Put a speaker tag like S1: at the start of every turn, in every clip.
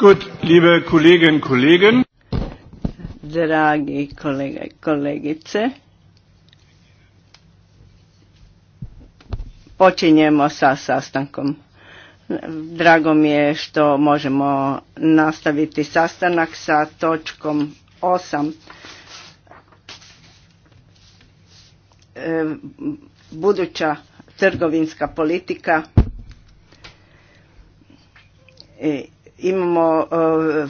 S1: Gut, liebe Kolleginnen Kollegen. Dragi kolega i kolegice, počinjemo sa sastankom. Drago mi je što možemo nastaviti sastanak sa točkom 8. E, buduća trgovinska politika i e, Imamo e,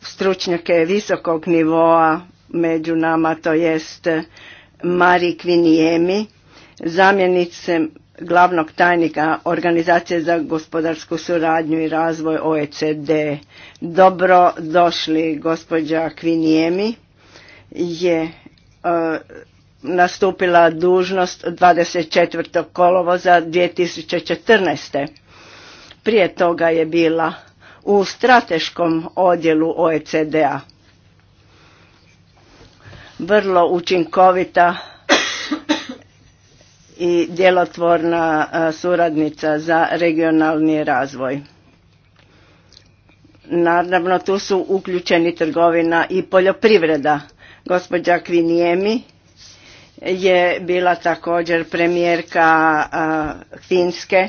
S1: stručnjake visokog nivoa među nama, to jest e, Mari Kvinijemi, zamjenice glavnog tajnika Organizacije za gospodarsku suradnju i razvoj OECD. Dobro došli gospođa Kvinijemi je e, nastupila dužnost 24. kolovoza 2014. Prije toga je bila u strateškom odjelu OECD-a. Vrlo učinkovita i djelotvorna suradnica za regionalni razvoj. Naravno tu su uključeni trgovina i poljoprivreda. Gospođa Kvinijemi je bila također premijerka Finske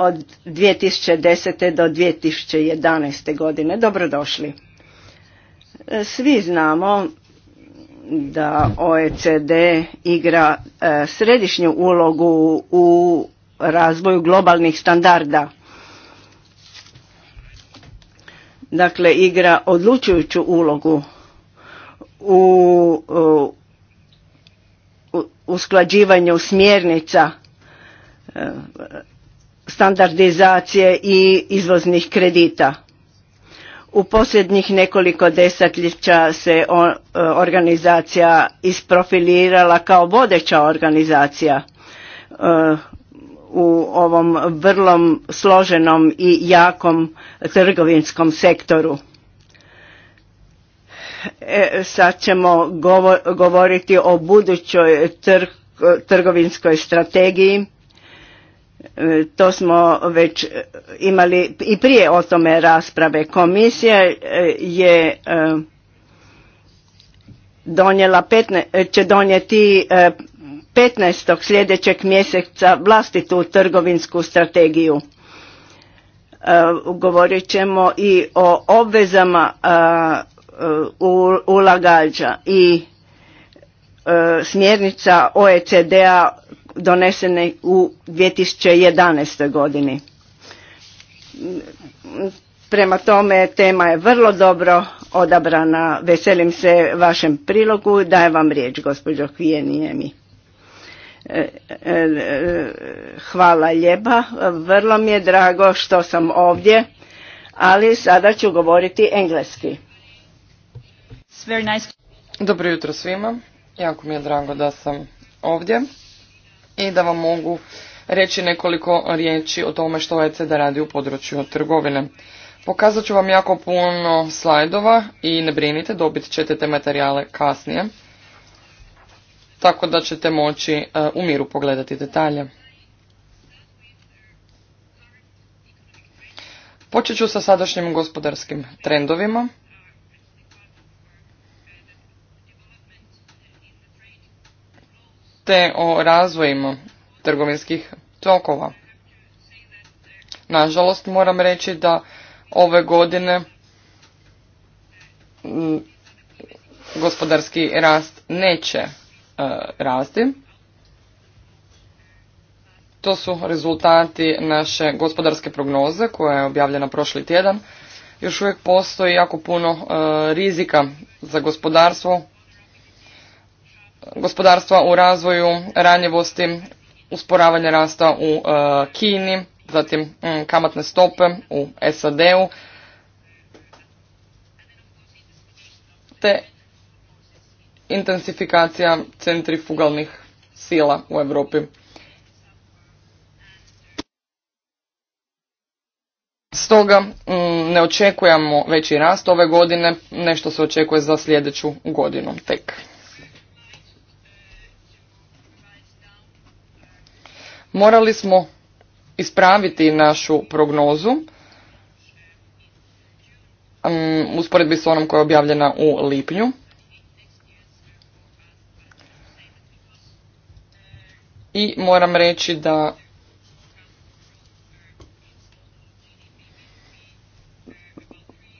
S1: od 2010. do 2011. godine. Dobrodošli. E, svi znamo da OECD igra e, središnju ulogu u razvoju globalnih standarda. Dakle, igra odlučujuću ulogu u usklađivanju smjernica e, standardizacije i izvoznih kredita. U posljednjih nekoliko desetljeća se e, organizacija isprofilirala kao vodeća organizacija e, u ovom vrlo složenom i jakom trgovinskom sektoru. E, sad ćemo govoriti o budućoj trgovinskoj strategiji E, to smo već imali i prije o tome rasprave. Komisija e, je e, donijela će donijeti 15. sljedećeg mjeseca vlastitu trgovinsku strategiju. Govorit ćemo i o obvezama ulagađa i smjernica OECD-a donesene u 2011. godini. Prema tome tema je vrlo dobro odabrana. Veselim se vašem prilogu. Dajem vam riječ, gospođo Kvijenijemi. E, e, e, hvala lijepa. Vrlo mi je drago što sam ovdje, ali sada ću govoriti engleski. Dobro jutro svima. Jako
S2: mi je drago da sam ovdje i da vam mogu reći nekoliko riječi o tome što ECD radi u području trgovine. Pokazat ću vam jako puno slajdova i ne brinite, dobit ćete te materijale kasnije, tako da ćete moći e, u miru pogledati detalje. Počet ću sa sadašnjim gospodarskim trendovima te o razvojima trgovinskih tokova. Nažalost, moram reći da ove godine gospodarski rast neće e, rasti. To su rezultati naše gospodarske prognoze koja je objavljena prošli tjedan. Još uvijek postoji jako puno e, rizika za gospodarstvo gospodarstva u razvoju, ranjivosti, usporavanje rasta u e, Kini, zatim mm, kamatne stope u SAD-u, te intensifikacija centrifugalnih sila u Europi. Stoga mm, ne očekujemo veći rast ove godine, nešto se očekuje za sljedeću godinu tek. morali smo ispraviti našu prognozu um, usporedbi s onom koja je objavljena u lipnju. I moram reći da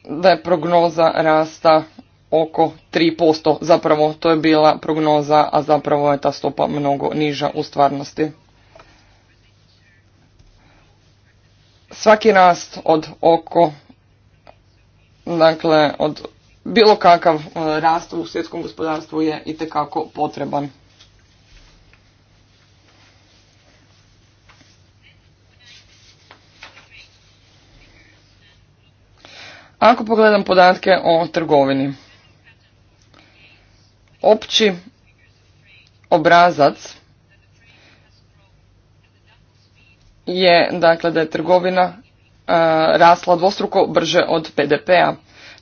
S2: da je prognoza rasta oko 3%. Zapravo to je bila prognoza, a zapravo je ta stopa mnogo niža u stvarnosti. svaki rast od oko, dakle, od bilo kakav e, rast u svjetskom gospodarstvu je itekako potreban. Ako pogledam podatke o trgovini, opći obrazac je dakle da je trgovina e, rasla dvostruko brže od PDP-a.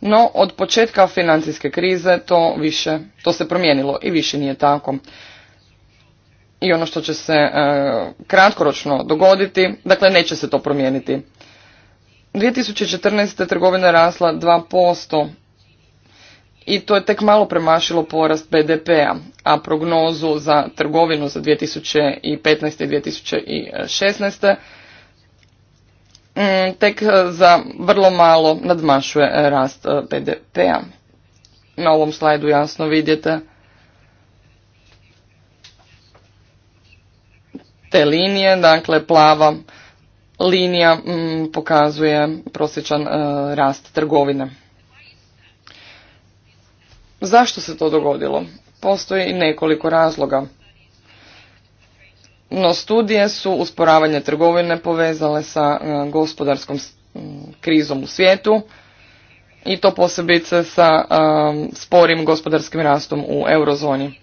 S2: No, od početka financijske krize to više, to se promijenilo i više nije tako. I ono što će se e, kratkoročno dogoditi, dakle neće se to promijeniti. 2014. trgovina rasla 2%, i to je tek malo premašilo porast BDP-a, a prognozu za trgovinu za 2015. i 2016. Mm, tek e, za vrlo malo nadmašuje e, rast e, BDP-a. Na ovom slajdu jasno vidite te linije, dakle plava linija mm, pokazuje prosječan rast trgovine. Zašto se to dogodilo? Postoji nekoliko razloga. No studije su usporavanje trgovine povezale sa e, gospodarskom krizom u svijetu i to posebice sa e, sporim gospodarskim rastom u eurozoni.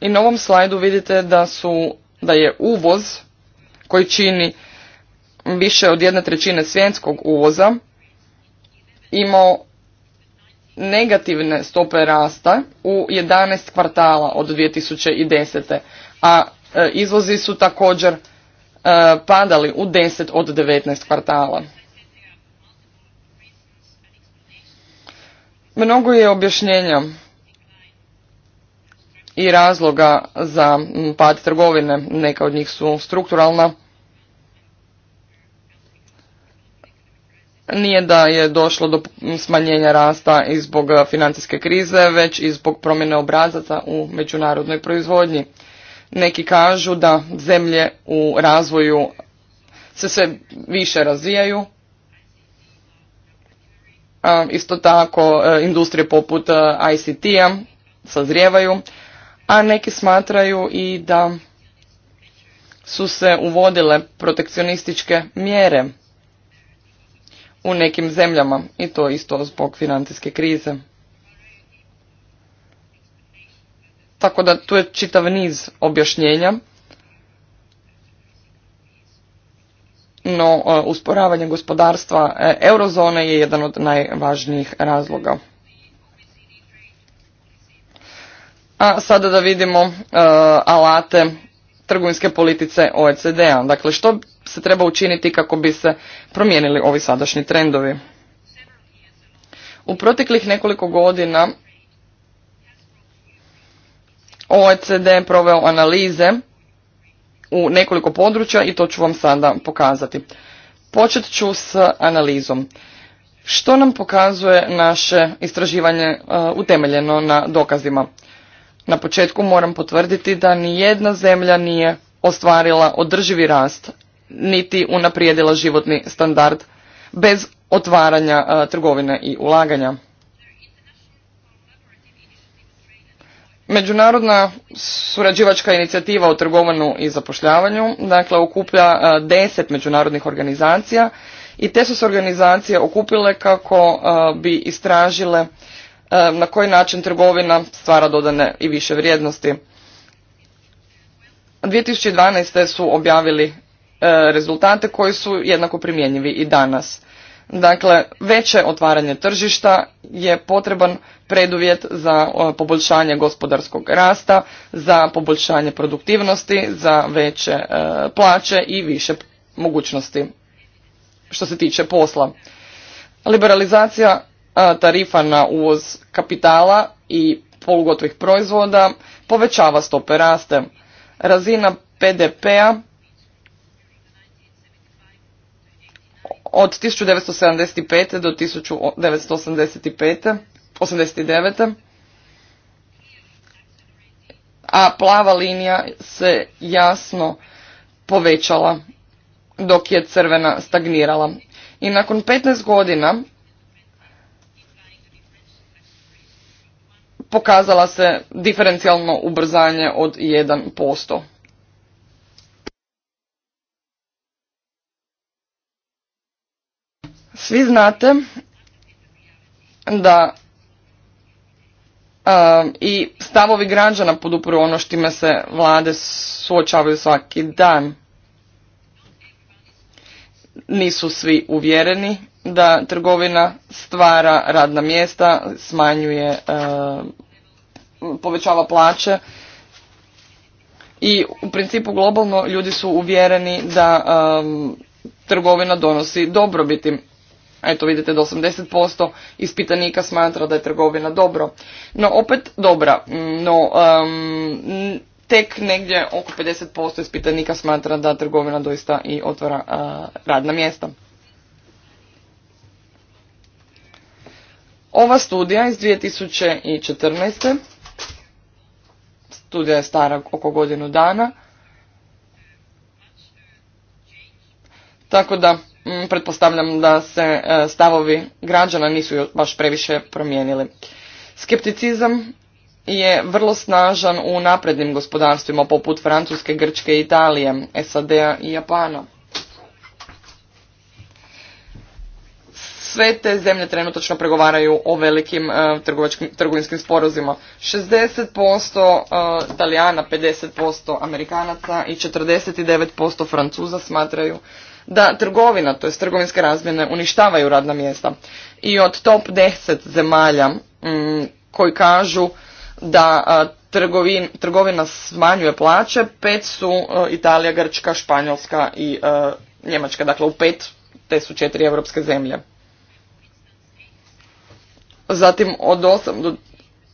S2: I na ovom slajdu vidite da, su, da je uvoz koji čini više od jedne trećine svjetskog uvoza imao negativne stope rasta u 11 kvartala od 2010. A e, izvozi su također e, padali u 10 od 19 kvartala. Mnogo je objašnjenja i razloga za pad trgovine. Neka od njih su strukturalna, nije da je došlo do smanjenja rasta i zbog e, financijske krize, već i zbog promjene obrazaca u međunarodnoj proizvodnji. Neki kažu da zemlje u razvoju se sve više razvijaju. Isto tako e, industrije poput e, ICT-a sazrijevaju, a neki smatraju i da su se uvodile protekcionističke mjere u nekim zemljama i to isto zbog financijske krize. Tako da tu je čitav niz objašnjenja. No, e, usporavanje gospodarstva e, eurozone je jedan od najvažnijih razloga. A sada da vidimo e, alate trgovinske politice OECD-a. Dakle, što se treba učiniti kako bi se promijenili ovi sadašnji trendovi? U proteklih nekoliko godina OECD je proveo analize u nekoliko područja i to ću vam sada pokazati. Počet ću s analizom. Što nam pokazuje naše istraživanje e, utemeljeno na dokazima? Na početku moram potvrditi da ni jedna zemlja nije ostvarila održivi rast, niti unaprijedila životni standard bez otvaranja e, trgovine i ulaganja. Međunarodna surađivačka inicijativa o trgovanu i zapošljavanju dakle, okuplja e, deset međunarodnih organizacija i te su se organizacije okupile kako e, bi istražile E, na koji način trgovina stvara dodane i više vrijednosti. 2012. su objavili e, rezultate koji su jednako primjenjivi i danas. Dakle, veće otvaranje tržišta je potreban preduvjet za e, poboljšanje gospodarskog rasta, za poboljšanje produktivnosti, za veće plaće i više mogućnosti što se tiče posla. Liberalizacija tarifa na uvoz kapitala i polugotovih proizvoda povećava stope raste. Razina PDP-a od 1975. do 1985. 89. A plava linija se jasno povećala dok je crvena stagnirala. I nakon 15 godina pokazala se diferencijalno ubrzanje od 1%. Svi znate da i stavovi građana podupiru ono s se vlade suočavaju svaki dan. Nisu svi uvjereni da trgovina stvara radna mjesta, smanjuje povećava plaće i u principu globalno ljudi su uvjereni da um, trgovina donosi dobrobiti. Eto vidite da 80% ispitanika smatra da je trgovina dobro. No opet dobra, no um, tek negdje oko 50% ispitanika smatra da trgovina doista i otvara uh, radna mjesta. Ova studija iz 2014 studija je stara oko godinu dana. Tako da mm, pretpostavljam da se e, stavovi građana nisu baš previše promijenili. Skepticizam je vrlo snažan u naprednim gospodarstvima poput Francuske, Grčke, Italije, SAD-a i Japana. Sve te zemlje trenutačno pregovaraju o velikim e, trgovinskim sporozima. 60% Italijana, Talijana, 50% Amerikanaca i 49% Francuza smatraju da trgovina, to jest trgovinske razmjene, uništavaju radna mjesta. I od top 10 zemalja mm, koji kažu da e, trgovina smanjuje plaće, pet su e, Italija, Grčka, Španjolska i Njemačka. Dakle, u pet te su četiri europske zemlje zatim od 8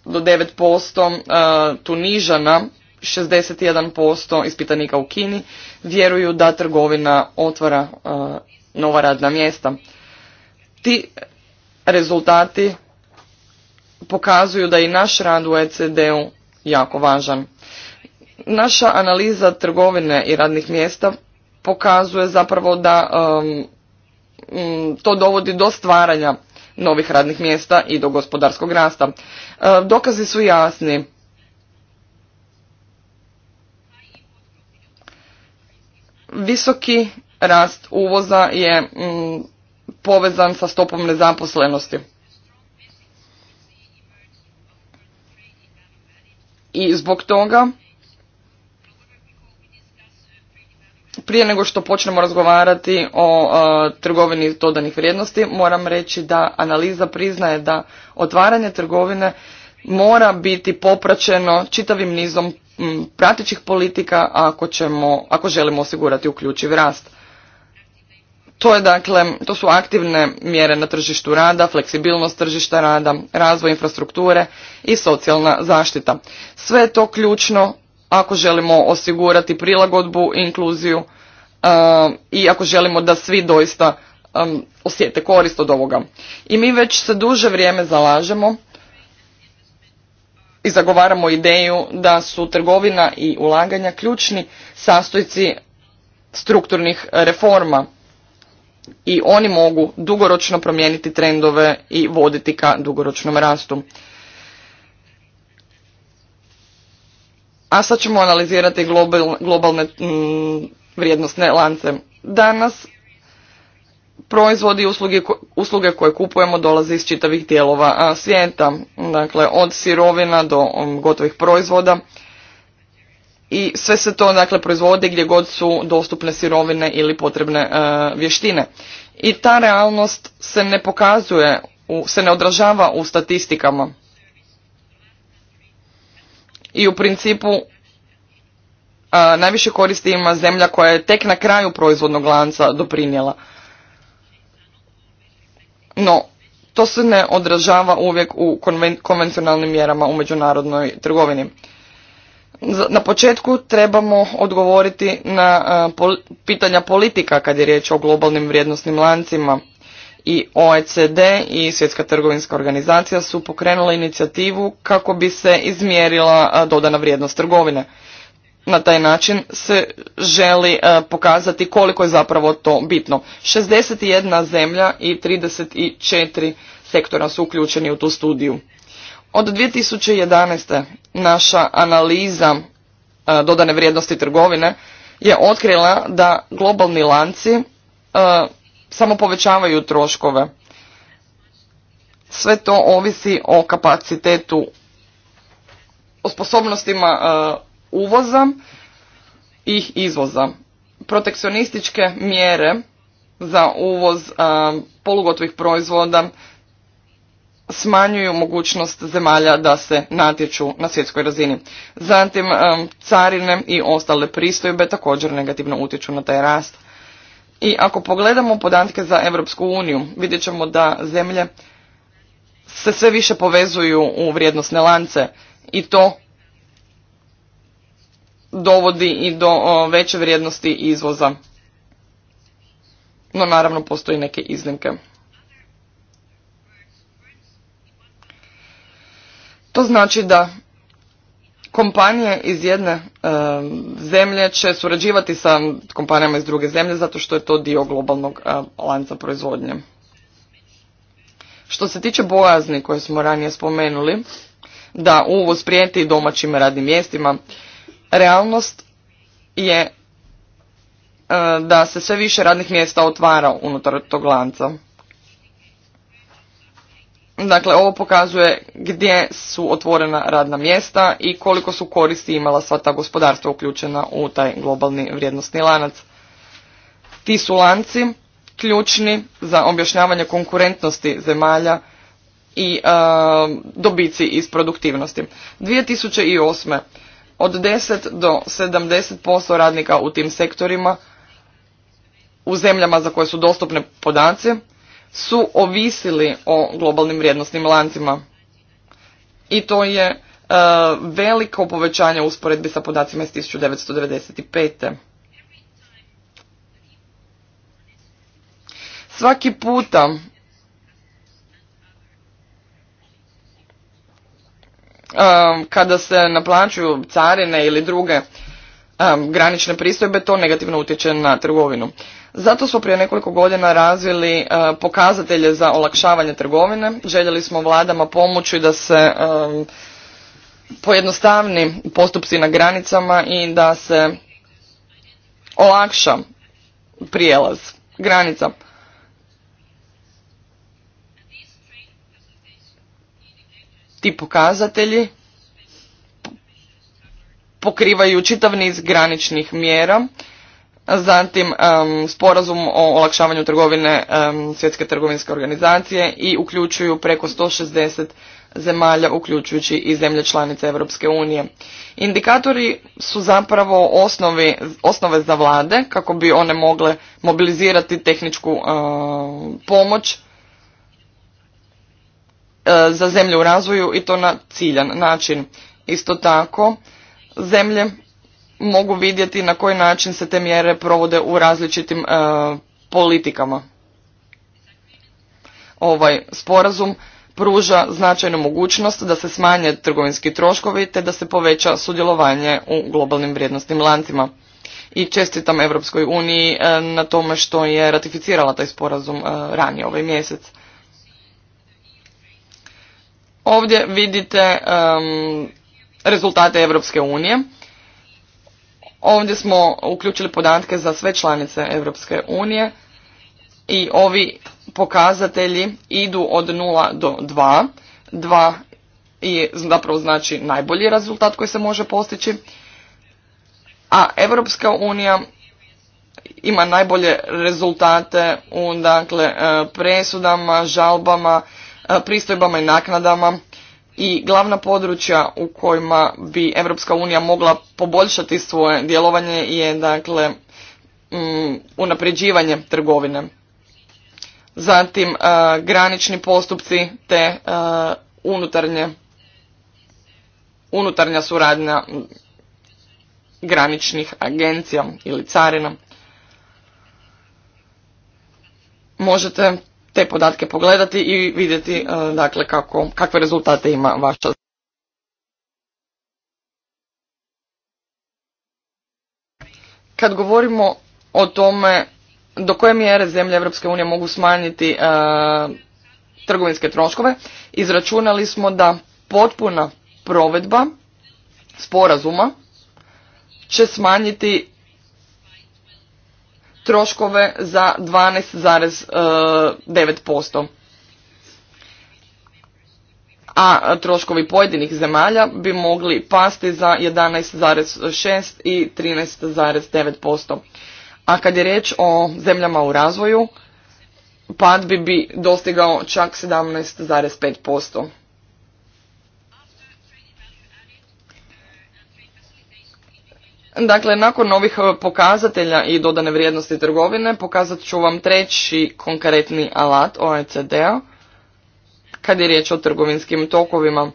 S2: do 9% e, Tunižana, 61% ispitanika u Kini vjeruju da trgovina otvara e, nova radna mjesta. Ti rezultati pokazuju da je i naš rad u ECD-u jako važan. Naša analiza trgovine i radnih mjesta pokazuje zapravo da e, to dovodi do stvaranja novih radnih mjesta i do gospodarskog rasta. E, dokazi su jasni. Visoki rast uvoza je mm, povezan sa stopom nezaposlenosti. I zbog toga Prije nego što počnemo razgovarati o e, trgovini dodanih vrijednosti, moram reći da analiza priznaje da otvaranje trgovine mora biti popraćeno čitavim nizom m, politika ako, ćemo, ako želimo osigurati uključiv rast. To, je, dakle, to su aktivne mjere na tržištu rada, fleksibilnost tržišta rada, razvoj infrastrukture i socijalna zaštita. Sve je to ključno ako želimo osigurati prilagodbu, inkluziju Ehm, i ako želimo da svi doista ehm, osjete korist od ovoga. I mi već se duže vrijeme zalažemo i zagovaramo ideju da su trgovina i ulaganja ključni sastojci strukturnih reforma i oni mogu dugoročno promijeniti trendove i voditi ka dugoročnom rastu. A sad ćemo analizirati globalne mm, vrijednostne lance. Danas proizvodi i usluge, koje kupujemo dolaze iz čitavih dijelova svijeta, dakle od sirovina do um, gotovih proizvoda i sve se to dakle proizvode gdje god su dostupne sirovine ili potrebne e, vještine. I ta realnost se ne pokazuje, u, se ne odražava u statistikama. I u principu najviše koristi ima zemlja koja je tek na kraju proizvodnog lanca doprinijela. No, to se ne odražava uvijek u konvencionalnim mjerama u međunarodnoj trgovini. Na početku trebamo odgovoriti na pitanja politika kad je riječ o globalnim vrijednosnim lancima. I OECD i Svjetska trgovinska organizacija su pokrenule inicijativu kako bi se izmjerila dodana vrijednost trgovine na taj način se želi e, pokazati koliko je zapravo to bitno. 61 zemlja i 34 sektora su uključeni u tu studiju. Od 2011. naša analiza e, dodane vrijednosti trgovine je otkrila da globalni lanci e, samo povećavaju troškove. Sve to ovisi o kapacitetu, o sposobnostima uvoza i izvoza. Protekcionističke mjere za uvoz polugotovih proizvoda smanjuju mogućnost zemalja da se natječu na svjetskoj razini. Zatim carine i ostale pristojbe također negativno utječu na taj rast. I ako pogledamo podatke za Europsku uniju, vidjet ćemo da zemlje se sve više povezuju u vrijednosne lance i to dovodi i do veće vrijednosti izvoza. No naravno postoji neke iznimke. To znači da kompanije iz jedne e, zemlje će surađivati sa kompanijama iz druge zemlje zato što je to dio globalnog e, lanca proizvodnje. Što se tiče bojazni koje smo ranije spomenuli, da uvoz prijeti domaćim radnim mjestima, Realnost je e, da se sve više radnih mjesta otvara unutar tog lanca. Dakle, ovo pokazuje gdje su otvorena radna mjesta i koliko su koristi imala sva ta gospodarstva uključena u taj globalni vrijednostni lanac. Ti su lanci ključni za objašnjavanje konkurentnosti zemalja i e, dobici iz produktivnosti. 2008. Od 10 do 70% radnika u tim sektorima u zemljama za koje su dostupne podaci su ovisili o globalnim vrijednosnim lancima. I to je e, veliko povećanje usporedbi sa podacima iz 1995. Svaki puta kada se naplaćuju carine ili druge granične pristojbe, to negativno utječe na trgovinu. Zato smo prije nekoliko godina razvili eh, pokazatelje za olakšavanje trgovine. Željeli smo vladama pomoći da se pojednostavni postupci na granicama i da se olakša prijelaz granica. ti pokazatelji pokrivaju čitav niz graničnih mjera, zatim sporazum o olakšavanju trgovine Svjetske trgovinske organizacije i uključuju preko 160 zemalja, uključujući i zemlje članice Europske unije. Indikatori su zapravo osnove za vlade kako bi one mogle mobilizirati tehničku pomoć E, za zemlje u razvoju i to na ciljan način. Isto tako, zemlje mogu vidjeti na koji način se te mjere provode u različitim e, politikama. Ovaj sporazum pruža značajnu mogućnost da se smanje trgovinski troškovi te da se poveća sudjelovanje u globalnim vrijednostnim lancima. I čestitam Europskoj uniji e, na tome što je ratificirala taj sporazum ranije ovaj mjesec. Ovdje vidite um, rezultate Europske unije. Ovdje smo uključili podatke za sve članice Europske unije i ovi pokazatelji idu od 0 do 2. 2 i zapravo znači najbolji rezultat koji se može postići. A Europska unija ima najbolje rezultate u dakle, e, presudama, žalbama, E, pristojbama i naknadama i glavna područja u kojima bi Europska unija mogla poboljšati svoje djelovanje je dakle mm, unapređivanje trgovine. Zatim e, granični postupci te e, unutarnje unutarnja suradnja graničnih agencija ili carina. Možete te podatke pogledati i vidjeti e, dakle kako, kakve rezultate ima vaša kad govorimo o tome do koje mjere zemlje Europske unije mogu smanjiti e, trgovinske troškove, izračunali smo da potpuna provedba sporazuma će smanjiti troškove za 12,9%. E, A troškovi pojedinih zemalja bi mogli pasti za 11,6 i 13,9%. A kad je riječ o zemljama u razvoju, pad bi, bi dostigao čak 17,5%. Dakle, nakon ovih e, pokazatelja i dodane vrijednosti trgovine, pokazat ću vam treći konkretni alat OECD-a, kad je riječ o trgovinskim tokovima.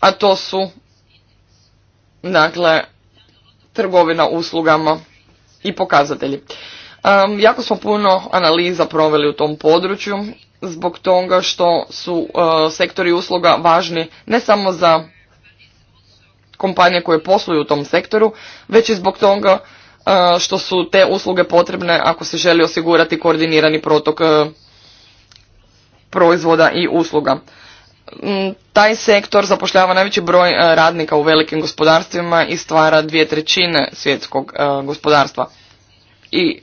S2: A to su, dakle, trgovina uslugama i pokazatelji. jako smo puno analiza proveli u tom području, zbog toga što su e, sektori usluga važni ne samo za kompanije koje posluju u tom sektoru, već i zbog toga e, što su te usluge potrebne ako se želi osigurati koordinirani protok e, proizvoda i usluga. Mm, taj sektor zapošljava najveći broj e, radnika u velikim gospodarstvima i stvara dvije trećine svjetskog gospodarstva. I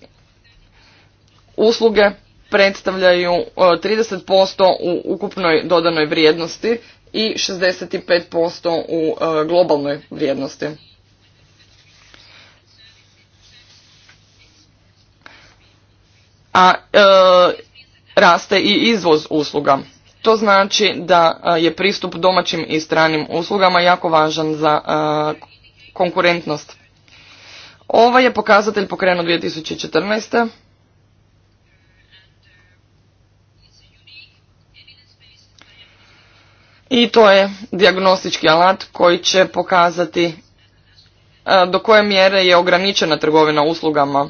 S2: usluge predstavljaju 30% u ukupnoj dodanoj vrijednosti i 65% u e, globalnoj vrijednosti. A e, raste i izvoz usluga. To znači da e, je pristup domaćim i stranim uslugama jako važan za konkurentnost. Ovaj je pokazatelj pokrenut 2014. i to je dijagnostički alat koji će pokazati e, do koje mjere je ograničena trgovina uslugama.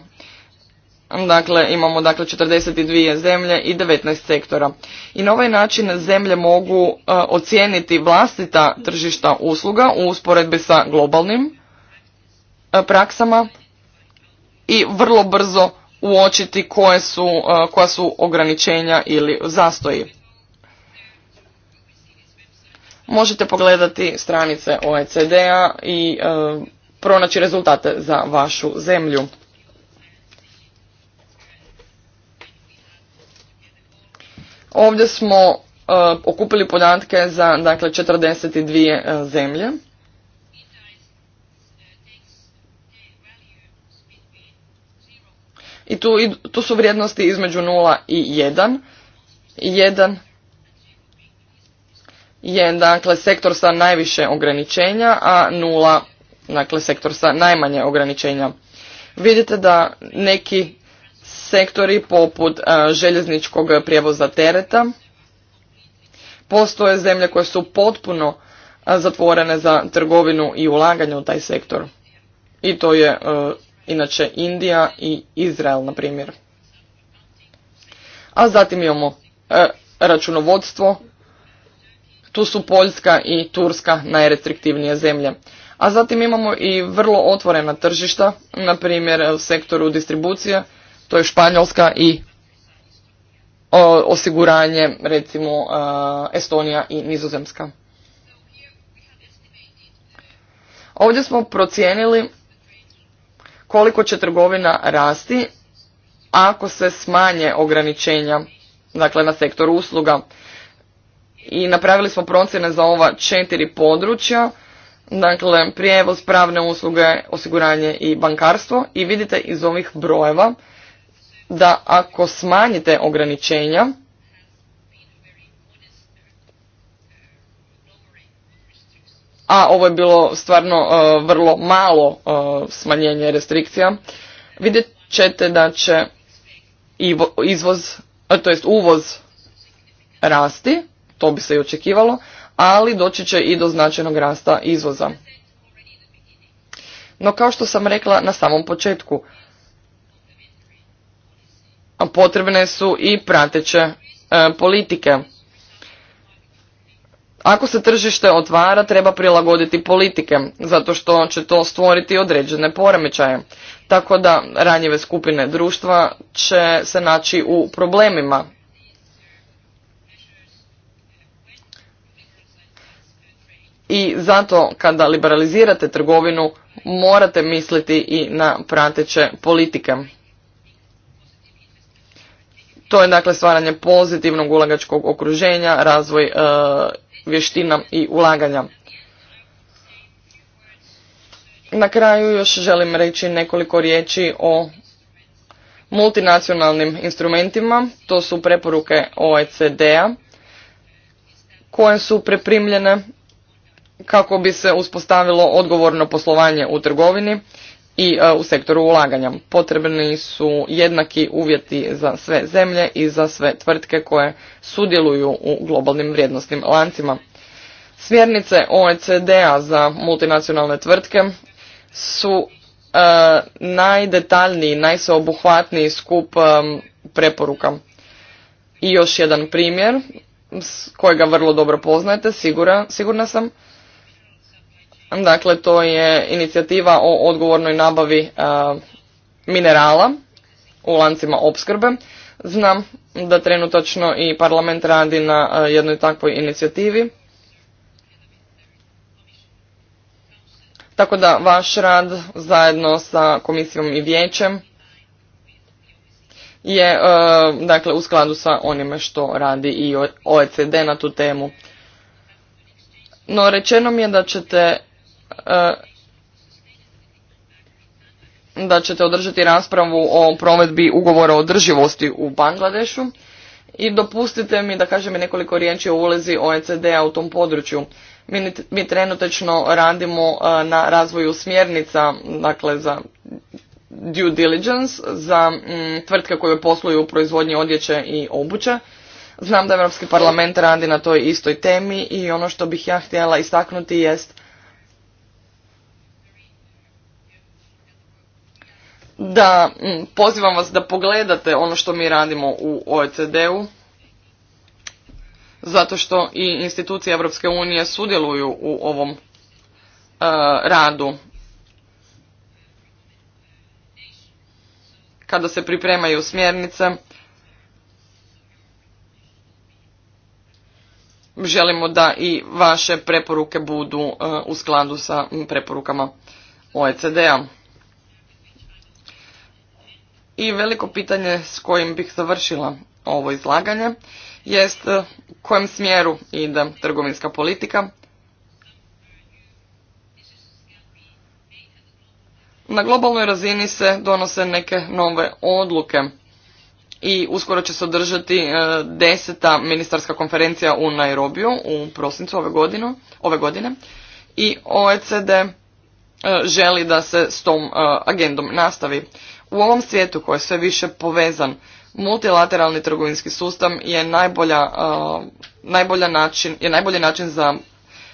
S2: Dakle, imamo dakle 42 zemlje i 19 sektora. I na ovaj način zemlje mogu e, ocijeniti vlastita tržišta usluga u usporedbi sa globalnim e, praksama i vrlo brzo uočiti su, koja su ograničenja ili zastoji možete pogledati stranice OECD-a i e, pronaći rezultate za vašu zemlju. Ovdje smo e, okupili podatke za dakle 42 e, zemlje. I tu, i tu su vrijednosti između 0 i 1. 1 je dakle sektor sa najviše ograničenja, a nula dakle sektor sa najmanje ograničenja. Vidite da neki sektori poput e, željezničkog prijevoza tereta postoje zemlje koje su potpuno e, zatvorene za trgovinu i ulaganje u taj sektor. I to je e, inače Indija i Izrael na primjer. A zatim imamo računovodstvo tu su Poljska i Turska najrestriktivnije zemlje. A zatim imamo i vrlo otvorena tržišta, na primjer u sektoru distribucije, to je Španjolska i osiguranje, recimo Estonija i Nizozemska. Ovdje smo procijenili koliko će trgovina rasti ako se smanje ograničenja dakle, na sektoru usluga i napravili smo procjene za ova četiri područja, dakle prijevoz, pravne usluge, osiguranje i bankarstvo i vidite iz ovih brojeva da ako smanjite ograničenja, a ovo je bilo stvarno e, vrlo malo e, smanjenje restrikcija, vidjet ćete da će izvoz, e, to jest uvoz rasti, to bi se i očekivalo, ali doći će i do značajnog rasta izvoza. No kao što sam rekla na samom početku, potrebne su i prateće e, politike. Ako se tržište otvara, treba prilagoditi politike, zato što će to stvoriti određene poremećaje. Tako da ranjive skupine društva će se naći u problemima i zato kada liberalizirate trgovinu morate misliti i na prateće politike. To je dakle stvaranje pozitivnog ulagačkog okruženja, razvoj e, vještina i ulaganja. Na kraju još želim reći nekoliko riječi o multinacionalnim instrumentima, to su preporuke OECD-a koje su preprimljene kako bi se uspostavilo odgovorno poslovanje u trgovini i e, u sektoru ulaganja. Potrebni su jednaki uvjeti za sve zemlje i za sve tvrtke koje sudjeluju u globalnim vrijednostnim lancima. Smjernice OECD-a za multinacionalne tvrtke su e, najdetaljniji, najseobuhvatniji skup e, preporuka. I još jedan primjer kojega vrlo dobro poznajete, sigura, sigurna sam, Dakle, to je inicijativa o odgovornoj nabavi e, minerala u lancima opskrbe. Znam da trenutačno i parlament radi na e, jednoj takvoj inicijativi. Tako da vaš rad zajedno sa komisijom i vijećem je e, dakle u skladu sa onime što radi i OECD na tu temu. No rečeno mi je da ćete E, da ćete održati raspravu o provedbi ugovora o održivosti u Bangladešu i dopustite mi da kažem nekoliko riječi o ulozi OECD-a u tom području. Mi, mi radimo e, na razvoju smjernica dakle, za due diligence, za mm, tvrtke koje posluju u proizvodnji odjeće i obuća. Znam da Europski parlament radi na toj istoj temi i ono što bih ja htjela istaknuti jest da pozivam vas da pogledate ono što mi radimo u OECD-u, zato što i institucije Europske unije sudjeluju u ovom e, radu. Kada se pripremaju smjernice, želimo da i vaše preporuke budu e, u skladu sa preporukama OECD-a. I veliko pitanje s kojim bih završila ovo izlaganje jest e, u kojem smjeru ide trgovinska politika. Na globalnoj razini se donose neke nove odluke i uskoro će se održati e, deseta ministarska konferencija u Nairobiju u prosincu ove, ove godine i OECD e, želi da se s tom agendom nastavi. U ovom svijetu koji je sve više povezan, multilateralni trgovinski sustav je najbolja, najbolja način, je najbolji način za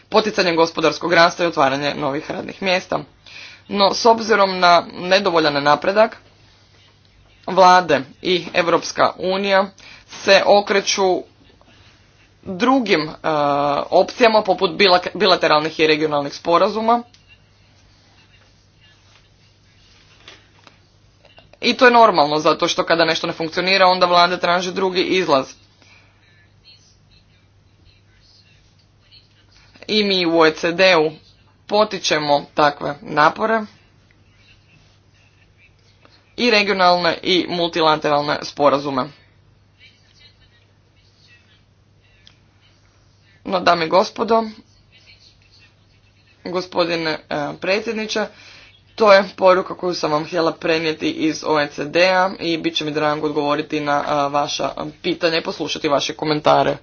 S2: poticanje gospodarskog rasta i otvaranje novih radnih mjesta. No, s obzirom na nedovoljan napredak, vlade i Europska unija se okreću drugim opcijama poput bilateralnih i regionalnih sporazuma I to je normalno, zato što kada nešto ne funkcionira, onda vlada traži drugi izlaz. I mi u OECD-u potičemo takve napore i regionalne i multilateralne sporazume. No, dame i gospodo, gospodine eh, predsjedniče, to je poruka koju sam vam htjela prenijeti iz OECD-a i bit će mi drago odgovoriti na vaša pitanja i poslušati vaše komentare.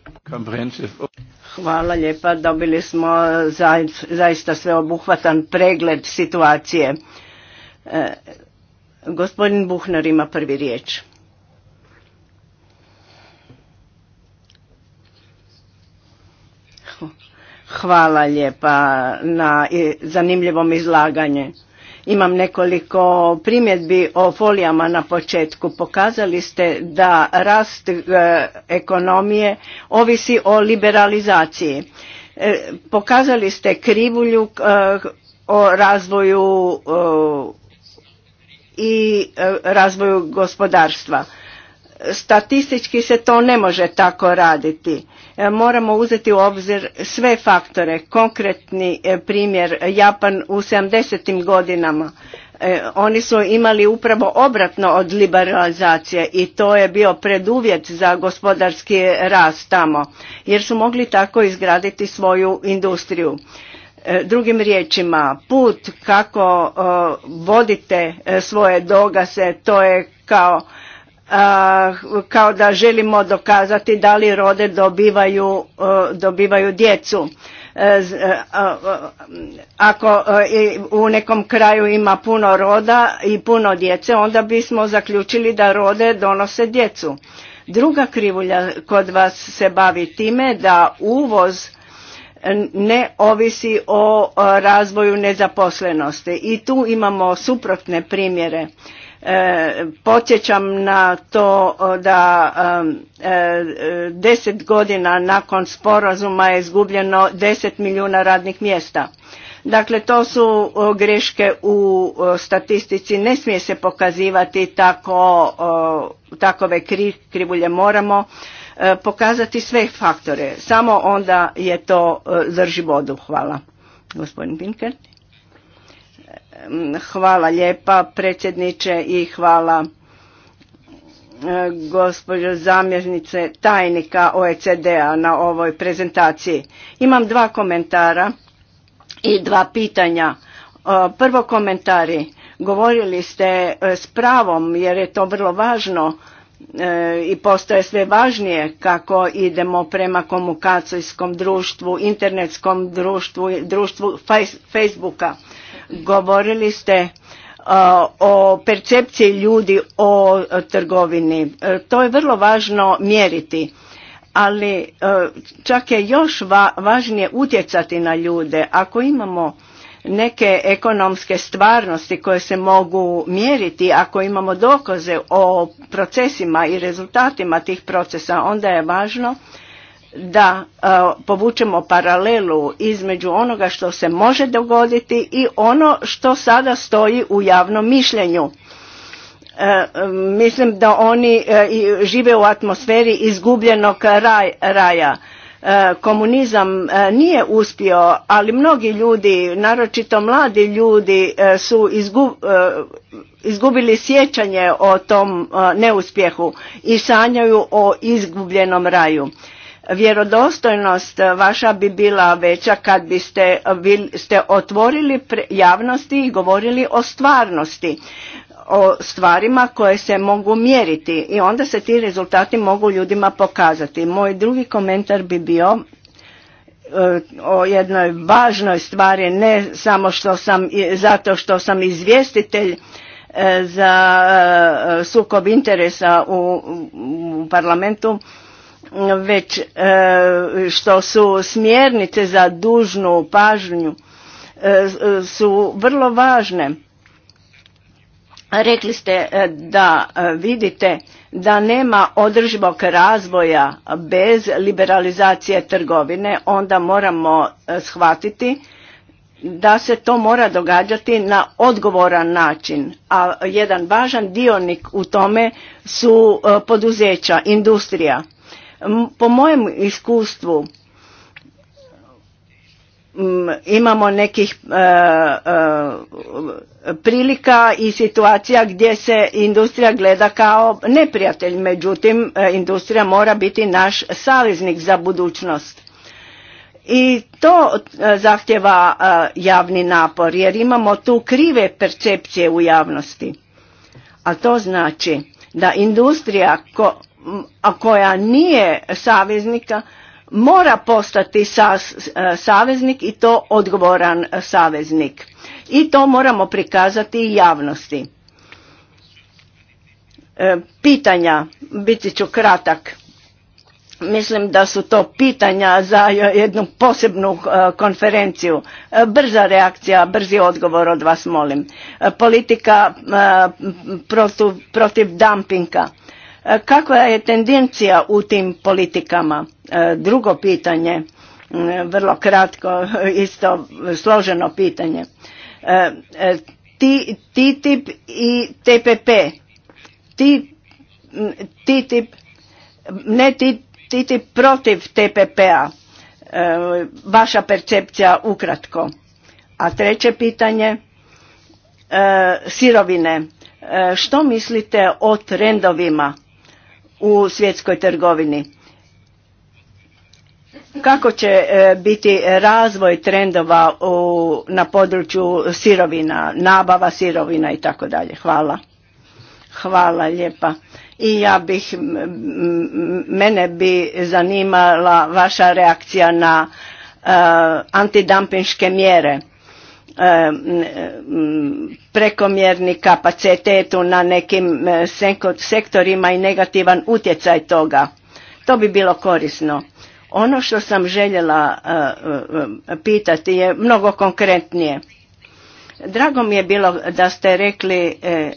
S1: Hvala lijepa, dobili smo zaista sveobuhvatan pregled situacije. E, gospodin Buhner ima prvi riječ. Hvala lijepa na zanimljivom izlaganju. Imam nekoliko primjedbi o folijama na početku. Pokazali ste da rast e, ekonomije ovisi o liberalizaciji. E, pokazali ste krivulju e, o razvoju i razvoju gospodarstva. Statistički se to ne može tako raditi. E, moramo uzeti u obzir sve faktore. Konkretni e, primjer Japan u 70. godinama. E, oni su imali upravo obratno od liberalizacije i to je bio preduvjet za gospodarski rast tamo jer su mogli tako izgraditi svoju industriju. Drugim riječima, put kako vodite svoje dogase, to je kao kao da želimo dokazati da li rode dobivaju, e, dobivaju djecu. E, e, ako u nekom kraju ima puno roda i puno djece, onda bismo zaključili da rode donose djecu. Druga krivulja kod vas se bavi time da uvoz ne ovisi o razvoju nezaposlenosti i tu imamo suprotne primjere E, podsjećam na to da um, e, deset godina nakon sporazuma je izgubljeno deset milijuna radnih mjesta. Dakle, to su greške u statistici. Ne smije se pokazivati tako, takove krivulje. Moramo e, pokazati sve faktore. Samo onda je to drži vodu. Hvala. Gospodin Pinkert. Hvala lijepa predsjedniče i hvala e, gospođo zamjernice tajnika OECD-a na ovoj prezentaciji. Imam dva komentara i dva pitanja. E, prvo komentari. Govorili ste e, s pravom jer je to vrlo važno i postoje sve važnije kako idemo prema komunikacijskom društvu, internetskom društvu, društvu Facebooka Govorili ste o percepciji ljudi o trgovini. E, to je vrlo važno mjeriti, ali e, čak je još važnije utjecati na ljude. Ako imamo neke ekonomske stvarnosti koje se mogu mjeriti, ako imamo dokaze o procesima i rezultatima tih procesa, onda je važno da e, povučemo paralelu između onoga što se može dogoditi i ono što sada stoji u javnom mišljenju. E, mislim da oni e, žive u atmosferi izgubljenog raja. komunizam nije uspio, ali mnogi ljudi, naročito mladi ljudi, su izgubili sjećanje o tom neuspjehu i sanjaju o izgubljenom raju. Vjerodostojnost vaša bi bila veća kad biste ste otvorili javnosti i govorili o stvarnosti, o stvarima koje se mogu mjeriti i onda se ti rezultati mogu ljudima pokazati. Moj drugi komentar bi bio e, o jednoj važnoj stvari, ne samo što sam, zato što sam izvjestitelj e, za e, sukob interesa u parlamentu, već e, što su smjernice za dužnu pažnju e, su vrlo važne. Rekli ste e, da vidite da nema održivog razvoja bez liberalizacije trgovine, onda moramo shvatiti da se to mora događati na odgovoran način. A jedan važan dionik u tome su poduzeća, industrija po mojem iskustvu imamo nekih e, e, prilika i situacija gdje se industrija gleda kao neprijatelj, međutim e, industrija mora biti naš saveznik za budućnost. I to zahtjeva javni napor jer imamo tu krive percepcije u javnosti. A to znači da industrija a koja nije saveznika mora postati e, saveznik i to odgovoran saveznik. I to moramo prikazati javnosti. E, pitanja, biti ću kratak, mislim da su to pitanja za jednu posebnu e, konferenciju. brza reakcija, brzi odgovor od vas molim. Politika protiv, protiv E, kakva je tendencija u tim politikama? E, drugo pitanje, vrlo kratko, isto složeno pitanje. E, TTIP i TPP. TTIP, ne TTIP protiv TPP-a. Vaša percepcija ukratko. A treće pitanje, sirovine. Što mislite o trendovima? u svjetskoj trgovini. Kako će e, biti razvoj trendova na području sirovina, nabava sirovina i tako dalje. Hvala. Hvala lijepa. I ja bih, mene bi zanimala vaša reakcija na uh, mjere prekomjerni kapacitetu na nekim sektorima i negativan utjecaj toga. To bi bilo korisno. Ono što sam željela e, e, pitati je mnogo konkretnije. Drago mi je bilo da ste rekli e,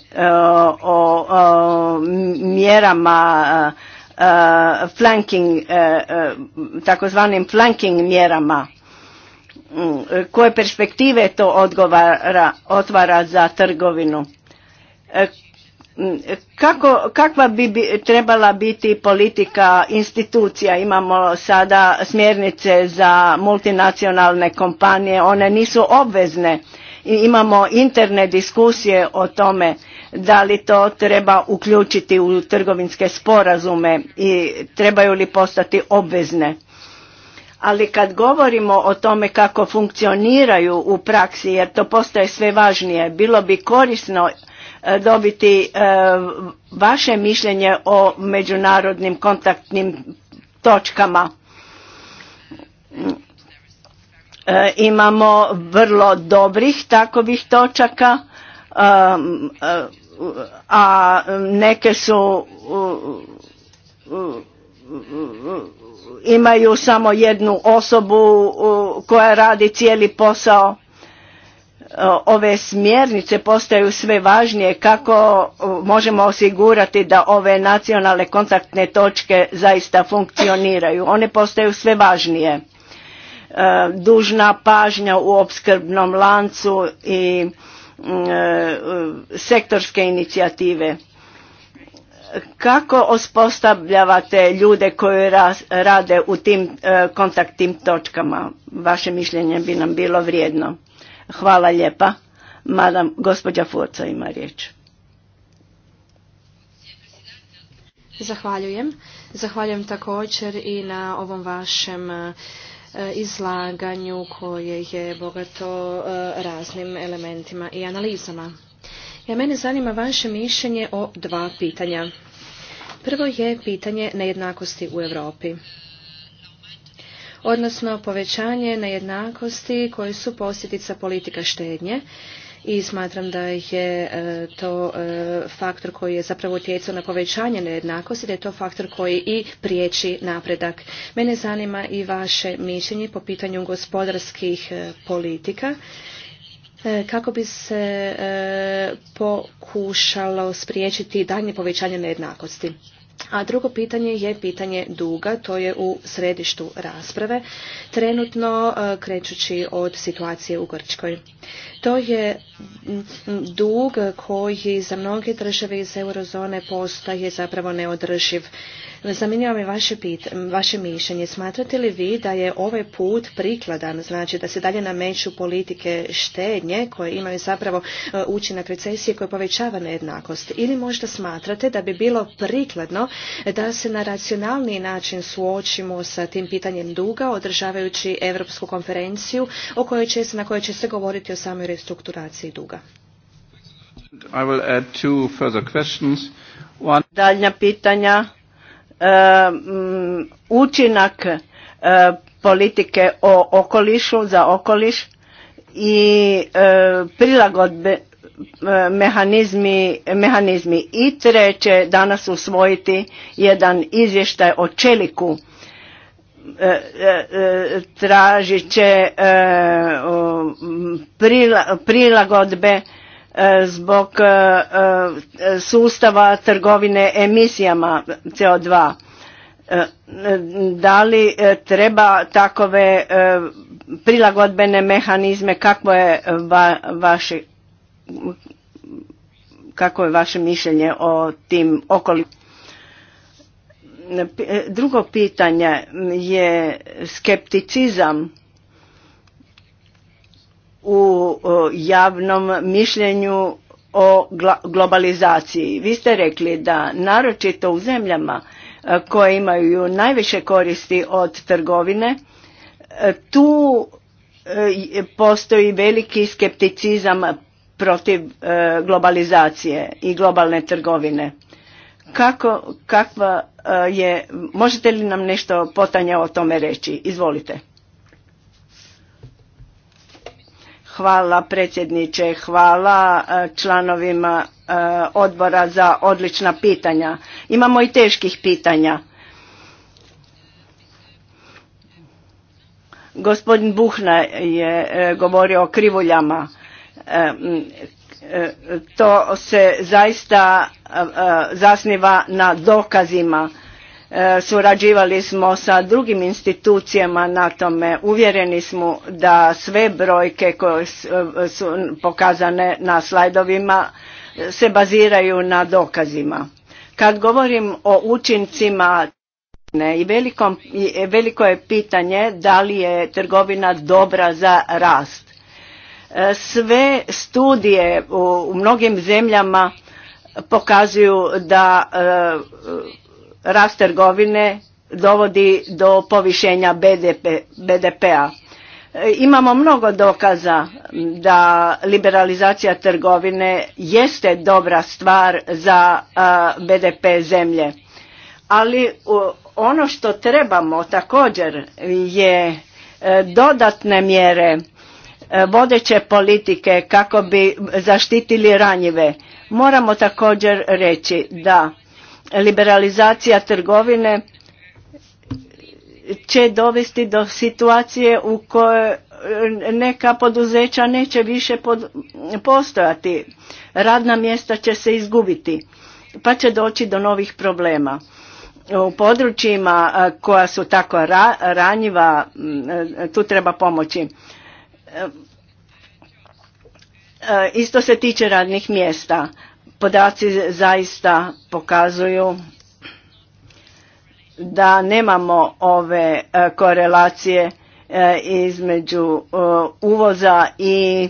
S1: o mjerama flanking, takozvanim flanking mjerama Mm, koje perspektive to odgovara, otvara za trgovinu. E, mm, kako, kakva bi, trebala biti politika institucija? Imamo sada smjernice za multinacionalne kompanije, one nisu obvezne. i Imamo interne diskusije o tome da li to treba uključiti u trgovinske sporazume i trebaju li postati obvezne ali kad govorimo o tome kako funkcioniraju u praksi jer to postaje sve važnije bilo bi korisno e, dobiti e, vaše mišljenje o međunarodnim kontaktnim točkama e, imamo vrlo dobrih takovih točaka um, a neke su imaju samo jednu osobu koja radi cijeli posao ove smjernice postaju sve važnije kako možemo osigurati da ove nacionalne kontaktne točke zaista funkcioniraju. One postaju sve važnije. E, dužna pažnja u opskrbnom lancu i e, sektorske inicijative kako ospostavljavate ljude koji rade u tim kontaktim e, kontaktnim točkama? Vaše mišljenje bi nam bilo vrijedno. Hvala lijepa. Madam, gospođa Furca ima riječ.
S3: Zahvaljujem. Zahvaljujem također i na ovom vašem e, izlaganju koje je bogato e, raznim elementima i analizama. Ja e, mene zanima vaše mišljenje o dva pitanja. Prvo je pitanje nejednakosti u Europi odnosno povećanje nejednakosti koje su posljedica politika štednje i smatram da je e, to e, faktor koji je zapravo utjecao na povećanje nejednakosti, da je to faktor koji i priječi napredak. Mene zanima i vaše mišljenje po pitanju gospodarskih politika E, kako bi se e, pokušalo spriječiti daljnje povećanje nejednakosti. A drugo pitanje je pitanje duga, to je u središtu rasprave, trenutno e, krećući od situacije u Grčkoj. To je dug koji za mnoge države iz eurozone postaje zapravo neodrživ. Zamenjava mi vaše, pit, vaše mišljenje. Smatrate li vi da je ovaj put prikladan, znači da se dalje nameću politike štednje koje imaju zapravo e, učinak recesije koje povećava nejednakost? Ili možda smatrate da bi bilo prikladno da se na racionalni način suočimo sa tim pitanjem duga održavajući Europsku konferenciju o kojoj će na kojoj će se govoriti o samoj restrukturaciji duga.
S1: Daljnja pitanja. E, učinak e, politike o okolišu za okoliš i e, prilagodbe mehanizmi, mehanizmi. I treće danas usvojiti jedan izvještaj o čeliku E, e, tražit će e, prilagodbe zbog sustava trgovine emisijama CO2. Da li treba takove prilagodbene mehanizme, kako je, vaše, kako je vaše mišljenje o tim okolikom? E, drugo pitanje je skepticizam u javnom mišljenju o globalizaciji. Vi ste rekli da naročito u zemljama e, koje imaju najviše koristi od trgovine, e, tu postoji veliki skepticizam protiv globalizacije i globalne trgovine. Kako, kakva Eh, je, možete li nam nešto potanje o tome reći? Izvolite. Hvala predsjedniče, hvala eh, članovima eh, odbora za odlična pitanja. Imamo i teških pitanja. Gospodin Buhna je govorio o krivuljama. Mm, to se zaista zasniva na dokazima. E, surađivali smo sa drugim institucijama na tome. Uvjereni smo da sve brojke koje e, su pokazane na slajdovima e, se baziraju na dokazima. Kad govorim o učincima i velikom, veliko je pitanje da li je trgovina dobra za rast. Sve studije u mnogim zemljama pokazuju da e, rast trgovine dovodi do povišenja BDP, a p-a. Imamo mnogo dokaza da liberalizacija trgovine jeste dobra stvar za e, BDP zemlje. Ali ono što trebamo također je e, dodatne mjere vodeće politike kako bi zaštitili ranjive Moramo također reći da liberalizacija trgovine će dovesti do situacije u kojoj neka poduzeća neće više postojati. Radna mjesta će se izgubiti pa će doći do novih problema. U područjima koja su tako ranjiva e, tu treba pomoći. E, isto se tiče radnih mjesta. Podaci zaista pokazuju da nemamo ove e, korelacije e, između uvoza i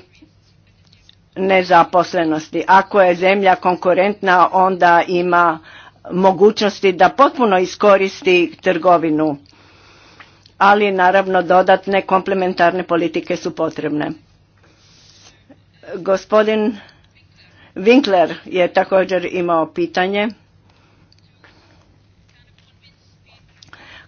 S1: nezaposlenosti. Ako je zemlja konkurentna onda ima mogućnosti da potpuno iskoristi trgovinu. Ali naravno dodatne komplementarne politike su potrebne. Gospodin Winkler je također imao pitanje.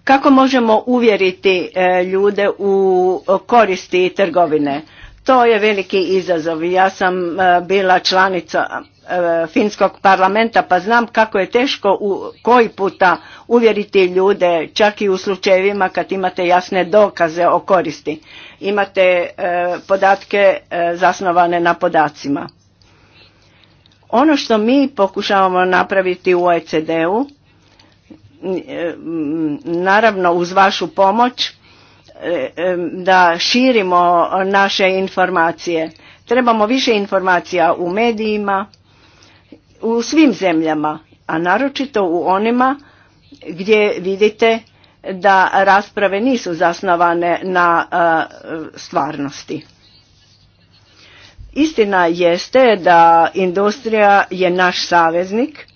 S1: Kako možemo uvjeriti e, ljude u koristi trgovine? To je veliki izazov. Ja sam e, bila članica E, finskog parlamenta pa znam kako je teško u, koji puta uvjeriti ljude čak i u slučajevima kad imate jasne dokaze o koristi. Imate e, podatke e, zasnovane na podacima. Ono što mi pokušavamo napraviti u OECD-u, naravno uz vašu pomoć, da širimo naše informacije. Trebamo više informacija u medijima, u svim zemljama, a naročito u onima gdje vidite da rasprave nisu zasnovane na e, stvarnosti. Istina jeste da industrija je naš saveznik.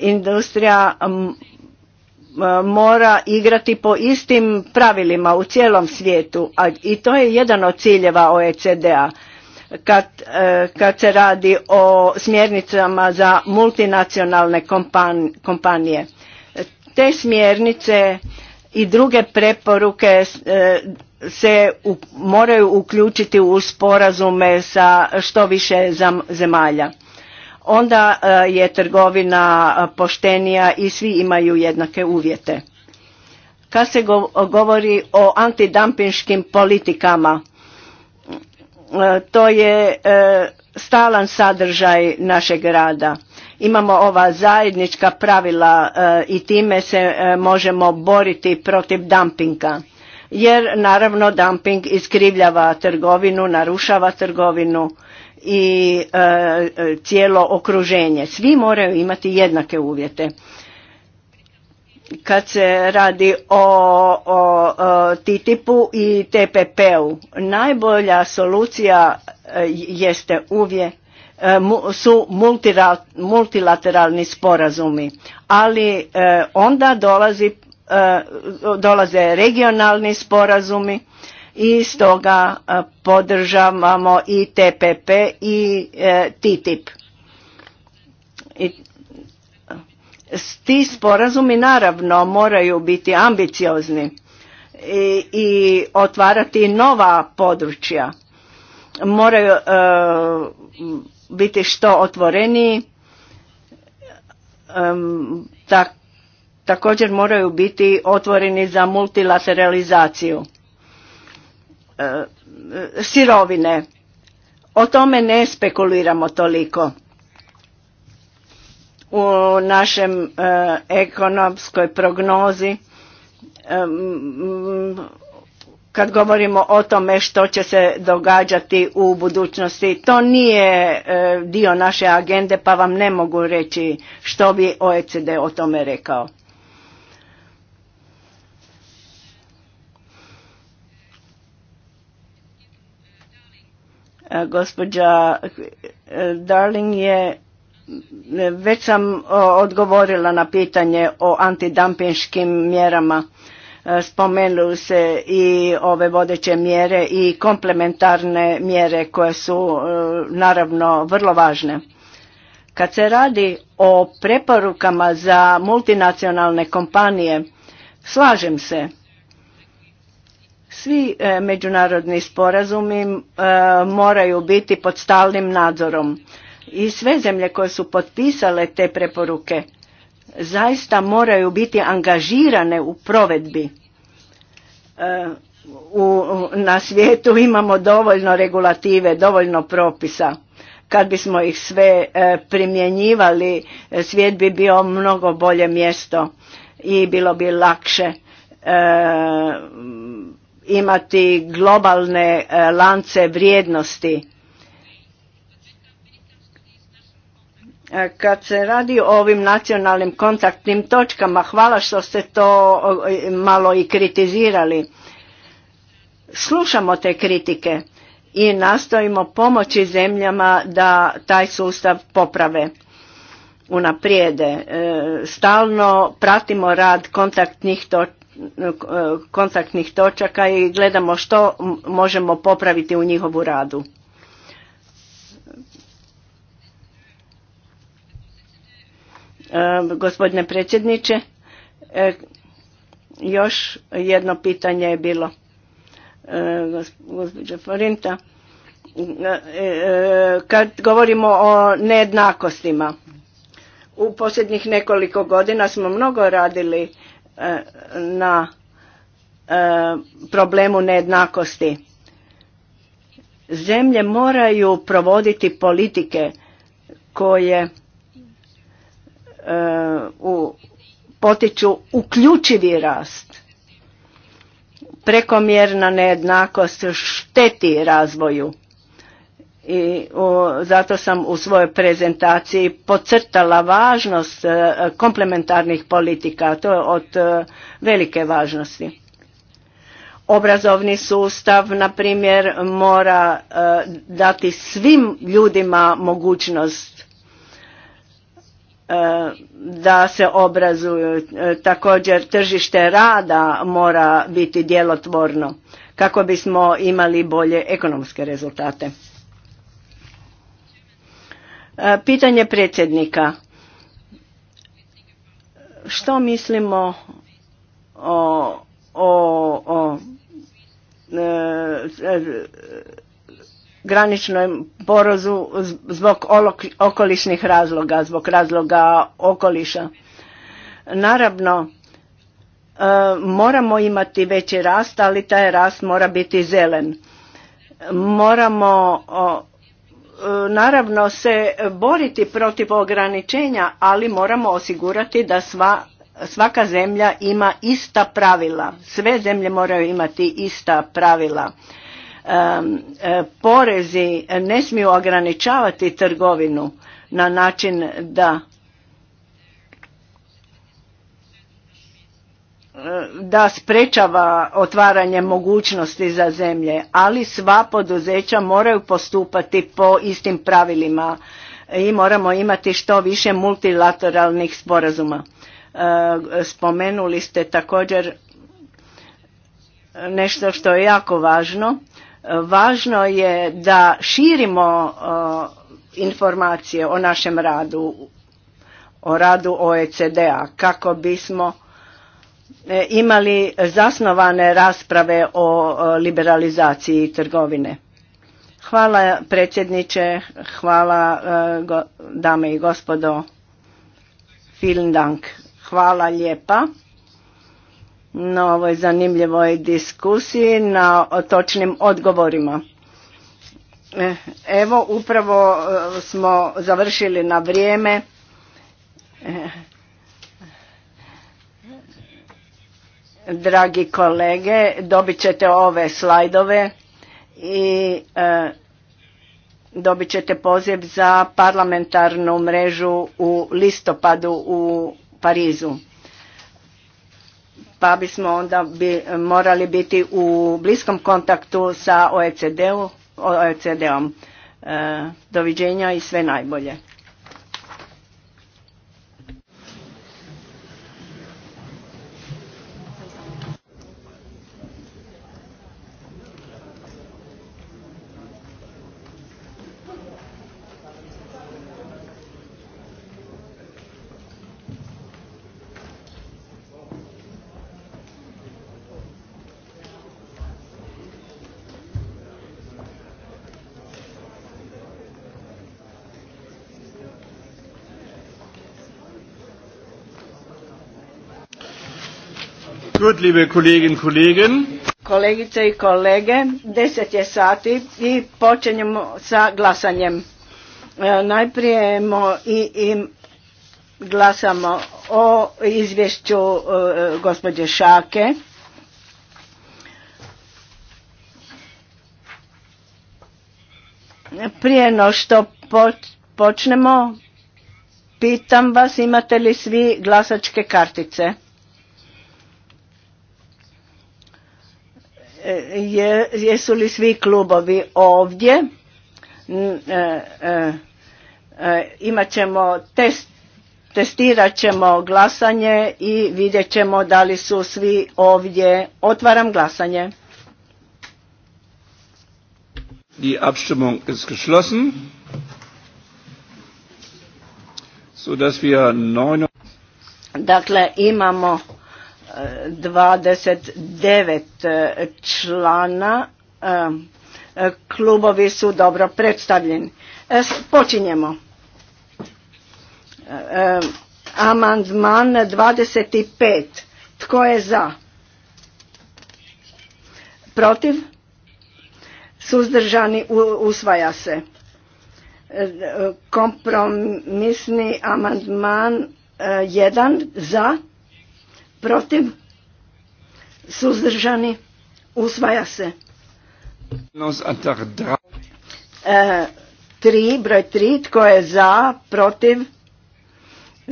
S1: Industrija mora igrati po istim pravilima u cijelom svijetu i to je jedan od ciljeva OECD-a E, kad, se radi o smjernicama za multinacionalne kompanije. Te smjernice i druge preporuke e, se moraju uključiti u sporazume sa što više zemalja. Onda e, je trgovina poštenija i svi imaju jednake uvjete. Kad se govori o antidampinškim politikama, E, to je e, stalan sadržaj našeg rada. Imamo ova zajednička pravila e, i time se možemo boriti protiv dumpinga. Jer naravno dumping iskrivljava trgovinu, narušava trgovinu i cijelo okruženje. Svi moraju imati jednake uvjete kad se radi o, o, TTIP-u i TPP-u. Najbolja solucija e, jeste uvijek e, su multilateralni sporazumi, ali e, onda dolazi, dolaze regionalni sporazumi i stoga podržavamo i TPP i TTIP. I ti sporazumi naravno moraju biti ambiciozni i, otvarati nova područja. Moraju e, biti što otvoreniji, e, također moraju biti otvoreni za multilateralizaciju e, sirovine. O tome ne spekuliramo toliko u našem e, ekonomskoj prognozi e, kad govorimo o tome što će se događati u budućnosti. To nije e, dio naše agende pa vam ne mogu reći što bi OECD o tome rekao. Gospođa Darling je već sam odgovorila na pitanje o antidampinškim mjerama. E, Spomenuju se i ove vodeće mjere i komplementarne mjere koje su e, naravno vrlo važne. Kad se radi o preporukama za multinacionalne kompanije, slažem se. Svi e, međunarodni sporazumi moraju biti pod stalnim nadzorom i sve zemlje koje su potpisale te preporuke zaista moraju biti angažirane u provedbi. E, u, na svijetu imamo dovoljno regulative, dovoljno propisa. Kad bismo ih sve e, primjenjivali, e, svijet bi bio mnogo bolje mjesto i bilo bi lakše imati globalne lance vrijednosti E, kad se radi o ovim nacionalnim kontaktnim točkama, hvala što ste to malo i kritizirali. Slušamo te kritike i nastojimo pomoći zemljama da taj sustav poprave, unaprijede. E, stalno pratimo rad kontaktnih točaka e, kontaktnih točaka i gledamo što možemo popraviti u njihovu radu. E, gospodine predsjedniče. E, još jedno pitanje je bilo e, gospođa Forinta. Kad govorimo o nejednakostima, u posljednjih nekoliko godina smo mnogo radili na problemu nejednakosti. Zemlje moraju provoditi politike koje u, potiču uključivi rast. Prekomjerna nejednakost šteti razvoju i zato sam u svojoj prezentaciji pocrtala važnost e, komplementarnih politika, to je od e, velike važnosti. Obrazovni sustav, na primjer, mora e, dati svim ljudima mogućnost da se obrazuju. E, također tržište rada mora biti djelotvorno kako bismo imali bolje ekonomske rezultate. E, pitanje predsjednika. Što mislimo o, o, o e, graničnom porozu zbog okolišnih razloga, zbog razloga okoliša. Naravno, e, moramo imati veći rast, ali taj rast mora biti zelen. Moramo e, naravno se boriti protiv ograničenja, ali moramo osigurati da sva, svaka zemlja ima ista pravila. Sve zemlje moraju imati ista pravila E, porezi ne smiju ograničavati trgovinu na način da e, da sprečava otvaranje mogućnosti za zemlje, ali sva poduzeća moraju postupati po istim pravilima i moramo imati što više multilateralnih sporazuma. E, spomenuli ste također nešto što je jako važno, Važno je da širimo e, informacije o našem radu, o radu OECD-a kako bismo e, imali zasnovane rasprave o e, liberalizaciji trgovine. Hvala predsjedniče, hvala dame i gospodo. Vielen Dank. Hvala lijepa na ovoj zanimljivoj diskusiji, na točnim odgovorima. E, evo, upravo e, smo završili na vrijeme. E, dragi kolege, dobit ćete ove slajdove i dobit ćete poziv za parlamentarnu mrežu u listopadu u Parizu pa bismo onda bi morali biti u bliskom kontaktu sa OECD-om. E, doviđenja i sve najbolje. Gut, liebe Kolleginnen Kolegice i kolege, deset je sati i počinjemo sa glasanjem. E, najprije i, i glasamo o izvješću e, gospođe Šake. Prije no što počnemo, pitam vas imate li svi glasačke kartice? E, jesu li svi klubovi ovdje? E, e, imat ćemo test, testirat ćemo glasanje i vidjet ćemo da li su svi ovdje. Otvaram glasanje. Die Abstimmung ist geschlossen, wir Dakle, imamo 29 e, člana e, e, klubovi su dobro predstavljeni. Počinjemo. Amandman 25. Tko je za? Protiv? Suzdržani usvaja se. Kompromisni amandman 1 za protiv, suzdržani, usvaja se. E, tri, broj tri, tko je za, protiv,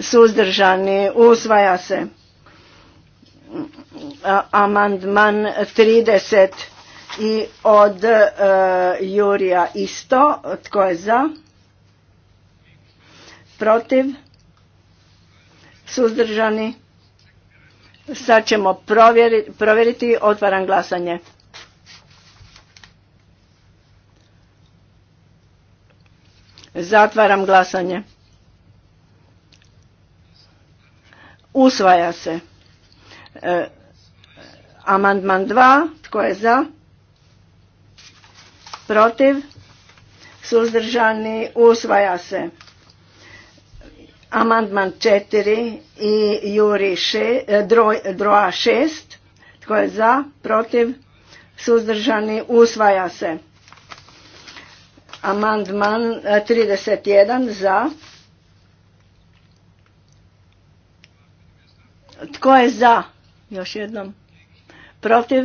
S1: suzdržani, usvaja se. Amandman 30 i od e, Jurija isto, tko je za, protiv, suzdržani, Sad ćemo provjeriti, provjeriti otvaram glasanje. Zatvaram glasanje. Usvaja se. E, amandman 2. Tko je za? Protiv? Suzdržani? Usvaja se. Amandman 4 i Juri še, e, dro, Droa 6. Tko je za, protiv, suzdržani, usvaja se. Amandman 31 e, za. Tko je za? Još jednom. Protiv?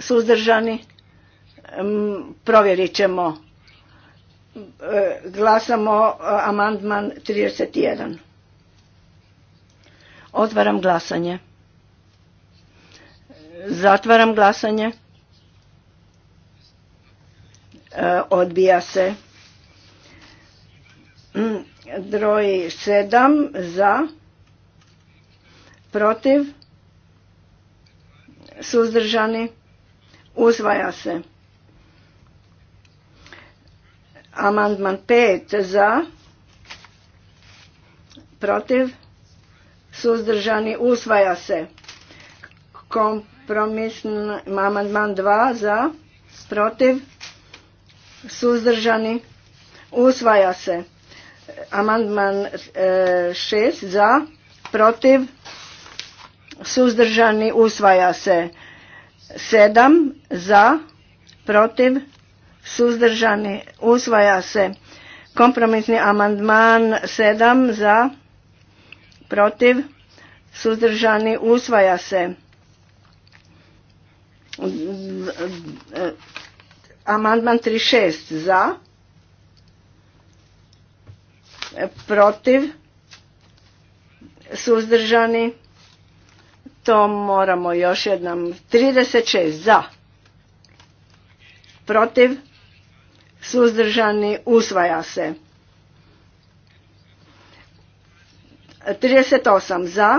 S1: Suzdržani? Provjerit ćemo. E, glasamo e, amandman 31. Otvaram glasanje. Zatvaram glasanje. E, odbija se. Droj mm, 7 za, protiv, suzdržani, uzvaja se. Amandman 5 za, protiv, suzdržani, usvaja se. Kompromisni amandman 2 za, protiv, suzdržani, usvaja se. Amandman 6 e, za, protiv, suzdržani, usvaja se. 7 za, protiv, suzdržani, usvaja se. Kompromisni amandman 7 za, protiv, suzdržani, usvaja se. Amandman 36 za, protiv, suzdržani, to moramo još jednom, 36 za, protiv, suzdržani, usvaja se. 38 za,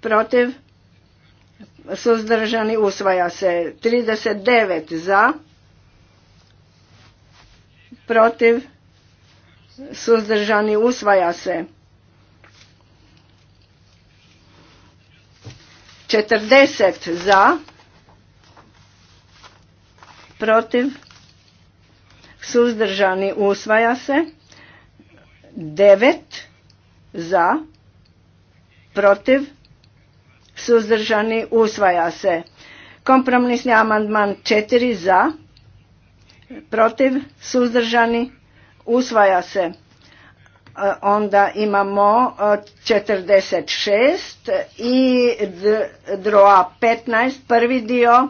S1: protiv, suzdržani, usvaja se. 39 za, protiv, suzdržani, usvaja se. 40 za, protiv, suzdržani usvaja se. devet za, protiv, suzdržani usvaja se. Kompromisni amandman četiri za, protiv, suzdržani usvaja se. E, onda imamo 46 e, i droa 15, prvi dio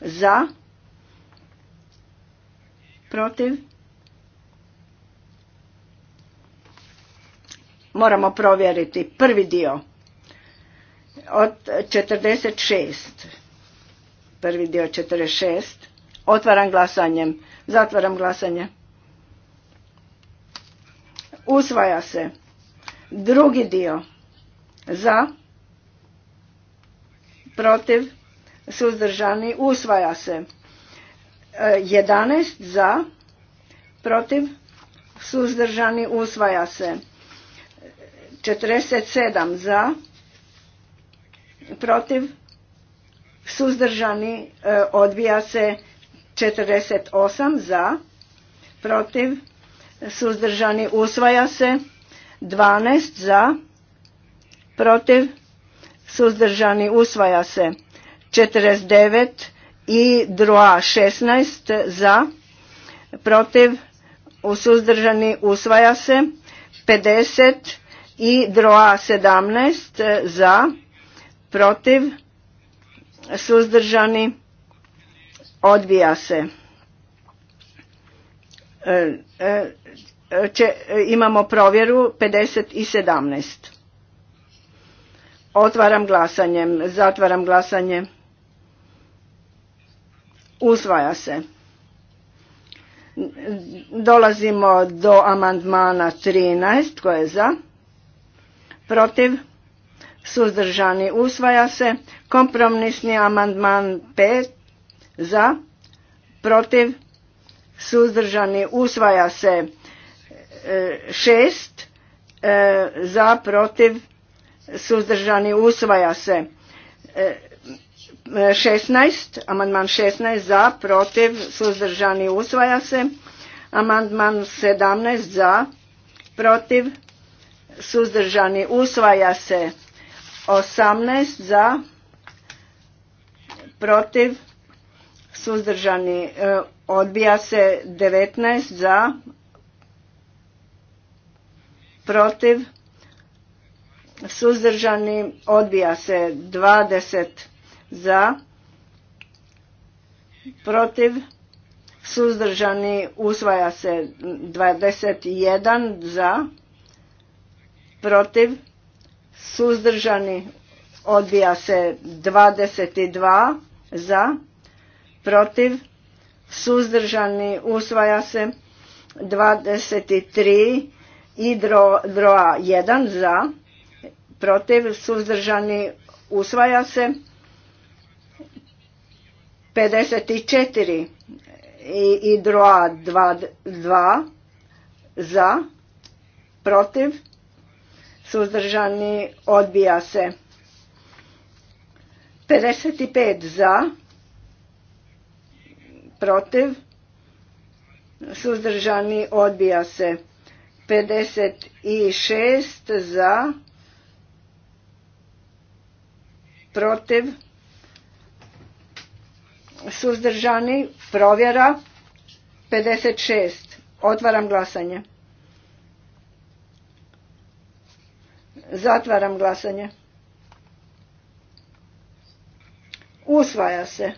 S1: za, protiv. Moramo provjeriti prvi dio od 46. Prvi dio 46. Otvaram glasanjem. Zatvaram glasanje. Usvaja se. Drugi dio. Za. Protiv. Suzdržani. Usvaja se. 11 za, protiv, suzdržani usvaja se. 47 za, protiv, suzdržani e, odbija se 48 za, protiv, suzdržani usvaja se 12 za, protiv, suzdržani usvaja se 49 i droa 16 za, protiv, suzdržani usvaja se 50 i droa 17 za, protiv, suzdržani odbija se. E, e, e imamo provjeru 50 i 17. Otvaram glasanjem, zatvaram glasanje. Usvaja se. Dolazimo do amandmana 13. koje je za? Protiv? Suzdržani usvaja se. Kompromisni amandman 5. Za? Protiv? Suzdržani usvaja se. 6. E, e, za? Protiv? Suzdržani usvaja se. E, 16, amandman 16 za, protiv, suzdržani usvaja se. Amandman 17 za, protiv, suzdržani usvaja se. 18 e, za, protiv, suzdržani odbija se. 19 za, protiv, suzdržani odbija se. 20 za, za protiv suzdržani usvaja se 21 za protiv suzdržani odbija se 22 za protiv suzdržani usvaja se 23 i droa 1 za protiv suzdržani usvaja se 54 i, i droa 2, 2 za, protiv, suzdržani odbija se. 55 za, protiv, suzdržani odbija se. 56 za, protiv, suzdržani, provjera, 56. Otvaram glasanje. Zatvaram glasanje. Usvaja se. E,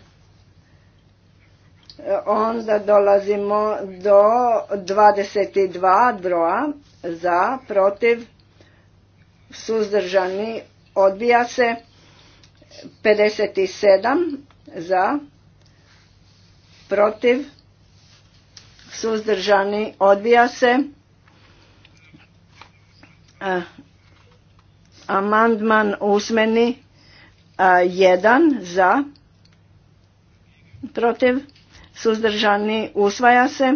S1: onda dolazimo do 22 broja za, protiv, suzdržani, odbija se 57 za, protiv, suzdržani, odbija se. E, amandman usmeni, e, jedan za, protiv, suzdržani, usvaja se.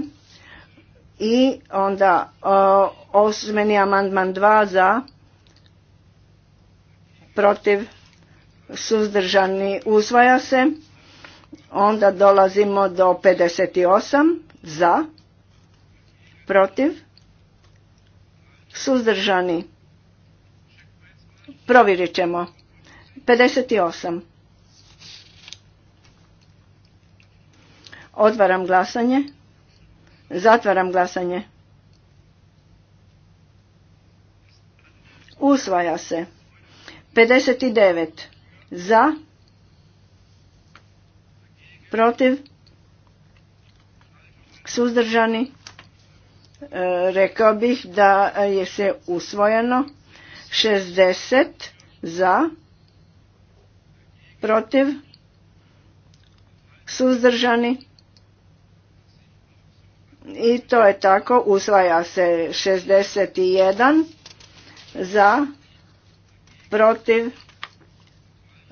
S1: I onda e, usmeni osmeni amandman dva za, protiv, suzdržani, usvaja se. Onda dolazimo do 58 za, protiv, suzdržani. Provjerit ćemo. 58. Otvaram glasanje. Zatvaram glasanje. Usvaja se. 59 za protiv, suzdržani, e, rekao bih da je se usvojeno 60 za, protiv, suzdržani i to je tako, usvaja se 61 za, protiv,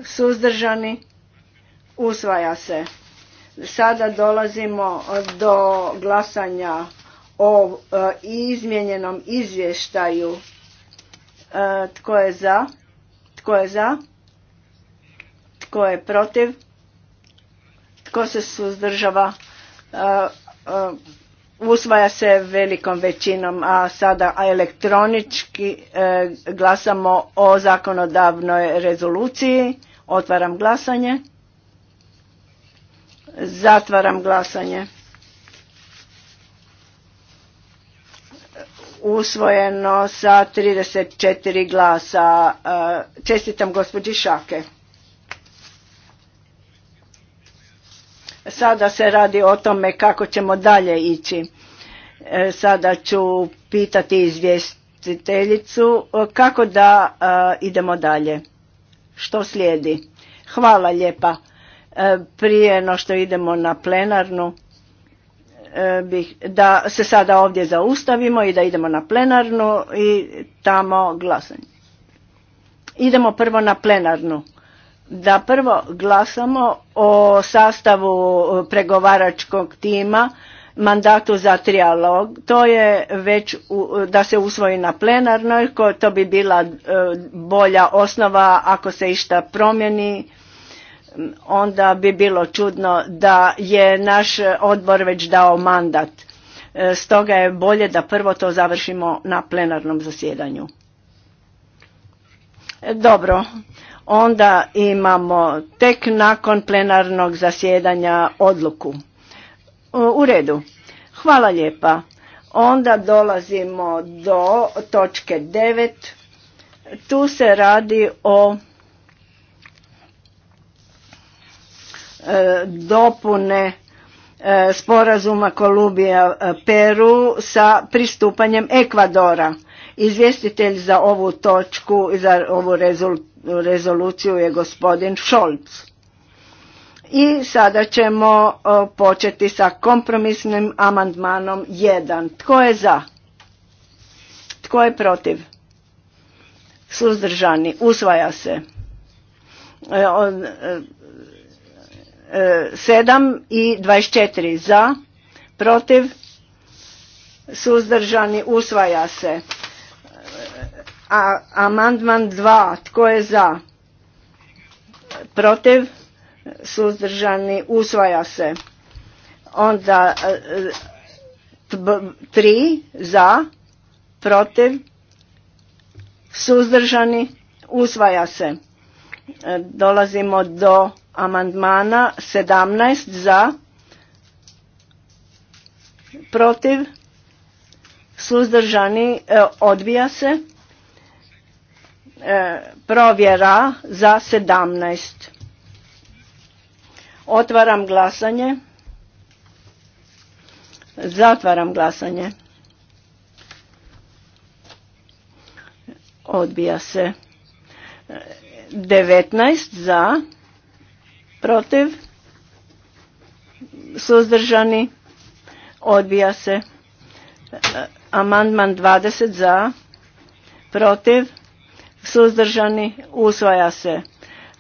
S1: suzdržani, usvaja se Sada dolazimo do glasanja o e, izmijenjenom izvještaju. E, tko je za? Tko je za? Tko je protiv? Tko se suzdržava? E, usvaja se velikom većinom, a sada elektronički glasamo o zakonodavnoj rezoluciji. Otvaram glasanje. Zatvaram glasanje. Usvojeno sa 34 glasa. E, čestitam gospođi Šake. Sada se radi o tome kako ćemo dalje ići. E, sada ću pitati izvjestiteljicu e, kako da idemo dalje. Što slijedi? Hvala lijepa. E, prije no što idemo na plenarnu e, bih, da se sada ovdje zaustavimo i da idemo na plenarnu i tamo glasanje. Idemo prvo na plenarnu. Da prvo glasamo o sastavu pregovaračkog tima, mandatu za trijalog. To je već da se usvoji na plenarnoj, to bi bila e, bolja osnova ako se išta promjeni onda bi bilo čudno da je naš odbor već dao mandat. E, stoga je bolje da prvo to završimo na plenarnom zasjedanju. Dobro, onda imamo tek nakon plenarnog zasjedanja odluku. U redu, hvala lijepa. Onda dolazimo do točke devet. Tu se radi o E, dopune e, sporazuma Kolumbija e, Peru sa pristupanjem Ekvadora. Izvjestitelj za ovu točku, i za ovu rezoluciju je gospodin Šolc. I sada ćemo početi sa kompromisnim amandmanom 1. Tko je za? Tko je protiv? Suzdržani. Usvaja se. 7 i 24 za, protiv, suzdržani, usvaja se. A, amandman 2, tko je za, protiv, suzdržani, usvaja se. Onda 3 e, za, protiv, suzdržani, usvaja se. E, dolazimo do amandmana 17 za protiv suzdržani e, odbija se e, provjera za 17 otvaram glasanje zatvaram glasanje odbija se 19 e, za protiv, suzdržani, odbija se. Amandman 20 za, protiv, suzdržani, usvaja se.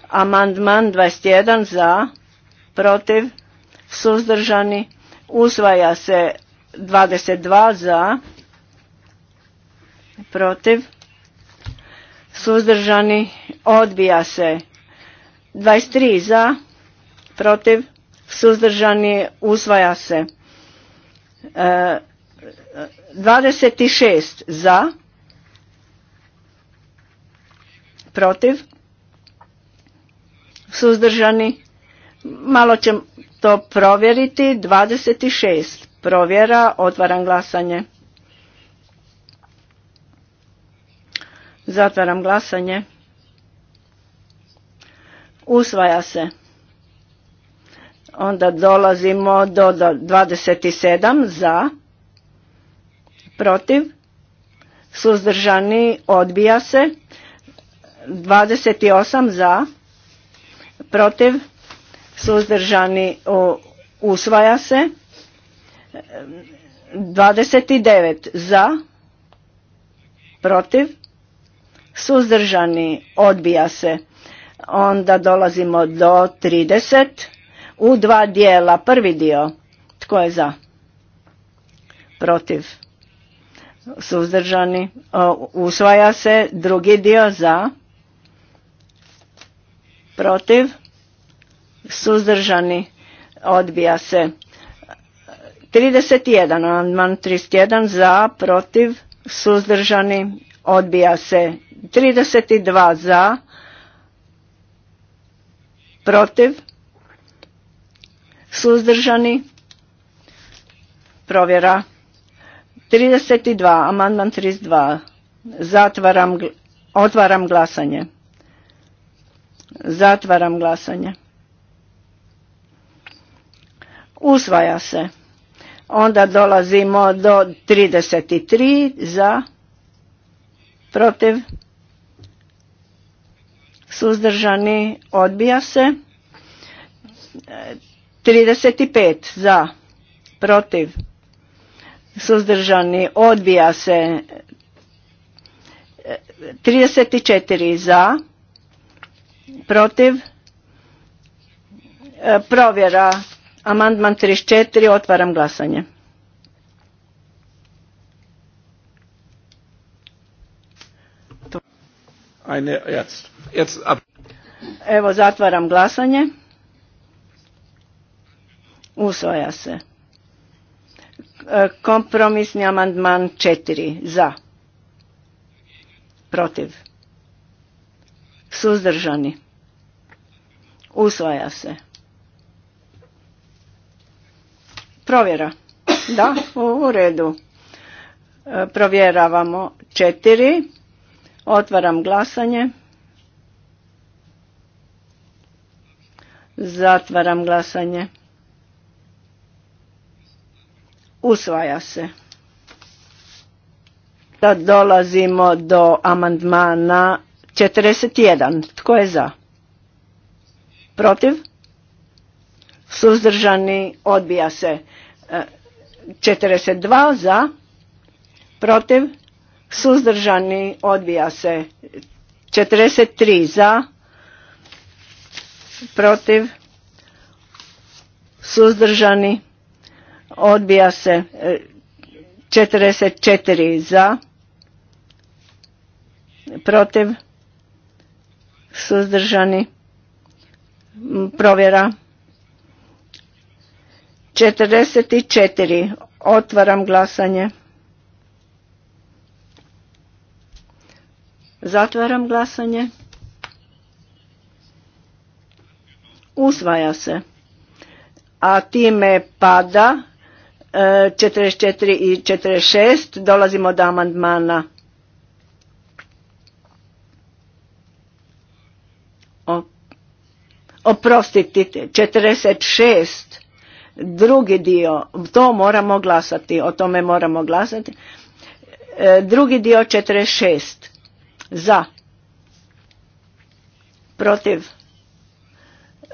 S1: Amandman 21 za, protiv, suzdržani, usvaja se 22 za, protiv, suzdržani, odbija se 23 za, protiv, suzdržani, usvaja se. 26 e, za, protiv, suzdržani, malo će to provjeriti, 26 provjera, otvaram glasanje. Zatvaram glasanje. Usvaja se. Onda dolazimo do 27 za, protiv, suzdržani, odbija se. 28 za, protiv, suzdržani, usvaja se. 29 za, protiv, suzdržani, odbija se. Onda dolazimo do 30 u dva dijela. Prvi dio, tko je za? Protiv. Suzdržani. Usvaja se drugi dio za. Protiv. Suzdržani. Odbija se. 31. Amandman 31 za, protiv, suzdržani, odbija se. 32 za, protiv, suzdržani, provjera. 32, amandman 32, zatvaram, otvaram glasanje. Zatvaram glasanje. Usvaja se. Onda dolazimo do 33 za, protiv, suzdržani, odbija se. 35 za, protiv, suzdržani, odbija se. 34 za, protiv, e, provjera, amandman 34, otvaram glasanje. Evo, zatvaram glasanje. Usvaja se. E, kompromisni amandman četiri. Za. Protiv. Suzdržani. Usvaja se. Provjera. Da, u redu. E, provjeravamo četiri. Otvaram glasanje. Zatvaram glasanje. Usvaja se. Sad dolazimo do amandmana 41. Tko je za? Protiv? Suzdržani odbija se. 42 e, za. Protiv? Suzdržani odbija se. 43 za. Protiv? Suzdržani odbija se 44 e, za protiv suzdržani provjera 44 otvaram glasanje zatvaram glasanje usvaja se a time pada 44 i 46 dolazimo do amandmana oprostiti 46 drugi dio to moramo glasati o tome moramo glasati e, drugi dio 46 za protiv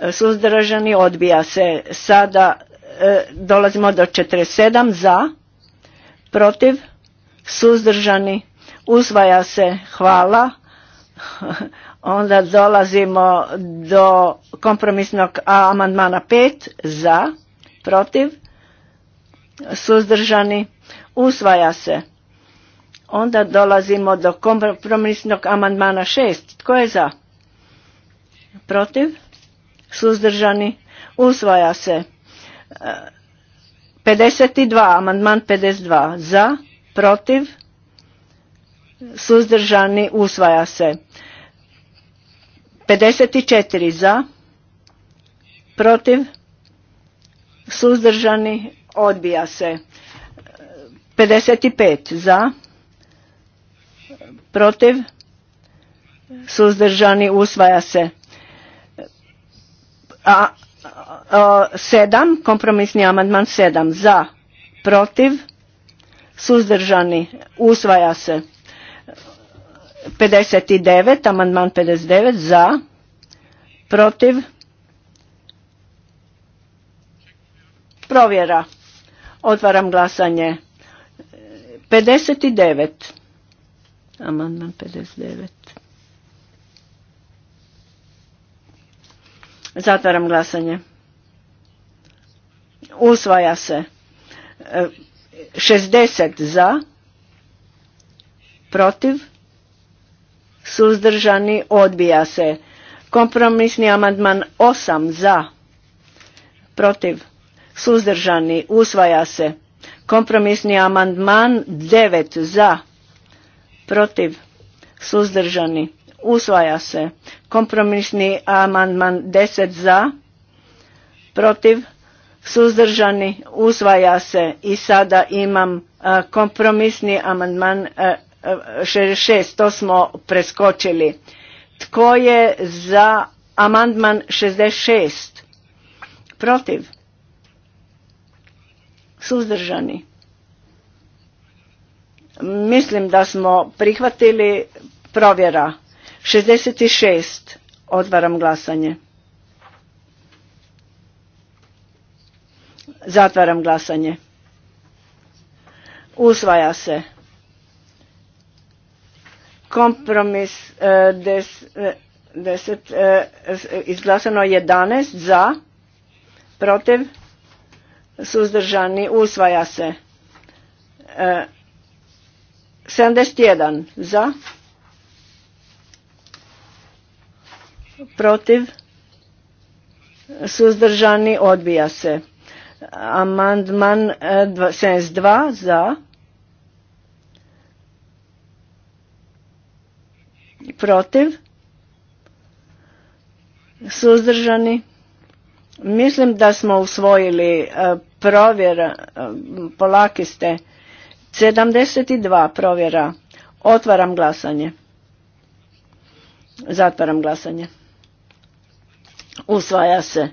S1: e, suzdržani odbija se sada E, dolazimo do 47 za, protiv, suzdržani, usvaja se, hvala. Onda dolazimo do kompromisnog amandmana 5 za, protiv, suzdržani, usvaja se. Onda dolazimo do kompromisnog amandmana 6. Tko je za? Protiv? Suzdržani? Usvaja se. 52, amandman 52. Za, protiv, suzdržani, usvaja se. 54 za, protiv, suzdržani, odbija se. 55 za, protiv, suzdržani, usvaja se. A 7, kompromisni amandman 7, za, protiv, suzdržani, usvaja se. 59, amandman 59, za, protiv, provjera. Otvaram glasanje. 59. Amandman 59. Zatvaram glasanje usvaja se 60 e, za protiv suzdržani odbija se kompromisni amandman 8 za protiv suzdržani usvaja se kompromisni amandman 9 za protiv suzdržani usvaja se kompromisni amandman 10 za protiv suzdržani, usvaja se i sada imam e, kompromisni amandman 66, e, e, to smo preskočili. Tko je za amandman 66? Protiv? Suzdržani? Mislim da smo prihvatili provjera. 66. Otvaram glasanje. Zatvaram glasanje. Usvaja se. Kompromis e, e, deset e, izglasano 11 za, protiv, suzdržani, usvaja se. 71 za, protiv, suzdržani, odbija se. Amandman 72 e, za. Protiv. Suzdržani. Mislim da smo usvojili e, provjer e, polaki ste. 72 provjera. Otvaram glasanje. Zatvaram glasanje. Usvaja se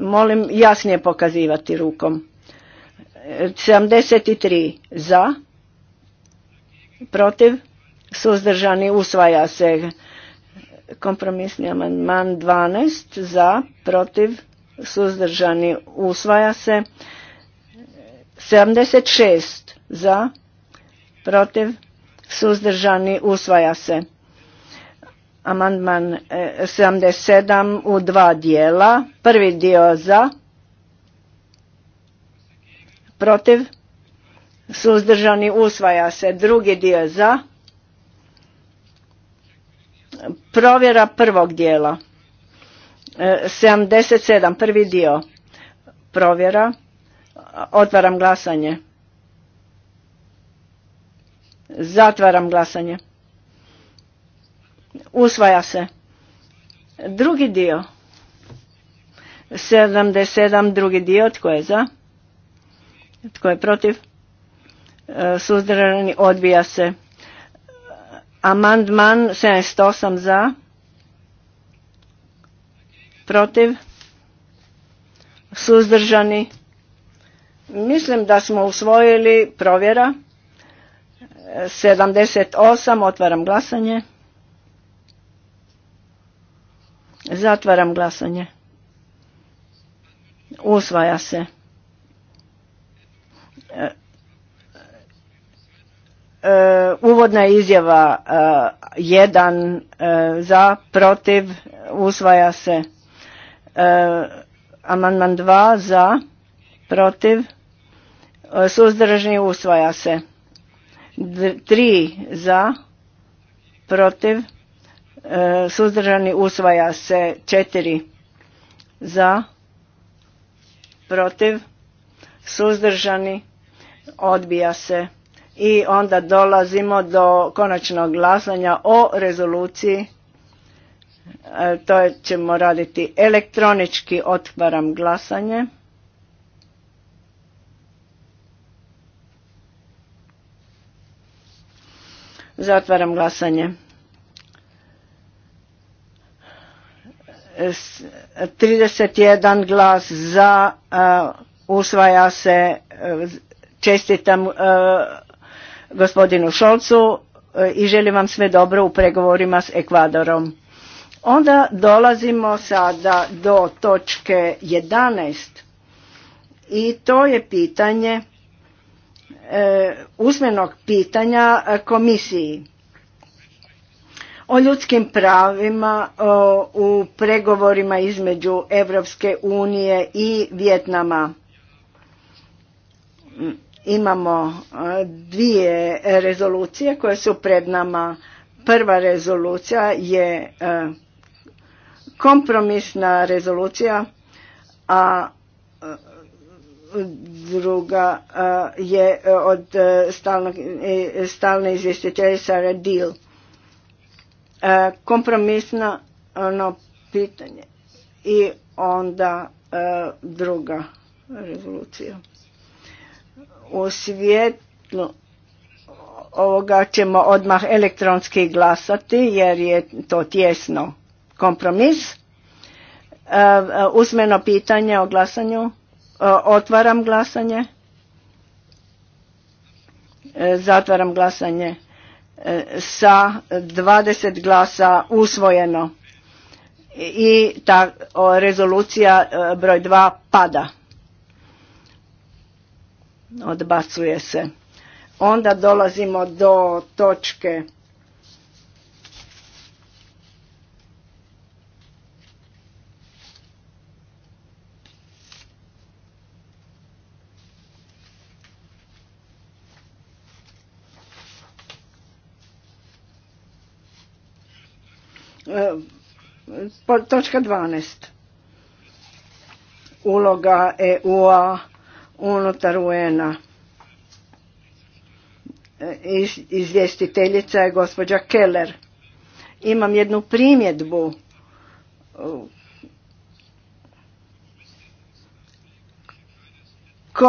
S1: molim jasnije pokazivati rukom. 73 za, protiv, suzdržani, usvaja se kompromisni amandman 12 za, protiv, suzdržani, usvaja se 76 za, protiv, suzdržani, usvaja se Amandman 77 e, u dva dijela. Prvi dio za, protiv, suzdržani usvaja se. Drugi dio za, provjera prvog dijela. 77, e, prvi dio, provjera, otvaram glasanje. Zatvaram glasanje. Usvaja se. Drugi dio. 77. Drugi dio. Tko je za? Tko je protiv? E, suzdržani odbija se. Amandman 78 za. Protiv. Suzdržani. Mislim da smo usvojili provjera. 78. Otvaram glasanje. Zatvaram glasanje. Usvaja se. E, e uvodna izjava 1 e, e, za, protiv, usvaja se. Amandman 2 za, protiv, suzdržani usvaja se. 3 za, protiv, suzdržani usvaja se četiri za protiv suzdržani odbija se i onda dolazimo do konačnog glasanja o rezoluciji e, to ćemo raditi elektronički otvaram glasanje zatvaram glasanje 31 glas za, usvaja se, e, čestitam e, gospodinu Šolcu e, i želim vam sve dobro u pregovorima s Ekvadorom. Onda dolazimo sada do točke 11 i to je pitanje usmenog pitanja komisiji o ljudskim pravima u pregovorima između Europske unije i Vjetnama. Imamo dvije rezolucije koje su pred nama. Prva rezolucija je kompromisna rezolucija, a druga je od stalne izvjestiteljica DEAL. E, kompromisno ono pitanje i onda e, druga rezolucija. U svijetlu ovoga ćemo odmah elektronski glasati jer je to tjesno kompromis. E, Usmeno pitanje o glasanju. Otvaram glasanje. Zatvaram glasanje sa 20 glasa usvojeno i ta rezolucija e, broj 2 pada. Odbacuje se. Onda dolazimo do točke E, točka 12. Uloga EU-a unutar UN-a. E, izvjestiteljica je gospođa Keller. Imam jednu primjedbu e,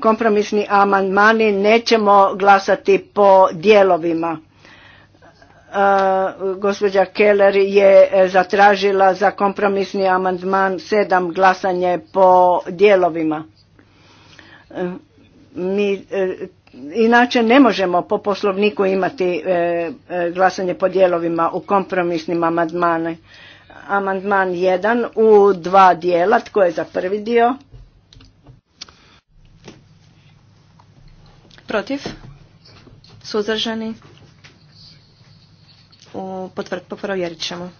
S1: kompromisni amandmani nećemo glasati po dijelovima gospođa Keller je e, zatražila za kompromisni amandman sedam glasanje po dijelovima. E, mi e, inače ne možemo po poslovniku imati glasanje po dijelovima u kompromisnim amandmanima. Amandman jedan u dva dijela. Tko je za prvi dio?
S3: Protiv? Suzdržani? provjerit ćemo.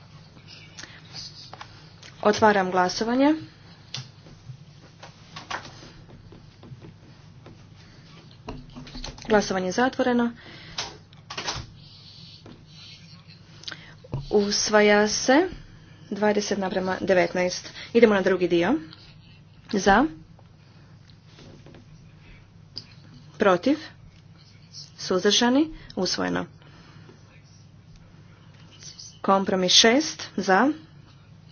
S3: Otvaram glasovanje. Glasovanje je zatvoreno. Usvaja se 20 naprema 19. Idemo na drugi dio. Za. Protiv. Suzdržani. Usvojeno. Kompromis šest za,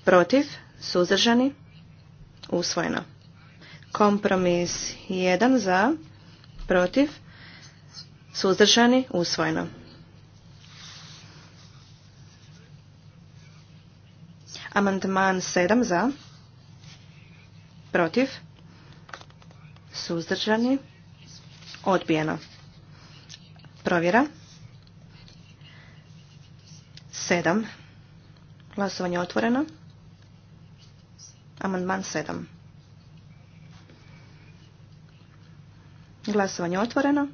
S3: protiv, suzdržani, usvojeno. Kompromis jedan za, protiv, suzdržani, usvojeno. Amandman sedam za, protiv, suzdržani, odbijeno. Provjera. 7. Glasovanje otvoreno. Amandman 7. Glasovanje otvoreno.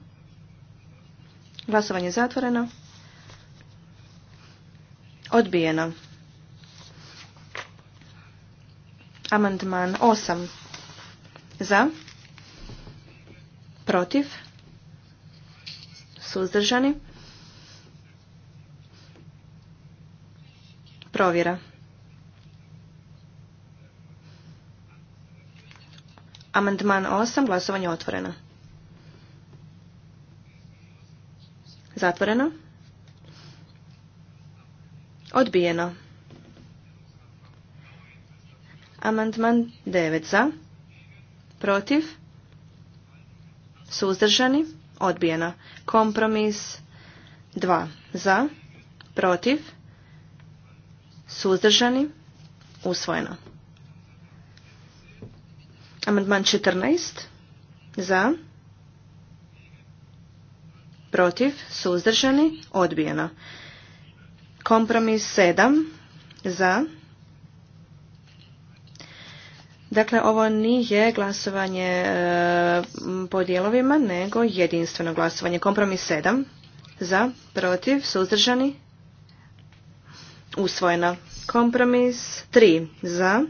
S3: Glasovanje zatvoreno. Odbijeno. Amandman 8. Za. Protiv. Suzdržani. Provjera. Amandman 8. Glasovanje otvoreno. Zatvoreno. Odbijeno. Amandman 9 za. Protiv. Suzdržani. Odbijeno. Kompromis 2 za. Protiv. Suzdržani? Usvojeno. Amandman 14. Za? Protiv? Suzdržani? Odbijeno. Kompromis 7. Za? Dakle, ovo nije glasovanje e, po dijelovima, nego jedinstveno glasovanje. Kompromis 7. Za? Protiv? Suzdržani? usvojena. Kompromis 3 za,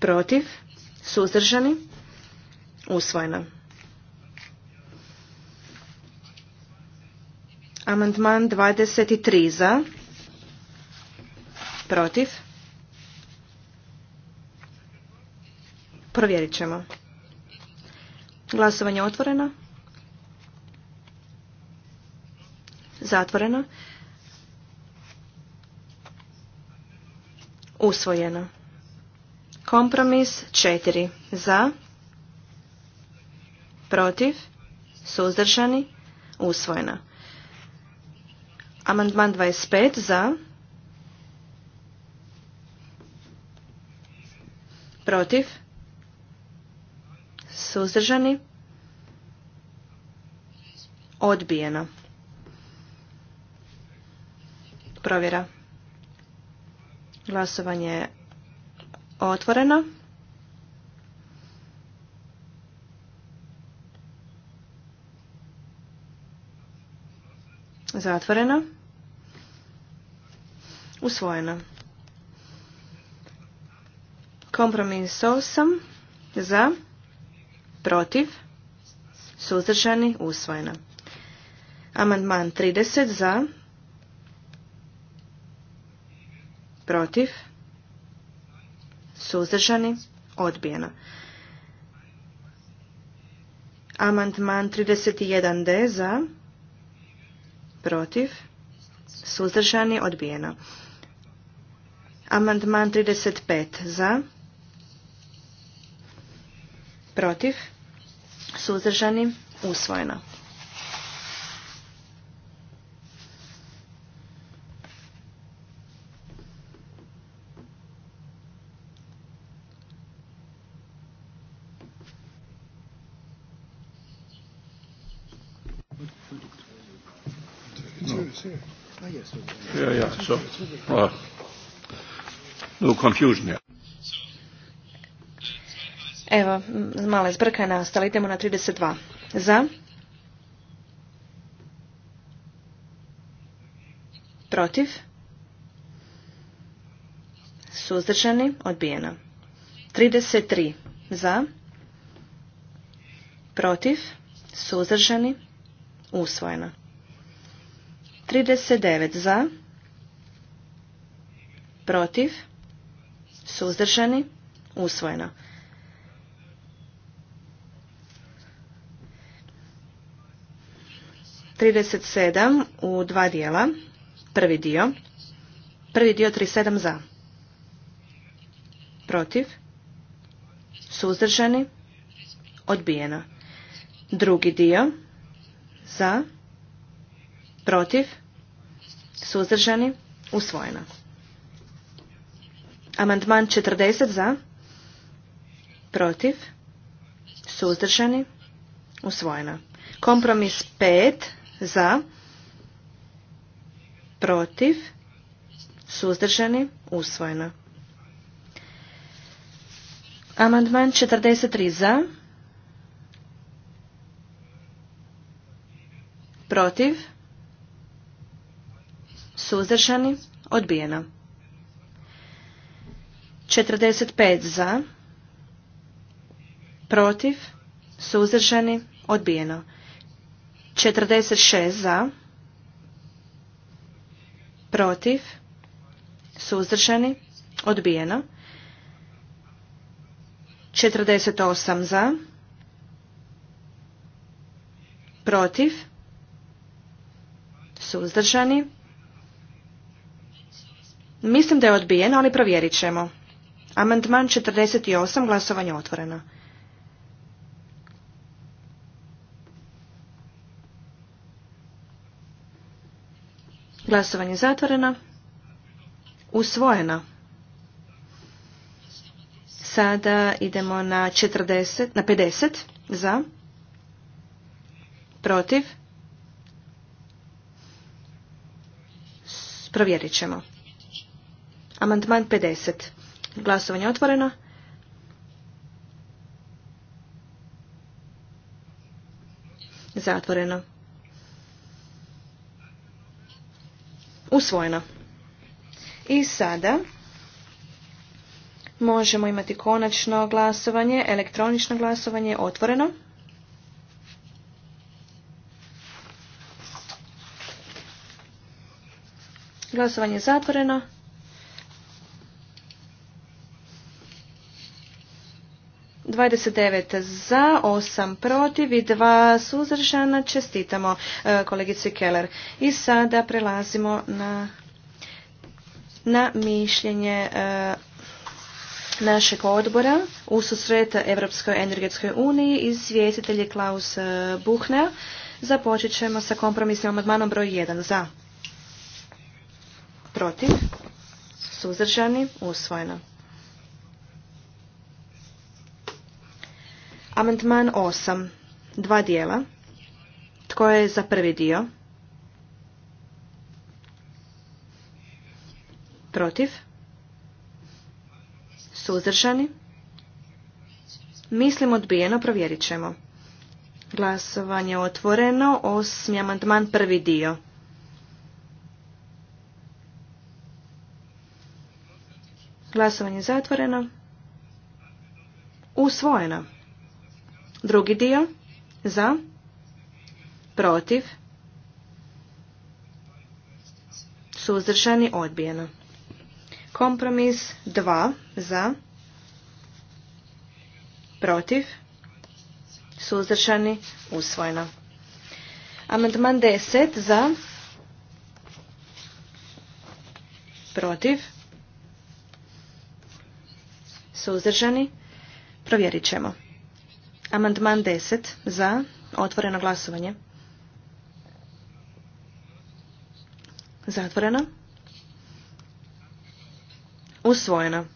S3: protiv, suzdržani, usvojena. Amandman 23 za, protiv, provjerit ćemo. Glasovanje otvoreno. Zatvoreno. Usvojeno. Kompromis 4. Za. Protiv. Suzdržani. Usvojeno. Amandman 25. Za. Protiv. Suzdržani. Odbijeno. Provjera. Glasovanje je otvoreno. Zatvoreno. Usvojeno. Kompromis osam. Za. Protiv. Suzdržani. Usvojeno. Amandman 30. Za. protiv, suzdržani, odbijeno. Amandman 31D za, protiv, suzdržani, odbijeno. Amandman 35 za, protiv, suzdržani, usvojeno. Yeah, yeah, so. Uh,
S1: no confusion,
S3: Evo, mala zbrka je nastala. Idemo na 32. Za. Protiv. Suzdržani. Odbijeno. 33. Za. Protiv. Suzdržani. Usvojeno. 39 za, protiv, suzdržani, usvojeno. Trideset sedam u dva dijela, prvi dio, prvi dio 37 za, protiv, suzdržani, odbijeno. Drugi dio, za, protiv, suzdržani, usvojeno. Amandman 40 za, protiv, suzdržani, usvojeno. Kompromis 5 za, protiv, suzdržani, usvojeno. Amandman 43 za, protiv, Suzdržani? Odbijeno. 45 za. Protiv? Suzdržani? Odbijeno. 46 za. Protiv? Suzdržani? Odbijeno. 48 za. Protiv? Suzdržani? Mislim da je odbijeno, ali provjerit ćemo. Amandman 48, glasovanje otvoreno. Glasovanje zatvoreno. Usvojeno. Sada idemo na 40, na 50 za, protiv, provjerit ćemo. Amandman 50. Glasovanje otvoreno. Zatvoreno. Usvojeno. I sada možemo imati konačno glasovanje, elektronično glasovanje otvoreno. Glasovanje je zatvoreno. 29 za, 8 protiv i 2 suzdržana. Čestitamo e, kolegici Keller. I sada prelazimo na, na mišljenje e, našeg odbora u susret Europskoj energetskoj uniji i je Klaus e, Buchner. Započet ćemo sa kompromisnim amandmanom broj 1 za protiv suzdržani usvojeno. Amandman 8. Dva dijela. Tko je za prvi dio? Protiv? Suzdržani? Mislim odbijeno, provjerit ćemo. Glasovanje otvoreno, osmi amandman prvi dio. Glasovanje zatvoreno. Usvojeno. Drugi dio za, protiv, suzdržani, odbijeno. Kompromis 2 za, protiv, suzdržani, usvojeno. Amandman 10 za, protiv, suzdržani, provjerit ćemo. Amandman 10 za otvoreno glasovanje. Zatvoreno. Usvojeno.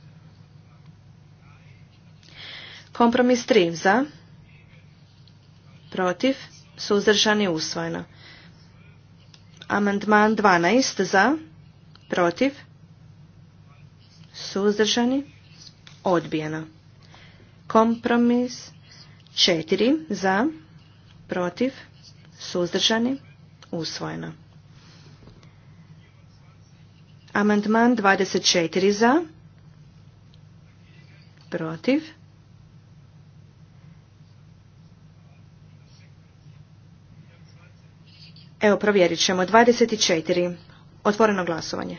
S3: Kompromis 3 za protiv suzdržani usvojeno. Amandman 12 za protiv suzdržani odbijeno. Kompromis Četiri za, protiv, suzdržani, usvojeno. Amandman 24 za, protiv, Evo, provjerit ćemo. 24. Otvoreno glasovanje.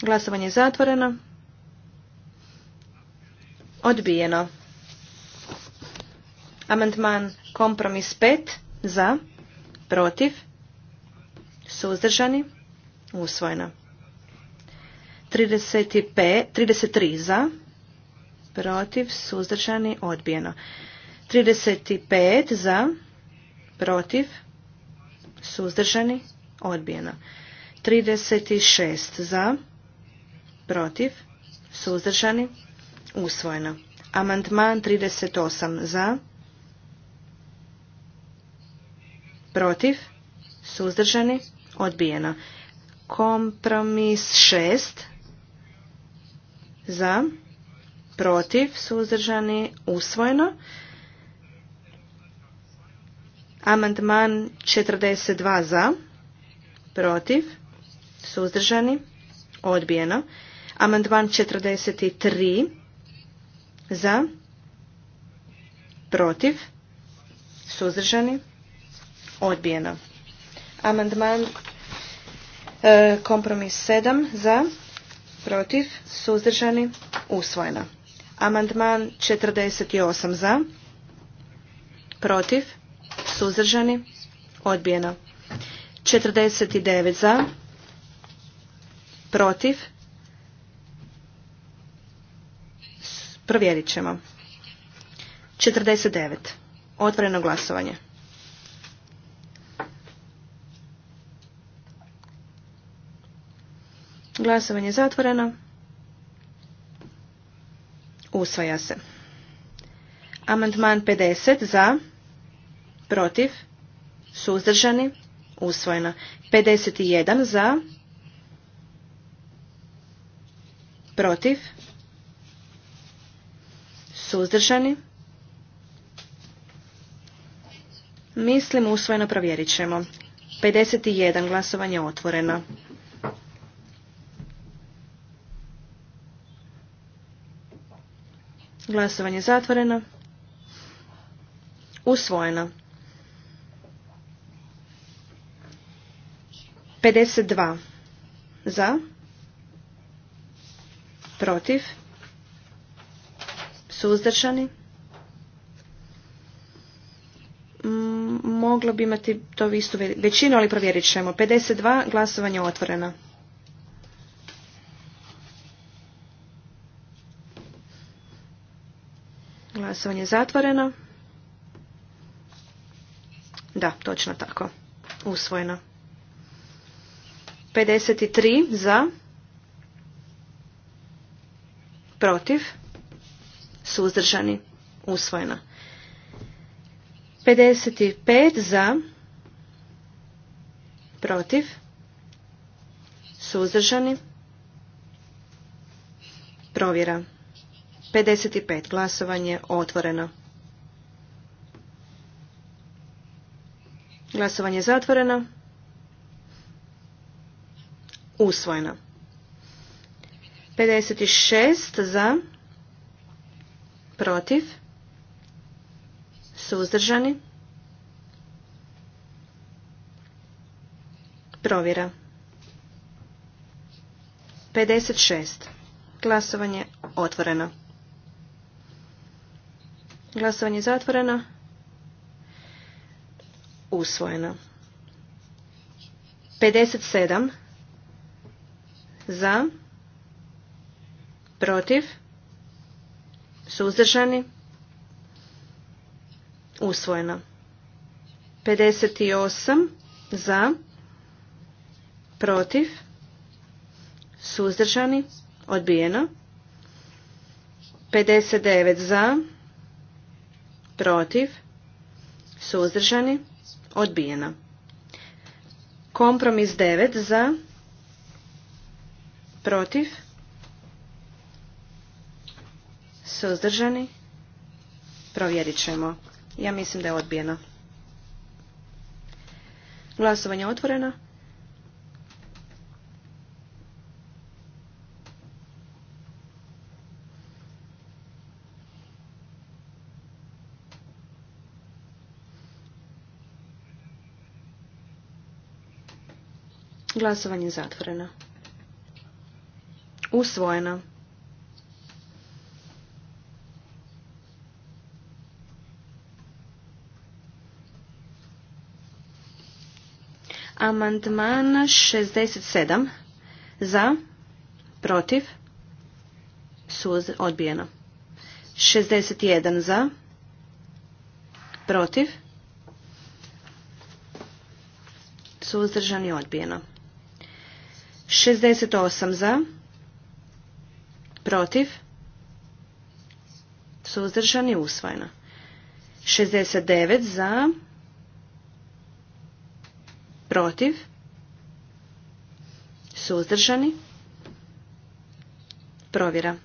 S3: Glasovanje je zatvoreno. Odbijeno. Amandman kompromis 5 za, protiv, suzdržani, usvojeno. 33 za, protiv, suzdržani, odbijeno. 35 za, protiv, suzdržani, odbijeno. 36 za, protiv, suzdržani, Usvojeno. Amandman 38 za. Protiv. Suzdržani. Odbijeno. Kompromis 6 za. Protiv. Suzdržani. Usvojeno. Amandman 42 za. Protiv. Suzdržani. Odbijeno. Amandman 43 za, protiv, suzdržani, odbijeno. Amandman e, kompromis 7 za, protiv, suzdržani, usvojeno. Amandman 48 za, protiv, suzdržani, odbijeno. 49 za, protiv, Provjerit ćemo. 49. Otvoreno glasovanje. Glasovanje zatvoreno. Usvaja se. Amandman 50 za, protiv, suzdržani, usvojeno. 51 za, protiv, Suzdržani? Mislim usvojeno provjerit ćemo. 51 glasovanje otvoreno. Glasovanje zatvoreno. Usvojeno. 52 za protiv suzdržani. Mm, moglo bi imati to istu većinu, ali provjerit ćemo. 52, glasovanje otvoreno. Glasovanje zatvoreno. Da, točno tako. Usvojeno. 53 za. Protiv suzdržani, usvojeno. 55 za, protiv, suzdržani, provjera. 55 glasovanje otvoreno. Glasovanje zatvoreno. Usvojeno. 56 za, protiv, suzdržani, provjera. 56. Glasovanje otvoreno. Glasovanje zatvoreno. Usvojeno. 57. Za. Protiv. Suzdržani? Usvojeno. 58 za, protiv, suzdržani, odbijeno. 59 za, protiv, suzdržani, odbijeno. Kompromis 9 za, protiv, Suzdržani? Provjerit ćemo. Ja mislim da je odbijeno. Glasovanje otvoreno. Glasovanje zatvoreno. Usvojeno. Amandman 67 za, protiv, suz, odbijeno. 61 za, protiv, suzdržan i odbijeno. 68 za, protiv, suzdržan i usvojeno. 69 za, protiv, protiv, suzdržani, provjera.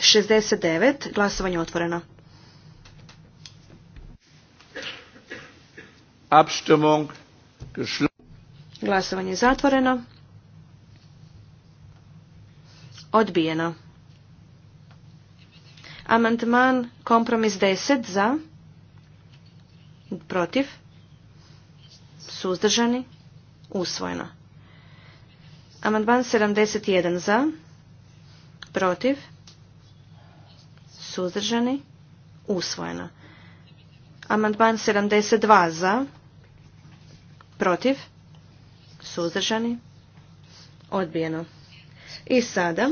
S3: 69, glasovanje otvoreno.
S1: Abstimmung
S3: Glasovanje zatvoreno. Odbijeno. Amandman kompromis 10 za. Protiv suzdržani, usvojeno. Amandman 71 za, protiv, suzdržani, usvojeno. Amandman 72 za, protiv, suzdržani, odbijeno. I sada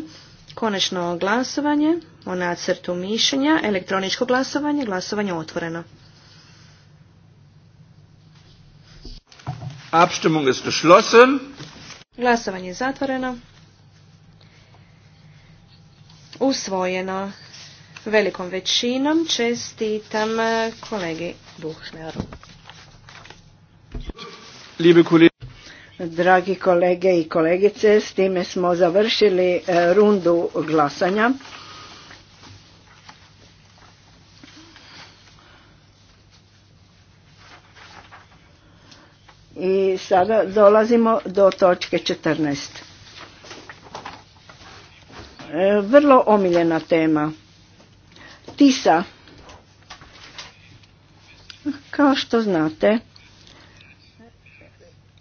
S3: konačno glasovanje o nacrtu mišljenja, elektroničko glasovanje, glasovanje otvoreno.
S1: Abstimmung ist geschlossen.
S3: Glasovanje je zatvoreno. Usvojeno velikom većinom. Čestitam eh, kolegi Buchneru.
S1: Liebe Dragi kolege i kolegice, s time smo završili eh, rundu glasanja. I sada dolazimo do točke 14. E, vrlo omiljena tema. Tisa. Kao što znate,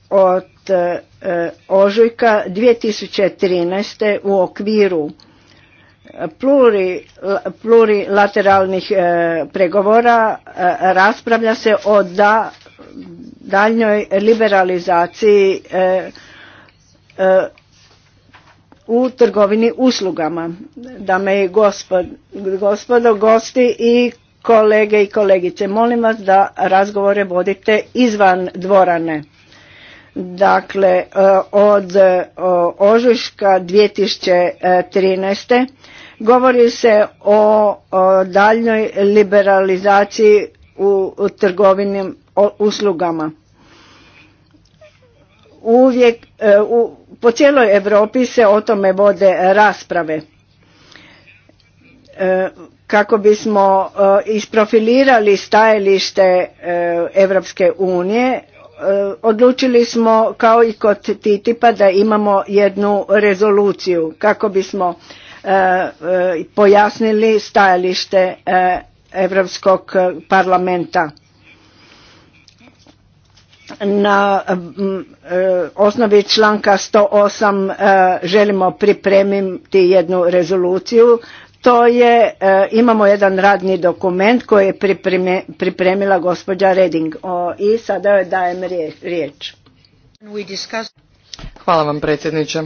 S1: od e, ožujka 2013. u okviru e, plurilateralnih pregovora raspravlja se o da, daljnjoj liberalizaciji e, e, u trgovini uslugama. Dame i gospodo, gosti i kolege i kolegice, molim vas da razgovore vodite izvan dvorane. Dakle, e, od ožujka 2013. govori se o daljnjoj liberalizaciji u trgovinim uslugama. Uvijek, e, u, po cijeloj Europi se o tome vode rasprave e, kako bismo e, isprofilirali stajalište Europske unije odlučili smo kao i kod TTIP-a da imamo jednu rezoluciju kako bismo pojasnili stajalište Europskog parlamenta na e, osnovi članka 108 e, želimo pripremiti jednu rezoluciju. To je, e, imamo jedan radni dokument koji je pripremila gospođa Reding i sada joj dajem riječ. Hvala vam predsjedniče.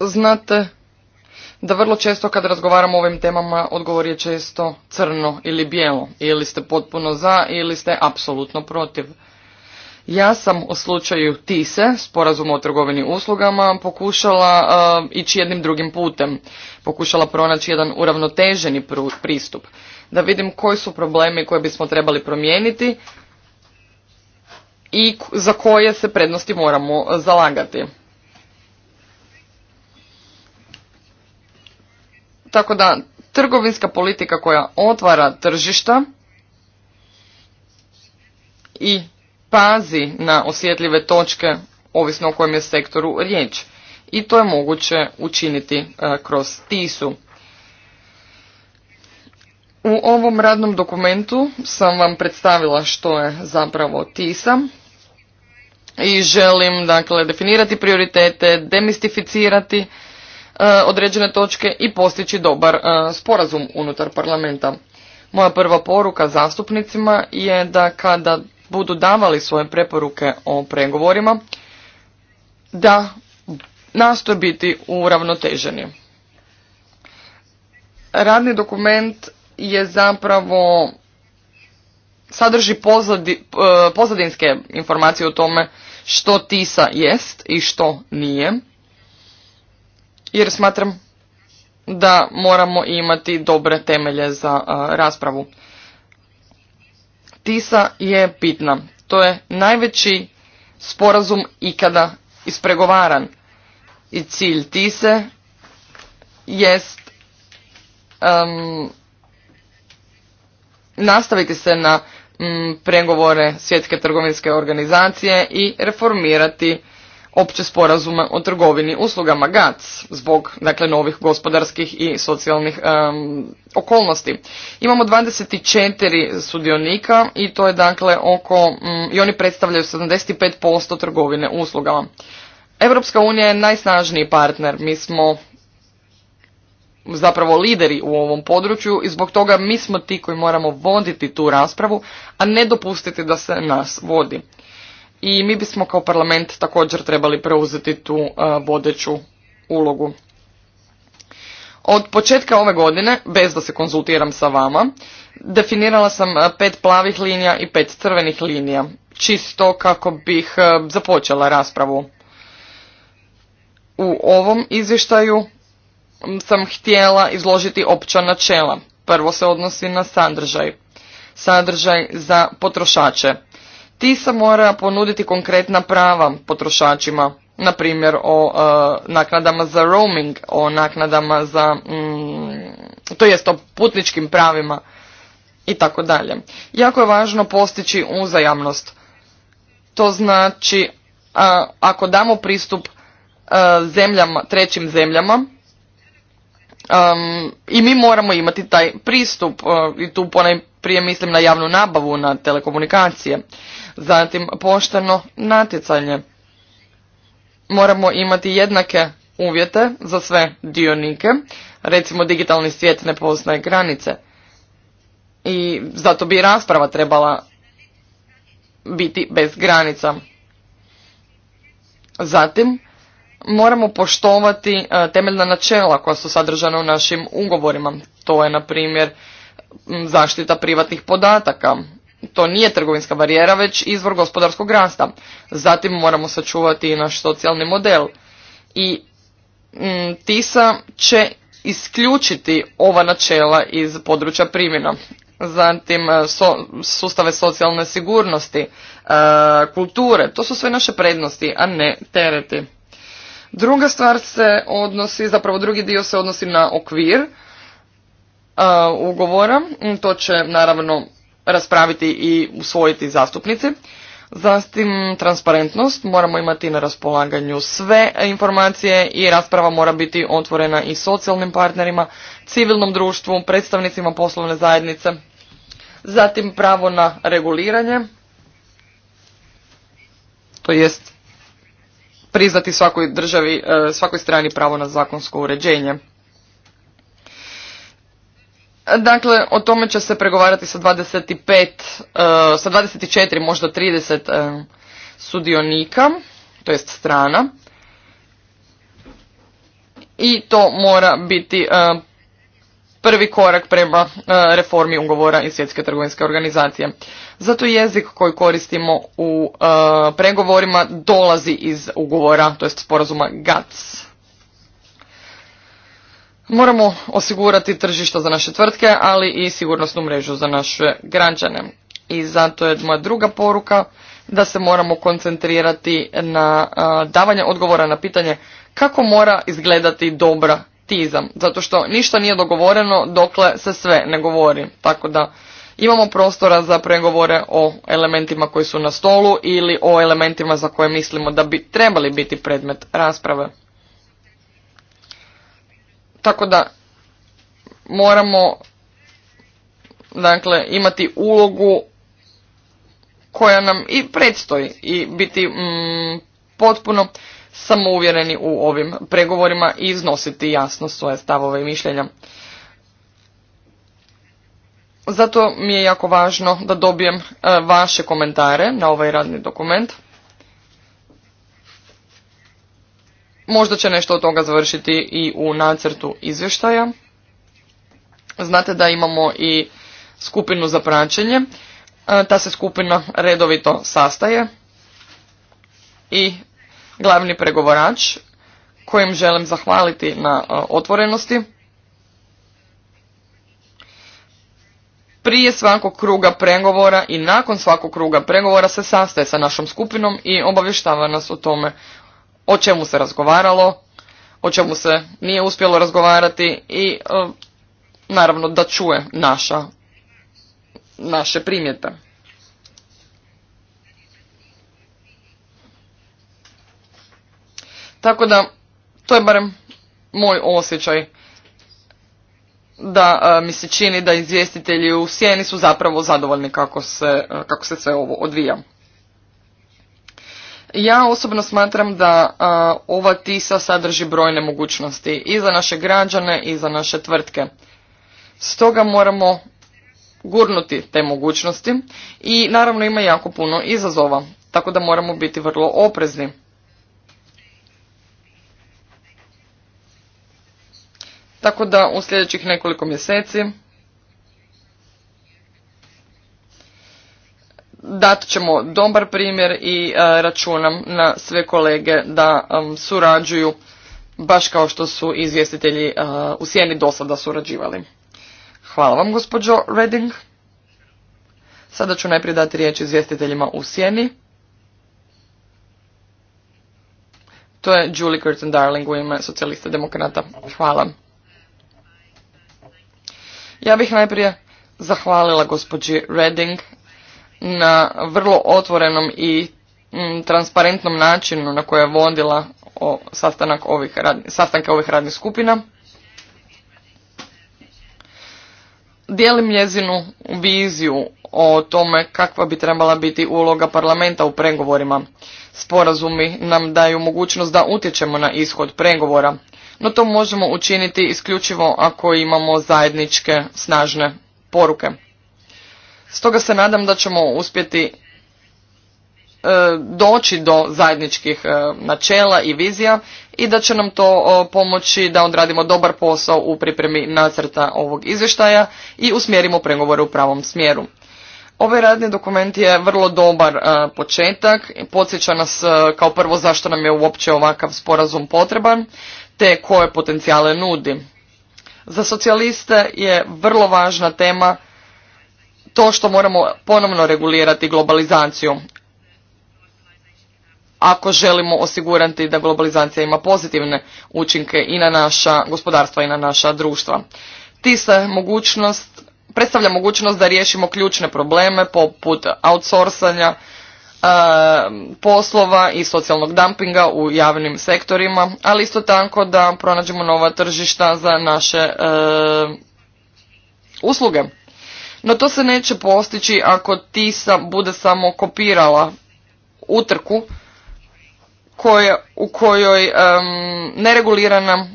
S2: Znate da vrlo često kad razgovaramo o ovim temama odgovor je često crno ili bijelo. Ili ste potpuno za ili ste apsolutno protiv. Ja sam u slučaju TISE, sporazuma o trgovini uslugama, pokušala uh, ići jednim drugim putem. Pokušala pronaći jedan uravnoteženi pristup. Da vidim koji su problemi koje bismo trebali promijeniti i za koje se prednosti moramo zalagati. Tako da trgovinska politika koja otvara tržišta i pazi na osjetljive točke ovisno o kojem je sektoru riječ. I to je moguće učiniti e, kroz tis U ovom radnom dokumentu sam vam predstavila što je zapravo TISA i želim dakle definirati prioritete, demistificirati E, određene točke i postići dobar e, sporazum unutar parlamenta. Moja prva poruka zastupnicima je da kada budu davali svoje preporuke o pregovorima, da nastoje biti uravnoteženi. Radni dokument je zapravo sadrži pozadi, e, pozadinske informacije o tome što TISA jest i što nije jer smatram da moramo imati dobre temelje za raspravu. Tisa je bitna. To je najveći sporazum ikada ispregovaran. I cilj Tise jest nastaviti se na pregovore svjetske trgovinske organizacije i reformirati opće sporazume o trgovini uslugama GATS zbog dakle novih gospodarskih i socijalnih okolnosti. Imamo 24 sudionika i to je dakle oko mm, i oni predstavljaju 75% trgovine uslugama. Europska unija je najsnažniji partner. Mi smo zapravo lideri u ovom području i zbog toga mi smo ti koji moramo voditi tu raspravu, a ne dopustiti da se nas vodi i mi bismo kao parlament također trebali preuzeti tu e, vodeću ulogu. Od početka ove godine, bez da se konzultiram sa vama, definirala sam e, pet plavih linija i pet crvenih linija, čisto kako bih e, započela raspravu. U ovom izvještaju sam htjela izložiti opća načela. Prvo se odnosi na sadržaj. Sadržaj za potrošače se mora ponuditi konkretna prava potrošačima, na primjer o e, naknadama za roaming, o naknadama za, mm, to jest o putničkim pravima i tako dalje. Jako je važno postići uzajamnost. To znači e, ako damo pristup e, zemljama, trećim zemljama, i mi moramo imati taj pristup i tu ponaj prije mislim na javnu nabavu, na telekomunikacije, zatim pošteno natjecanje. Moramo imati jednake uvjete za sve dionike, recimo digitalni svijet ne poznaje granice. I zato bi rasprava trebala biti bez granica. Zatim, moramo poštovati e, temeljna načela koja su sadržana u našim ugovorima. To je, na primjer, zaštita privatnih podataka. To nije trgovinska barijera, već izvor gospodarskog rasta. Zatim moramo sačuvati i naš socijalni model. I m, TISA će isključiti ova načela iz područja primjena. Zatim e, sustave socijalne sigurnosti, e, kulture, to su sve naše prednosti, a ne tereti. Druga stvar se odnosi, zapravo drugi dio se odnosi na okvir ugovora. To će naravno raspraviti i usvojiti zastupnici. Zatim transparentnost, moramo imati na raspolaganju sve informacije i rasprava mora biti otvorena i socijalnim partnerima, civilnom društvu, predstavnicima poslovne zajednice. Zatim pravo na reguliranje, to jest priznati svakoj državi, e, svakoj strani pravo na zakonsko uređenje. Dakle, o tome će se pregovarati sa 25, eh, sa 24, možda 30 eh, sudionika, to jest strana. I to mora biti eh, prvi korak prema reformi ugovora i svjetske trgovinske organizacije. Zato jezik koji koristimo u pregovorima dolazi iz ugovora, to jest sporazuma GATS. Moramo osigurati tržišta za naše tvrtke, ali i sigurnosnu mrežu za naše građane. I zato je moja druga poruka da se moramo koncentrirati na davanje odgovora na pitanje kako mora izgledati dobra tizam. Zato što ništa nije dogovoreno dokle se sve ne govori. Tako da imamo prostora za pregovore o elementima koji su na stolu ili o elementima za koje mislimo da bi trebali biti predmet rasprave. Tako da moramo dakle imati ulogu koja nam i predstoji i biti mm, potpuno samouvjereni u ovim pregovorima i iznositi jasno svoje stavove i mišljenja. Zato mi je jako važno da dobijem e, vaše komentare na ovaj radni dokument. Možda će nešto od toga završiti i u nacrtu izvještaja. Znate da imamo i skupinu za praćenje. E, ta se skupina redovito sastaje i glavni pregovorač kojim želim zahvaliti na e, otvorenosti. Prije svakog kruga pregovora i nakon svakog kruga pregovora se sastaje sa našom skupinom i obavještava nas o tome o čemu se razgovaralo, o čemu se nije uspjelo razgovarati i e, naravno da čuje naša, naše primjete. Tako da, to je barem moj osjećaj da e, mi se čini da izvjestitelji u sjeni su zapravo zadovoljni kako se, e, kako se sve ovo odvija. Ja osobno smatram da ova tisa sadrži brojne mogućnosti i za naše građane i za naše tvrtke. Stoga moramo gurnuti te mogućnosti i naravno ima jako puno izazova, tako da moramo biti vrlo oprezni. Tako da u sljedećih nekoliko mjeseci dat ćemo dobar primjer i e, računam na sve kolege da surađuju baš kao što su izvjestitelji e, u sjeni do sada surađivali. Hvala vam gospođo Reding. Sada ću najprije dati riječ izvjestiteljima u sjeni. To je Julie Curtin Darling u ime socijalista demokrata. Hvala. Ja bih najprije zahvalila gospođi Reding na vrlo otvorenom i mm, transparentnom načinu na koje je vodila o sastanak ovih sastanke ovih radnih skupina. Dijelim njezinu viziju o tome kakva bi trebala biti uloga parlamenta u pregovorima. Sporazumi nam daju mogućnost da utječemo na ishod pregovora, no to možemo učiniti isključivo ako imamo zajedničke snažne poruke. Stoga se nadam da ćemo uspjeti e, doći do zajedničkih e, načela i vizija i da će nam to pomoći da odradimo dobar posao u pripremi nacrta ovog izvještaja i usmjerimo pregovore u pravom smjeru. Ovaj radni dokument je vrlo dobar e, početak, podsjeća nas kao prvo zašto nam je uopće ovakav sporazum potreban, te koje potencijale nudi. Za socijaliste je vrlo važna tema to što moramo ponovno regulirati globalizaciju ako želimo osigurati da globalizacija ima pozitivne učinke i na naša gospodarstva i na naša društva. Ti se mogućnost, predstavlja mogućnost da riješimo ključne probleme poput outsourcanja, e, poslova i socijalnog dumpinga u javnim sektorima, ali isto tako da pronađemo nova tržišta za naše e, usluge. No to se neće postići ako TISA bude samo kopirala utrku u kojoj neregulirana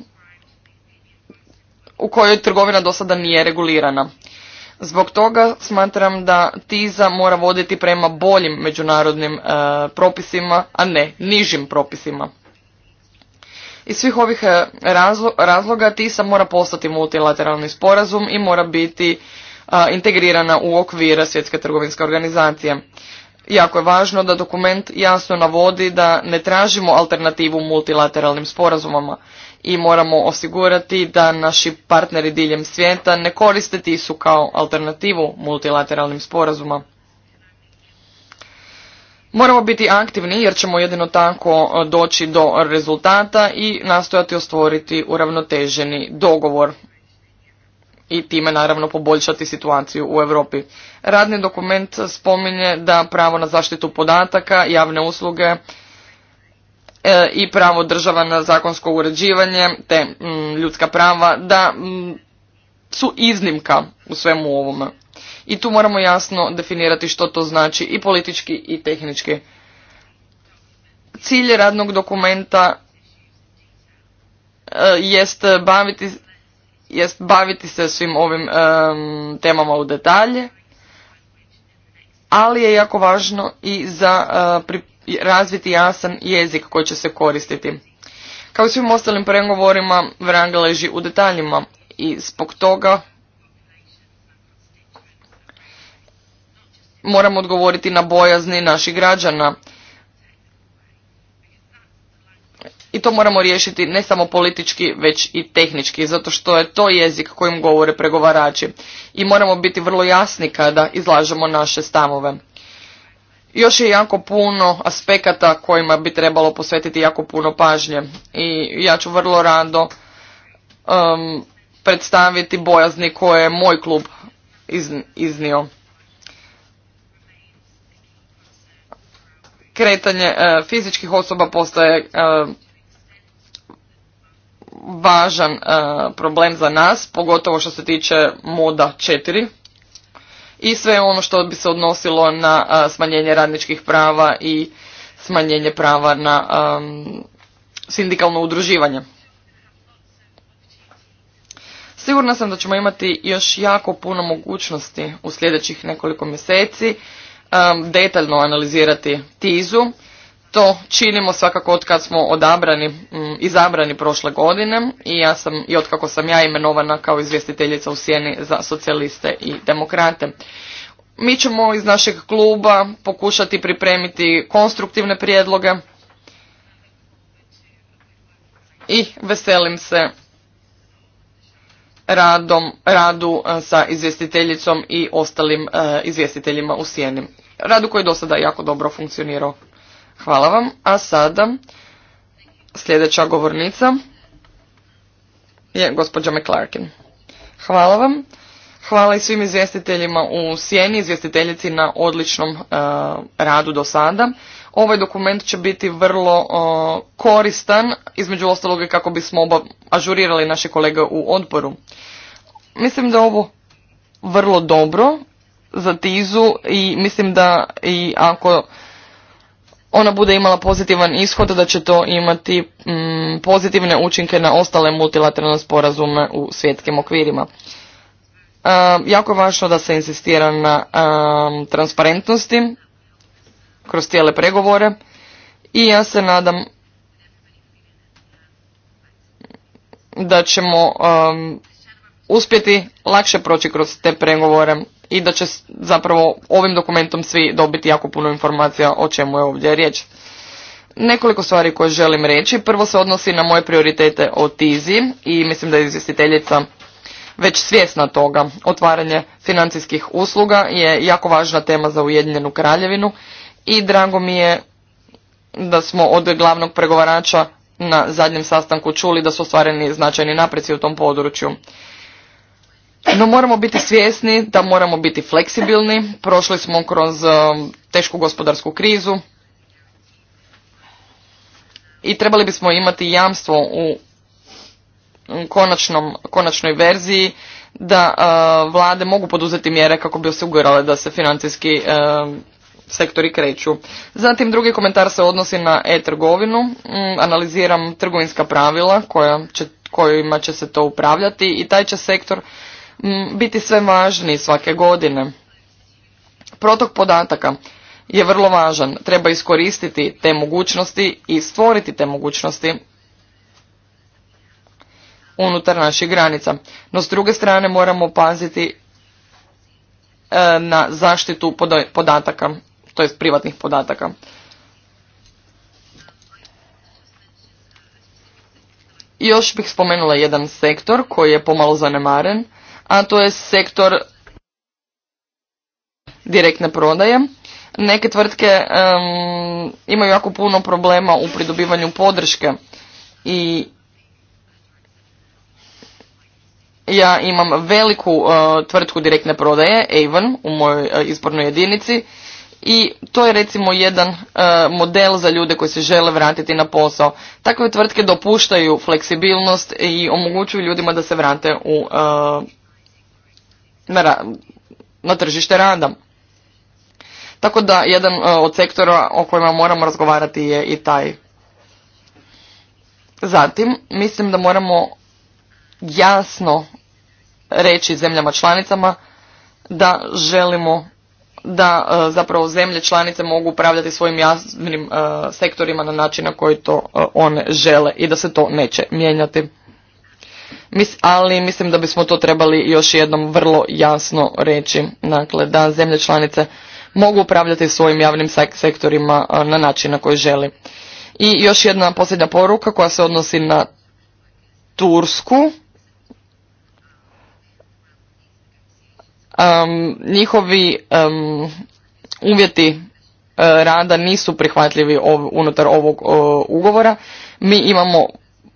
S2: u kojoj trgovina do sada nije regulirana. Zbog toga smatram da TISA mora voditi prema boljim međunarodnim e, propisima, a ne nižim propisima. Iz svih ovih e, razloga TISA mora postati multilateralni sporazum i mora biti integrirana u okvira Svjetske trgovinske organizacije. Jako je važno da dokument jasno navodi da ne tražimo alternativu multilateralnim sporazumama i moramo osigurati da naši partneri diljem svijeta ne koriste tisu kao alternativu multilateralnim sporazuma. Moramo biti aktivni jer ćemo jedino tako e, doći do rezultata i nastojati ostvoriti uravnoteženi dogovor i time naravno poboljšati situaciju u Europi. Radni dokument spominje da pravo na zaštitu podataka, javne usluge e, i pravo država na zakonsko uređivanje te mm, ljudska prava da mm, su iznimka u svemu ovome. I tu moramo jasno definirati što to znači i politički i tehnički. Cilj radnog dokumenta e, jest baviti jest baviti se svim ovim temama u detalje, ali je jako važno i za e, razviti jasan jezik koji će se koristiti. Kao i svim ostalim pregovorima, vrang leži u detaljima i zbog toga moramo odgovoriti na bojazni naših građana i to moramo riješiti ne samo politički, već i tehnički, zato što je to jezik kojim govore pregovarači. I moramo biti vrlo jasni kada izlažemo naše stavove. Još je jako puno aspekata kojima bi trebalo posvetiti jako puno pažnje i ja ću vrlo rado um, predstaviti bojazni koje je moj klub iznio. Kretanje e, fizičkih osoba postaje e, važan e, problem za nas, pogotovo što se tiče moda 4 i sve ono što bi se odnosilo na e, smanjenje radničkih prava i smanjenje prava na e, sindikalno udruživanje. Sigurna sam da ćemo imati još jako puno mogućnosti u sljedećih nekoliko mjeseci detaljno analizirati tizu to činimo svakako od kad smo odabrani, mm, izabrani prošle godine i ja sam i od kako sam ja imenovana kao izvjestiteljica u sjeni za socijaliste i demokrate. Mi ćemo iz našeg kluba pokušati pripremiti konstruktivne prijedloge i veselim se radu e, sa izvjestiteljicom i ostalim e, izvjestiteljima u sjeni. Radu koji je do sada jako dobro funkcionirao. Hvala vam. A sada sljedeća govornica je gospođa McClarkin. Hvala vam. Hvala i svim izvjestiteljima u Sjeni, izvjestiteljici na odličnom e, radu do sada. Ovaj dokument će biti vrlo e, koristan, između ostalog kako bismo oba ažurirali naše kolege u odboru. Mislim da je ovo vrlo dobro za tizu i mislim da i ako ona bude imala pozitivan ishod da će to imati mm, pozitivne učinke na ostale multilateralne sporazume u svjetskim okvirima. E, jako je važno da se insistira na e, transparentnosti kroz tijele pregovore i ja se nadam da ćemo e, uspjeti lakše proći kroz te pregovore i da će zapravo ovim dokumentom svi dobiti jako puno informacija o čemu je ovdje riječ. Nekoliko stvari koje želim reći. Prvo se odnosi na moje prioritete o tizi i mislim da je izvjestiteljica već svjesna toga. Otvaranje financijskih usluga je jako važna tema za Ujedinjenu kraljevinu i drago mi je da smo od glavnog pregovarača na zadnjem sastanku čuli da su ostvareni značajni napreci u tom području. No moramo biti svjesni da moramo biti fleksibilni. Prošli smo kroz um, tešku gospodarsku krizu i trebali bismo imati jamstvo u konačnom, konačnoj verziji da uh, vlade mogu poduzeti mjere kako bi osigurale da se financijski um, sektori kreću. Zatim drugi komentar se odnosi na e-trgovinu. Mm, analiziram trgovinska pravila koja će, kojima će se to upravljati i taj će sektor biti sve važniji svake godine. Protok podataka je vrlo važan. Treba iskoristiti te mogućnosti i stvoriti te mogućnosti unutar naših granica. No s druge strane moramo paziti e, na zaštitu podataka, to jest privatnih podataka. Još bih spomenula jedan sektor koji je pomalo zanemaren, a to je sektor direktne prodaje. Neke tvrtke imaju jako puno problema u pridobivanju podrške i ja imam veliku e, tvrtku direktne prodaje, Avon, u mojoj e, izbornoj jedinici i to je recimo jedan e, model za ljude koji se žele vratiti na posao. Takve tvrtke dopuštaju fleksibilnost i omogućuju ljudima da se vrate u na, na tržište rada. Tako da jedan e, od sektora o kojima moramo razgovarati je i taj. Zatim, mislim da moramo jasno reći zemljama članicama da želimo da e, zapravo zemlje članice mogu upravljati svojim jasnim e, sektorima na način na koji to one žele i da se to neće mijenjati ali mislim da bismo to trebali još jednom vrlo jasno reći. Dakle, da zemlje članice mogu upravljati svojim javnim sektorima na način na koji želi. I još jedna posljednja poruka koja se odnosi na Tursku. Um, njihovi uvjeti e, rada nisu prihvatljivi unutar ovog ugovora. Mi imamo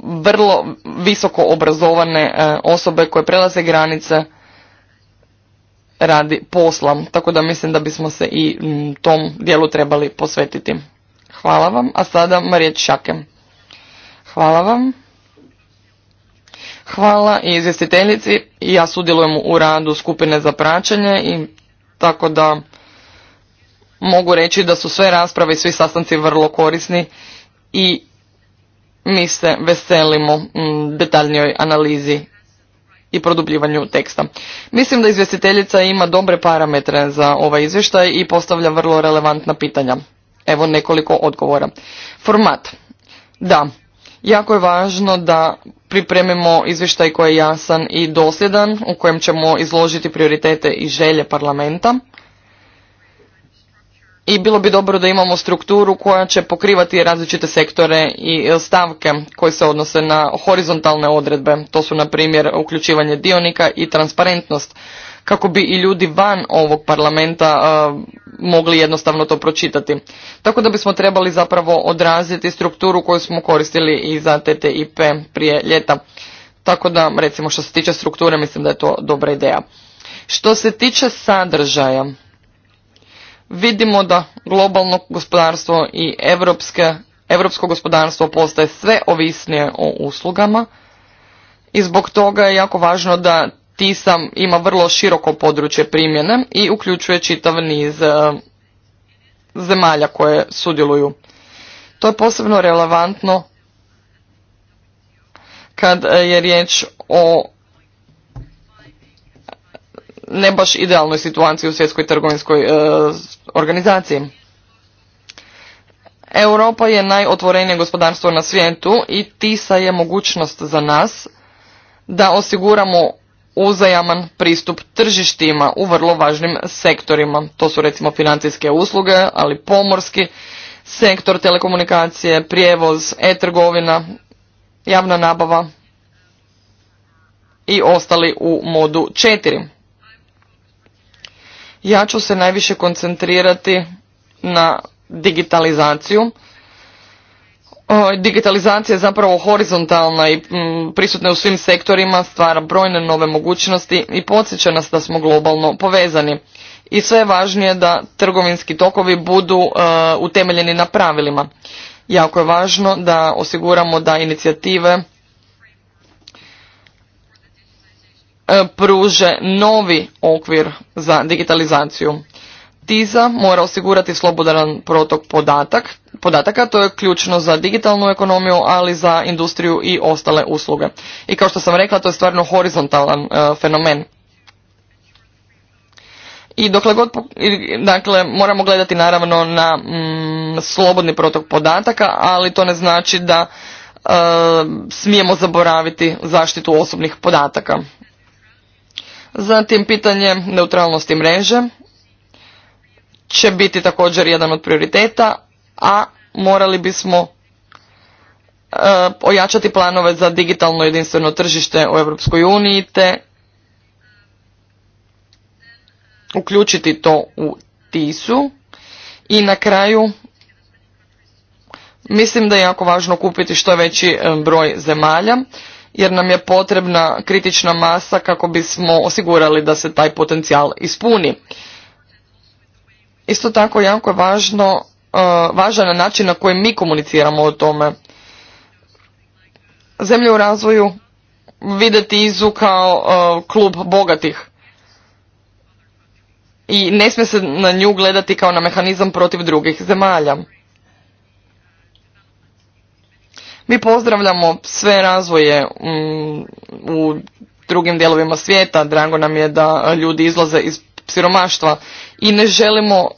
S2: vrlo visoko obrazovane e, osobe koje prelaze granice radi posla. Tako da mislim da bismo se i tom dijelu trebali posvetiti. Hvala vam. A sada Marije Čakem. Hvala vam. Hvala i izvjestiteljici. Ja sudjelujem u radu skupine za praćenje i tako da mogu reći da su sve rasprave i svi sastanci vrlo korisni i mi se veselimo mm, detaljnijoj analizi i produbljivanju teksta. Mislim da izvjestiteljica ima dobre parametre za ovaj izvještaj i postavlja vrlo relevantna pitanja. Evo nekoliko odgovora. Format. Da, jako je važno da pripremimo izvještaj koji je jasan i dosljedan, u kojem ćemo izložiti prioritete i želje parlamenta i bilo bi dobro da imamo strukturu koja će pokrivati različite sektore i e, stavke koje se odnose na horizontalne odredbe. To su, na primjer, uključivanje dionika i transparentnost kako bi i ljudi van ovog parlamenta e, mogli jednostavno to pročitati. Tako da bismo trebali zapravo odraziti strukturu koju smo koristili i za TTIP prije ljeta. Tako da, recimo, što se tiče strukture, mislim da je to dobra ideja. Što se tiče sadržaja, vidimo da globalno gospodarstvo i europsko gospodarstvo postaje sve ovisnije o uslugama i zbog toga je jako važno da TISAM ima vrlo široko područje primjene i uključuje čitav niz e, zemalja koje sudjeluju. To je posebno relevantno kad e, je riječ o ne baš idealnoj situaciji u svjetskoj trgovinskoj e, organizaciji. Europa je najotvorenije gospodarstvo na svijetu i tisa je mogućnost za nas da osiguramo uzajaman pristup tržištima u vrlo važnim sektorima. To su recimo financijske usluge, ali pomorski sektor, telekomunikacije, prijevoz, e-trgovina, javna nabava i ostali u modu četiri. Ja ću se najviše koncentrirati na digitalizaciju. Digitalizacija je zapravo horizontalna i mm, prisutna u svim sektorima, stvara brojne nove mogućnosti i podsjeća nas da smo globalno povezani. I sve je važnije da trgovinski tokovi budu e, utemeljeni na pravilima. Jako je važno da osiguramo da inicijative E, pruže novi okvir za digitalizaciju. TISA mora osigurati slobodan protok podatak, podataka, to je ključno za digitalnu ekonomiju, ali za industriju i ostale usluge. I kao što sam rekla, to je stvarno horizontalan e, fenomen. I dokle god, dakle, moramo gledati naravno na mm, slobodni protok podataka, ali to ne znači da e, smijemo zaboraviti zaštitu osobnih podataka. Zatim pitanje neutralnosti mreže će biti također jedan od prioriteta, a morali bismo e, ojačati planove za digitalno jedinstveno tržište u Europskoj uniji te uključiti to u TISU i na kraju mislim da je jako važno kupiti što veći e, broj zemalja jer nam je potrebna kritična masa kako bismo osigurali da se taj potencijal ispuni. Isto tako jako je važno, uh, važan način na koji mi komuniciramo o tome. Zemlje u razvoju videti izu kao uh, klub bogatih i ne smije se na nju gledati kao na mehanizam protiv drugih zemalja. Mi pozdravljamo sve razvoje mm, u drugim dijelovima svijeta, drago nam je da ljudi izlaze iz siromaštva i ne želimo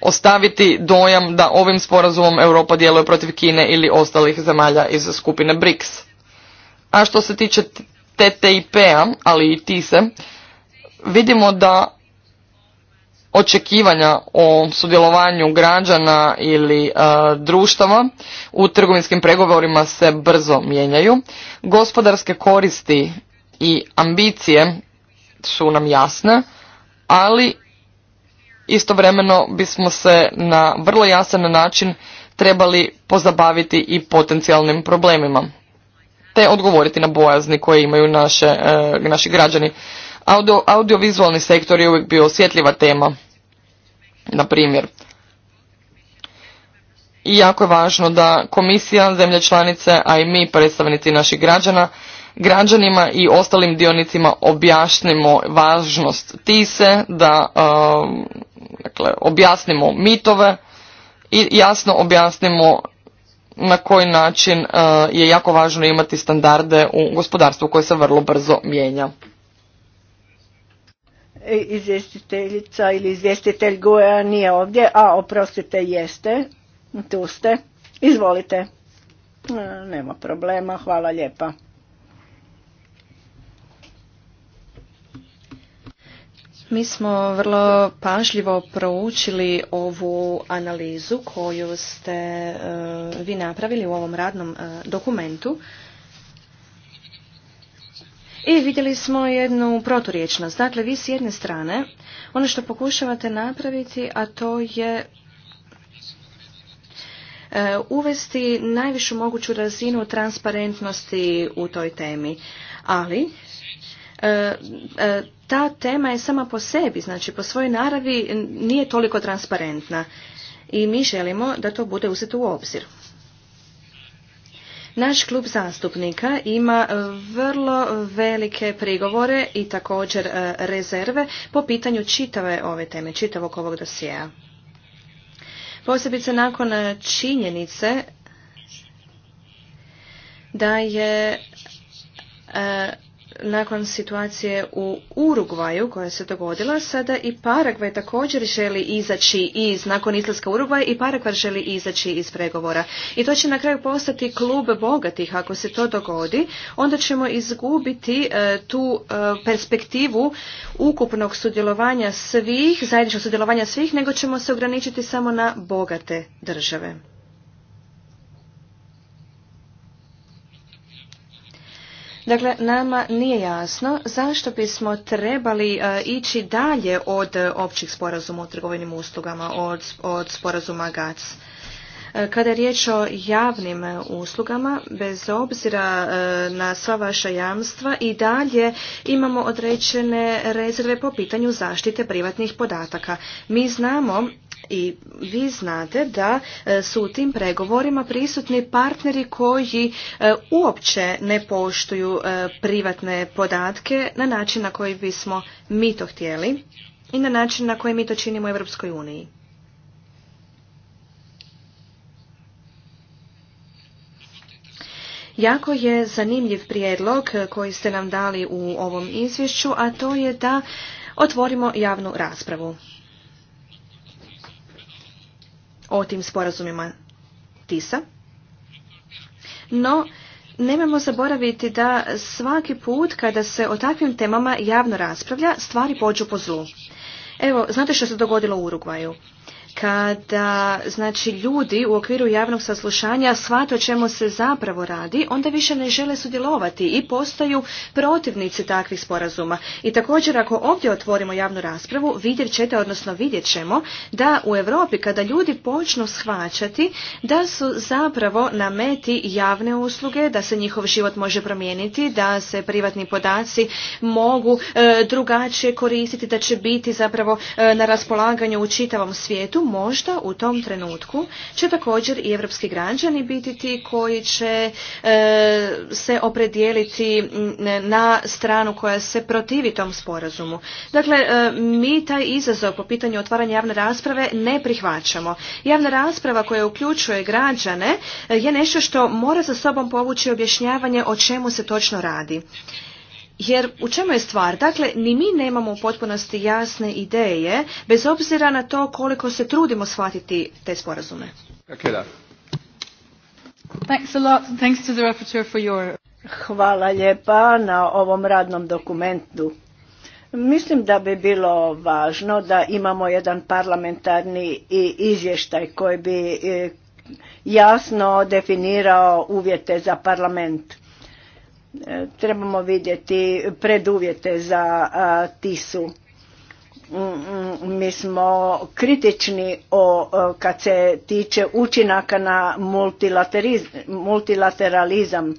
S2: ostaviti dojam da ovim sporazumom Europa djeluje protiv Kine ili ostalih zemalja iz skupine BRICS. A što se tiče TTIP-a, ali i TISE, vidimo da očekivanja o sudjelovanju građana ili e, društava u trgovinskim pregovorima se brzo mijenjaju. Gospodarske koristi i ambicije su nam jasne, ali istovremeno bismo se na vrlo jasan način trebali pozabaviti i potencijalnim problemima te odgovoriti na bojazni koje imaju naše, e, naši građani. Audio, audiovizualni sektor je uvijek bio osjetljiva tema, na primjer. I jako je važno da komisija, zemlje članice, a i mi predstavnici naših građana, građanima i ostalim dionicima objasnimo važnost tise, da um, dakle, objasnimo mitove i jasno objasnimo na koji način uh, je jako važno imati standarde u gospodarstvu koje se vrlo brzo mijenja.
S1: E, izvjestiteljica ili izvjestitelj goja nije ovdje, a oprostite jeste, tu ste, izvolite. E, nema problema, hvala lijepa.
S3: Mi smo vrlo pažljivo proučili ovu analizu koju ste e, vi napravili u ovom radnom dokumentu. I vidjeli smo jednu proturječnost. Dakle, vi s jedne strane, ono što pokušavate napraviti, a to je e, uvesti najvišu moguću razinu transparentnosti u toj temi. Ali, e, e, ta tema je sama po sebi, znači po svojoj naravi nije toliko transparentna i mi želimo da to bude uzeto u obzir. Naš klub zastupnika ima e, vrlo velike prigovore i također e, rezerve po pitanju čitave ove teme, čitavog ovog dosjea. Posebice nakon e, činjenice da je nakon situacije u Urugvaju koja se dogodila, sada i Paragvaj također želi izaći iz, nakon izlaska Urugvaja i Paragvaj želi izaći iz pregovora. I to će na kraju postati klub bogatih. Ako se to dogodi, onda ćemo izgubiti e, tu e, perspektivu ukupnog sudjelovanja svih, zajedničkog sudjelovanja svih, nego ćemo se ograničiti samo na bogate države. Dakle, nama nije jasno zašto bismo trebali e, ići dalje od e, općih sporazuma o trgovinim uslugama, od, od sporazuma GATS. E, kada je riječ o javnim uslugama, bez obzira na sva vaša jamstva i dalje imamo određene rezerve po pitanju zaštite privatnih podataka. Mi znamo i vi znate da e, su u tim pregovorima prisutni partneri koji e, uopće ne poštuju e, privatne podatke na način na koji bismo mi to htjeli i na način na koji mi to činimo u Europskoj uniji. Jako je zanimljiv prijedlog koji ste nam dali u ovom izvješću, a to je da otvorimo javnu raspravu o tim sporazumima TISA. No, nemojmo zaboraviti da svaki put kada se o takvim temama javno raspravlja, stvari pođu po zlu. Evo, znate što se dogodilo u Urugvaju? kada znači ljudi u okviru javnog saslušanja shvate o čemu se zapravo radi, onda više ne žele sudjelovati i postaju protivnici takvih sporazuma. I također ako ovdje otvorimo javnu raspravu, vidjet ćete, odnosno vidjet ćemo da u Europi kada ljudi počnu shvaćati da su zapravo na meti javne usluge, da se njihov život može promijeniti, da se privatni podaci mogu e, drugačije koristiti, da će biti zapravo e, na raspolaganju u čitavom svijetu, možda u tom trenutku će također i evropski građani biti ti koji će e, se opredijeliti na stranu koja se protivi tom sporazumu. Dakle, e, mi taj izazov po pitanju otvaranja javne rasprave ne prihvaćamo. Javna rasprava koja uključuje građane e, je nešto što mora za sobom povući objašnjavanje o čemu se točno radi. Jer u čemu je stvar? Dakle, ni mi nemamo u potpunosti jasne ideje, bez obzira na to koliko se trudimo shvatiti te sporazume.
S1: Hvala lijepa na ovom radnom dokumentu. Mislim da bi bilo važno da imamo jedan parlamentarni izvještaj koji bi e, jasno definirao uvjete za parlament E, trebamo vidjeti preduvjete za TISU. Mm, mm, mi smo kritični o, kad se tiče učinaka na multilateralizam.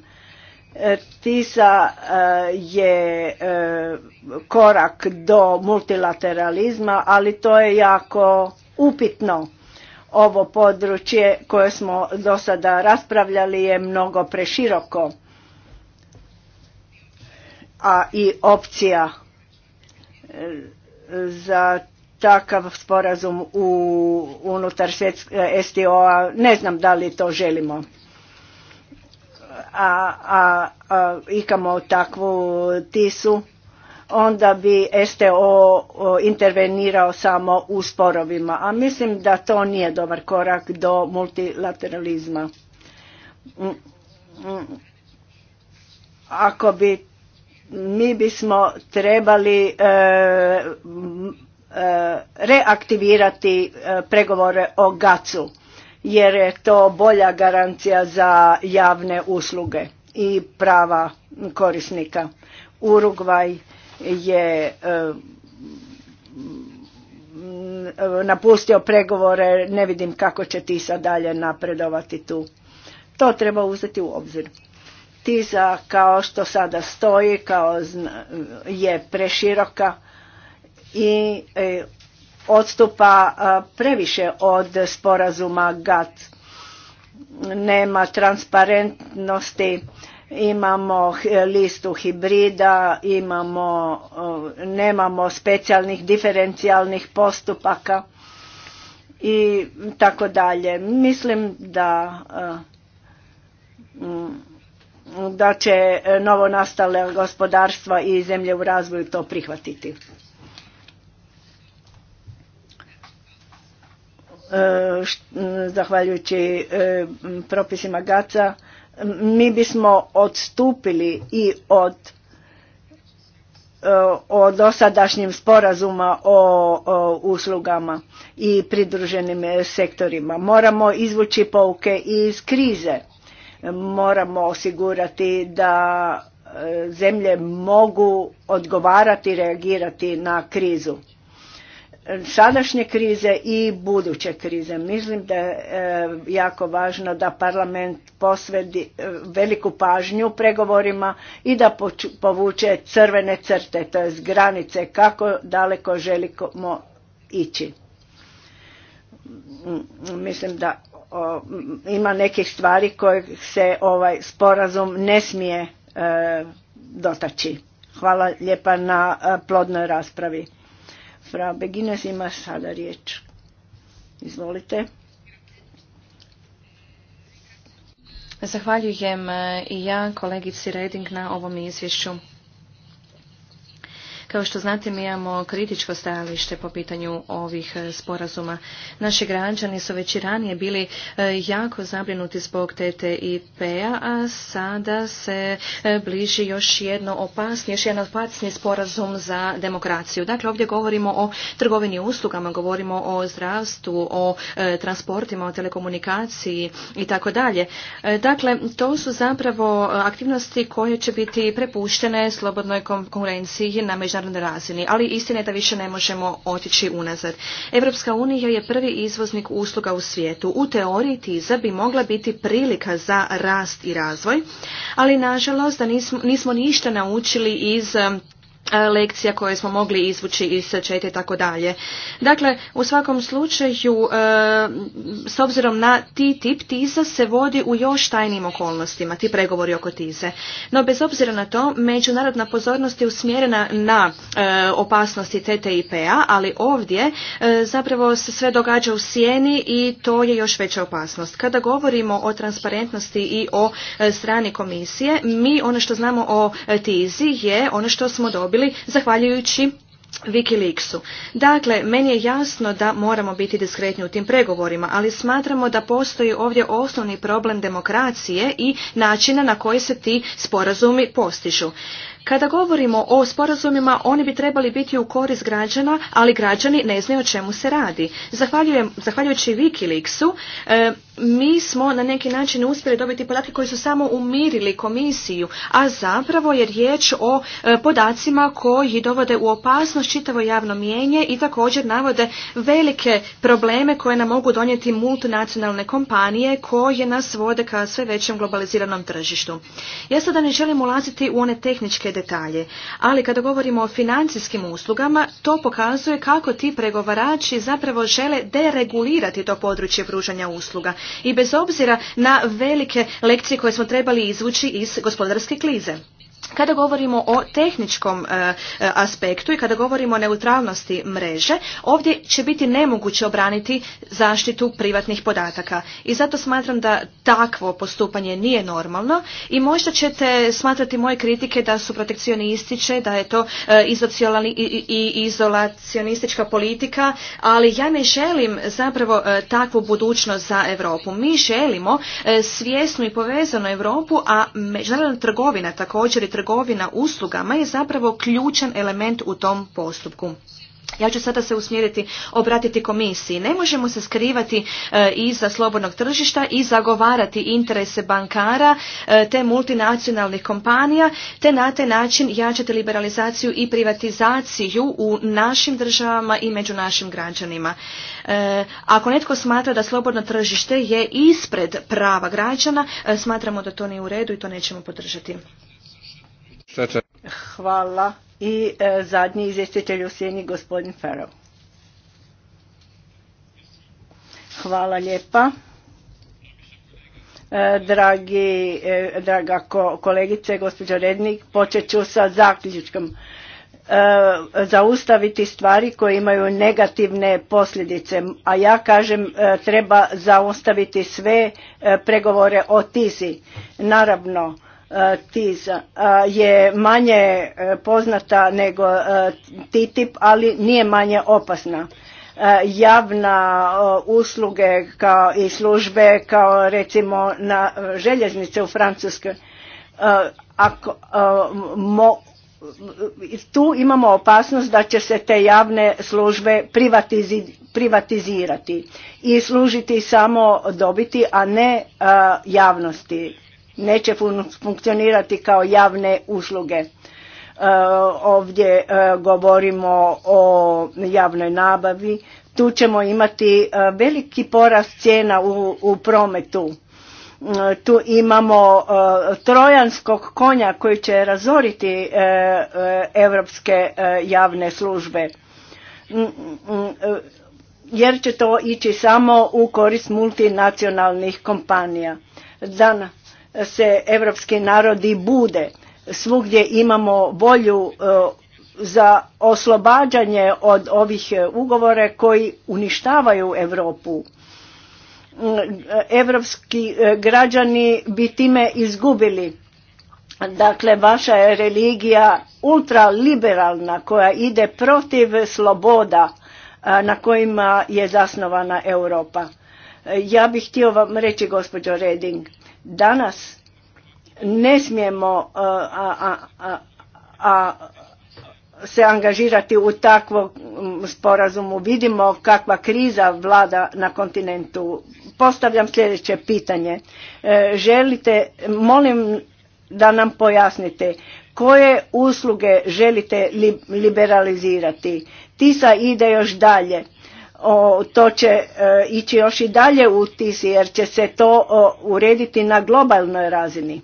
S1: E, TISA je e, korak do multilateralizma, ali to je jako upitno. Ovo područje koje smo do sada raspravljali je mnogo preširoko a i opcija e, za takav sporazum u, unutar STO-a. E, ne znam da li to želimo. A, a, a ikamo takvu tisu, onda bi STO intervenirao samo u sporovima. A mislim da to nije dobar korak do multilateralizma. Mm, mm. Ako bi mi bismo trebali e, e, reaktivirati e, pregovore o GAC-u jer je to bolja garancija za javne usluge i prava korisnika. Urugvaj je napustio pregovore, ne vidim kako će ti sad dalje napredovati tu. To treba uzeti u obzir. TISA kao što sada stoji kao je preširoka i e, odstupa previše od sporazuma GATT. Nema transparentnosti, imamo listu hibrida, imamo, nemamo specijalnih diferencijalnih postupaka i tako dalje. Mislim da da će e, novonastale gospodarstva i zemlje u razvoju to prihvatiti. E, zahvaljujući e, propisima GACA mi bismo odstupili i od o dosadašnjim sporazuma o, o uslugama i pridruženim sektorima. Moramo izvući pouke iz krize Moramo osigurati da e, zemlje mogu odgovarati i reagirati na krizu. Sadašnje krize i buduće krize. Mislim da je e, jako važno da parlament posvedi e, veliku pažnju pregovorima i da povuče crvene crte, to granice kako daleko želimo ići. Mislim da ima nekih stvari koje se ovaj sporazum ne smije e, dotaći. Hvala lijepa na e, plodnoj raspravi. Fra Begines ima sada riječ. Izvolite.
S3: Zahvaljujem e, i ja kolegici Reding na ovom izvješću. Kao što znate, mi imamo kritičko stajalište po pitanju ovih e, sporazuma. Naši građani su već i ranije bili e, jako zabrinuti zbog TTIP-a, a sada se e, bliži još jedno opasnije, još jedan sporazum za demokraciju. Dakle, ovdje govorimo o trgovini uslugama, govorimo o zdravstvu, o transportima, o telekomunikaciji i tako dalje. Dakle, to su zapravo aktivnosti koje će biti prepuštene slobodnoj konkurenciji na međunarodnom razini, ali istina je da više ne možemo otići unazad. Europska unija je prvi izvoznik usluga u svijetu. U teoriji tiza bi mogla biti prilika za rast i razvoj, ali nažalost da nismo, nismo ništa naučili iz E, lekcija koje smo mogli izvući iz četiri i tako dalje. Dakle, u svakom slučaju, e, s obzirom na tip tiza se vodi u još tajnim okolnostima, ti pregovori oko tize. No, bez obzira na to, međunarodna pozornost je usmjerena na e, opasnosti TTIP-a, ali ovdje zapravo se sve događa u sjeni i to je još veća opasnost. Kada govorimo o transparentnosti i o strani komisije, mi ono što znamo o tizi je ono što smo dobili dobili zahvaljujući Wikileaksu. Dakle, meni je jasno da moramo biti diskretni u tim pregovorima, ali smatramo da postoji ovdje osnovni problem demokracije i načina na koji se ti sporazumi postižu. Kada govorimo o sporazumima, oni bi trebali biti u korist građana, ali građani ne znaju o čemu se radi. zahvaljujući Wikileaksu, e, mi smo na neki način uspjeli dobiti podatke koji su samo umirili komisiju, a zapravo je riječ o e, podacima koji dovode u opasnost čitavo javno mijenje i također navode velike probleme koje nam mogu donijeti multinacionalne kompanije koje nas vode ka sve većem globaliziranom tržištu. Ja sada ne želim ulaziti u one tehničke detalje. Ali kada govorimo o financijskim uslugama, to pokazuje kako ti pregovarači zapravo žele deregulirati to područje pružanja usluga. I bez obzira na velike lekcije koje smo trebali izvući iz gospodarske klize. Kada govorimo o tehničkom e, e, aspektu i kada govorimo o neutralnosti mreže, ovdje će biti nemoguće obraniti zaštitu privatnih podataka. I zato smatram da takvo postupanje nije normalno i možda ćete smatrati moje kritike da su protekcionističe, da je to e, i izolacionistička politika, ali ja ne želim zapravo e, takvu budućnost za Europu. Mi želimo svjesnu i povezanu Europu, a međunarodna trgovina također i trgovina trgovina uslugama je zapravo ključan element u tom postupku. Ja ću sada se usmjeriti, obratiti komisiji. Ne možemo se skrivati e, iza slobodnog tržišta i zagovarati interese bankara e, te multinacionalnih kompanija te na taj način jačati liberalizaciju i privatizaciju u našim državama i među našim građanima. E, ako netko smatra da slobodno tržište je ispred prava građana, e, smatramo da to nije u redu i to nećemo podržati.
S1: Hvala. I e, zadnji izvjestitelj u sjeni, gospodin Farov. Hvala lijepa. E, dragi, e, draga kolegice, gospođo Rednik, počet ću sa zaključkom. Zaustaviti stvari koje imaju negativne posljedice, a ja kažem treba zaustaviti sve pregovore o tizi. Naravno, E, TISA e, je manje e, poznata nego TTIP, ali nije manje opasna. Javna usluge kao i službe kao recimo na željeznice u Francuskoj ako tu imamo opasnost da će se te javne službe privatizirati i služiti samo dobiti, a ne javnosti neće funkcionirati kao javne usluge. E, ovdje e, govorimo o javnoj nabavi. Tu ćemo imati e, veliki porast cijena u, u prometu. Tu imamo trojanskog konja koji će razoriti evropske javne službe mm, mm, mm, jer će to ići samo u korist multinacionalnih kompanija. Dana, se evropski narodi bude. Svugdje imamo volju e, za oslobađanje od ovih e, ugovore koji uništavaju Europu. Mm, evropski e, građani bi time izgubili. Dakle, vaša je religija ultraliberalna koja ide protiv sloboda na kojima je zasnovana Europa. Ja bih htio vam reći, gospođo Reding, Danas ne smijemo uh, a, a, a, se angažirati u takvom mm, sporazumu. Vidimo kakva kriza vlada na kontinentu. Postavljam sljedeće pitanje. E, želite, molim da nam pojasnite koje usluge želite liberalizirati. TISA ide još dalje. O, to će e, ići još i dalje u TISI jer će se to urediti na globalnoj razini.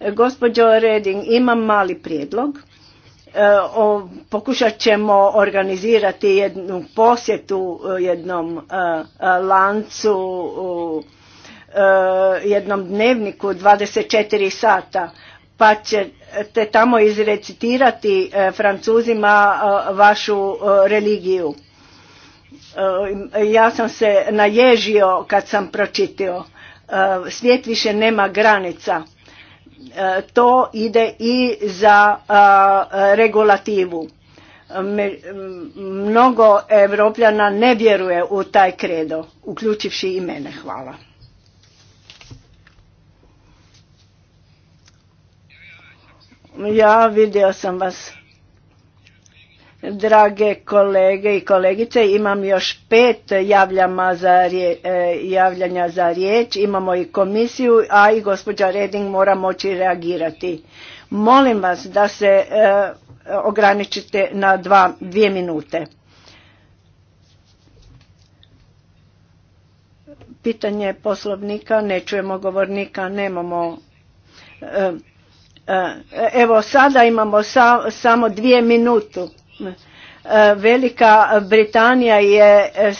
S1: E, gospođo Reding, imam mali prijedlog. E, o, pokušat ćemo organizirati jednu posjetu e, jednom lancu, u jednom dnevniku 24 sata pa ćete tamo izrecitirati francuzima vašu religiju E, ja sam se naježio kad sam pročitio. E, svijet više nema granica. E, to ide i za regulativu. Mnogo evropljana ne vjeruje u taj kredo, uključivši i mene. Hvala. Ja vidio sam vas. Drage kolege i kolegice, imam još pet javljama za e, javljanja za riječ, imamo i komisiju, a i gospođa Reding mora moći reagirati. Molim vas da se e, ograničite na dva, dvije minute. Pitanje poslovnika, ne čujemo govornika, nemamo... E, evo sada imamo samo dvije minutu E, Velika Britanija je e,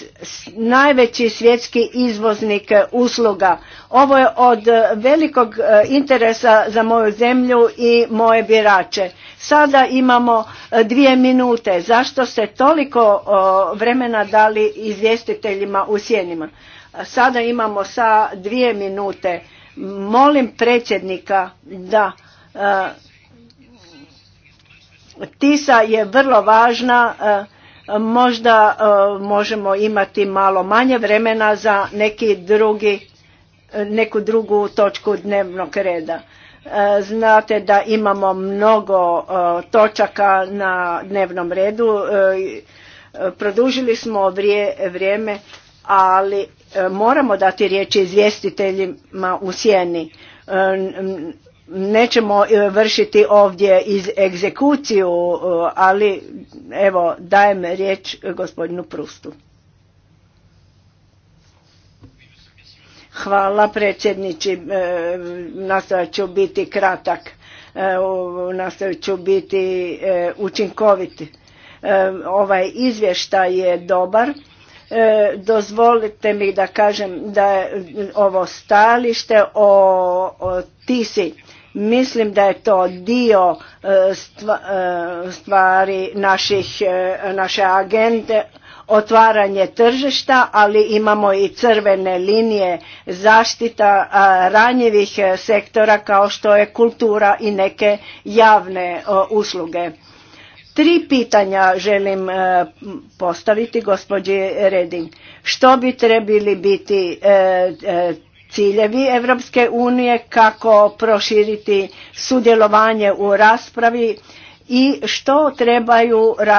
S1: najveći svjetski izvoznik e, usluga. Ovo je od velikog interesa za moju zemlju i moje birače. Sada imamo dvije minute. Zašto ste toliko vremena dali izvjestiteljima u sjenima? Sada imamo sa dvije minute. Molim predsjednika da TISA je vrlo važna, e, možda e, možemo imati malo manje vremena za neki drugi, e, neku drugu točku dnevnog reda. Znate da imamo mnogo točaka na dnevnom redu, produžili smo vrijeme, ali moramo dati riječ izvjestiteljima u sjeni nećemo e, vršiti ovdje iz egzekuciju, e, ali evo dajem riječ gospodinu Prustu. Hvala predsjedniči, e, nastavit ću biti kratak, nastavit ću biti učinkoviti. Ovaj izvještaj je dobar, dozvolite mi da kažem da je ovo stalište o, o Tisi Mislim da je to dio e, e, stvari naših, e, naše agende, otvaranje tržišta, ali imamo i crvene linije zaštita ranjivih sektora kao što je kultura i neke javne usluge. Tri pitanja želim postaviti gospođi Reding. Što bi trebali biti ciljevi Europske unije, kako proširiti sudjelovanje u raspravi i što trebaju e,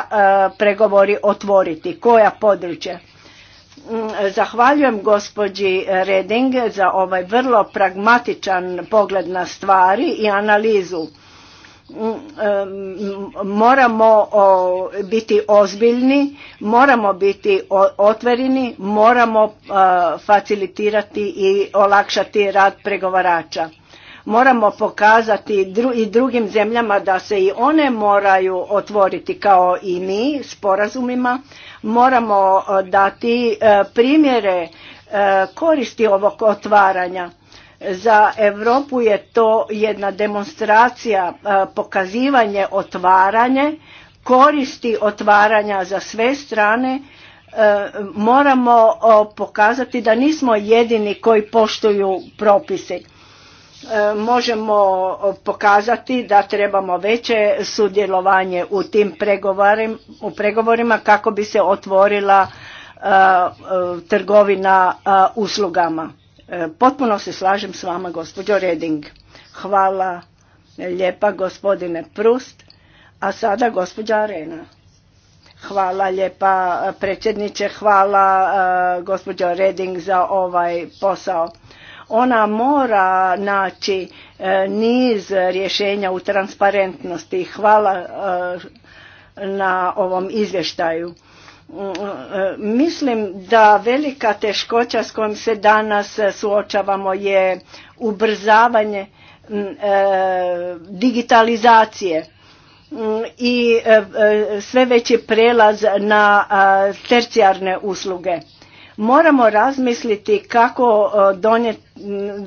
S1: pregovori otvoriti, koja područja. Mm, zahvaljujem gospođi Reding za ovaj vrlo pragmatičan pogled na stvari i analizu Mm, moramo biti ozbiljni, moramo biti otvoreni, moramo e, facilitirati i olakšati rad pregovarača. Moramo pokazati i drugim zemljama da se i one moraju otvoriti kao i mi sporazumima. Moramo e, dati e, primjere koristi ovog otvaranja za Europu je to jedna demonstracija, e, pokazivanje, otvaranje, koristi otvaranja za sve strane. E, moramo pokazati da nismo jedini koji poštuju propise. E, možemo pokazati da trebamo veće sudjelovanje u tim u pregovorima kako bi se otvorila trgovina uslugama E, potpuno se slažem s vama, gospođo Reding. Hvala lijepa, gospodine Prust. A sada gospođa Arena. Hvala lijepa predsjedniče, hvala e, gospođo Reding za ovaj posao. Ona mora naći e, niz rješenja u transparentnosti. Hvala na ovom izvještaju. Mm, mm, e, mislim da velika teškoća s kojom se danas e, suočavamo je ubrzavanje mm, e, digitalizacije i sve veći prelaz na tercijarne usluge. Moramo razmisliti kako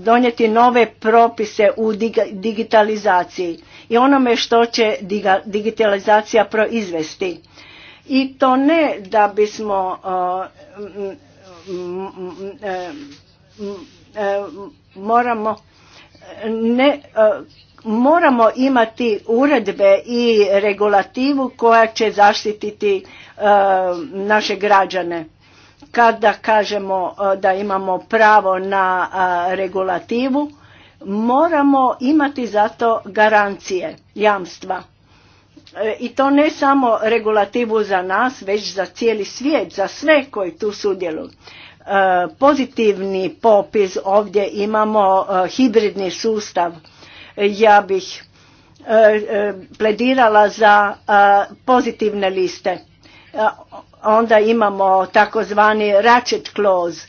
S1: donijeti nove propise u digitalizaciji i onome što će digitalizacija proizvesti i to ne da bismo uh, moramo ne uh, moramo imati uredbe i regulativu koja će zaštititi uh, naše građane kada kažemo da imamo pravo na regulativu moramo imati zato garancije jamstva E, i to ne samo regulativu za nas, već za cijeli svijet, za sve koji tu sudjeluju. E, pozitivni popis ovdje imamo e, hibridni sustav. Ja bih pledirala za pozitivne liste. Onda imamo takozvani ratchet clause.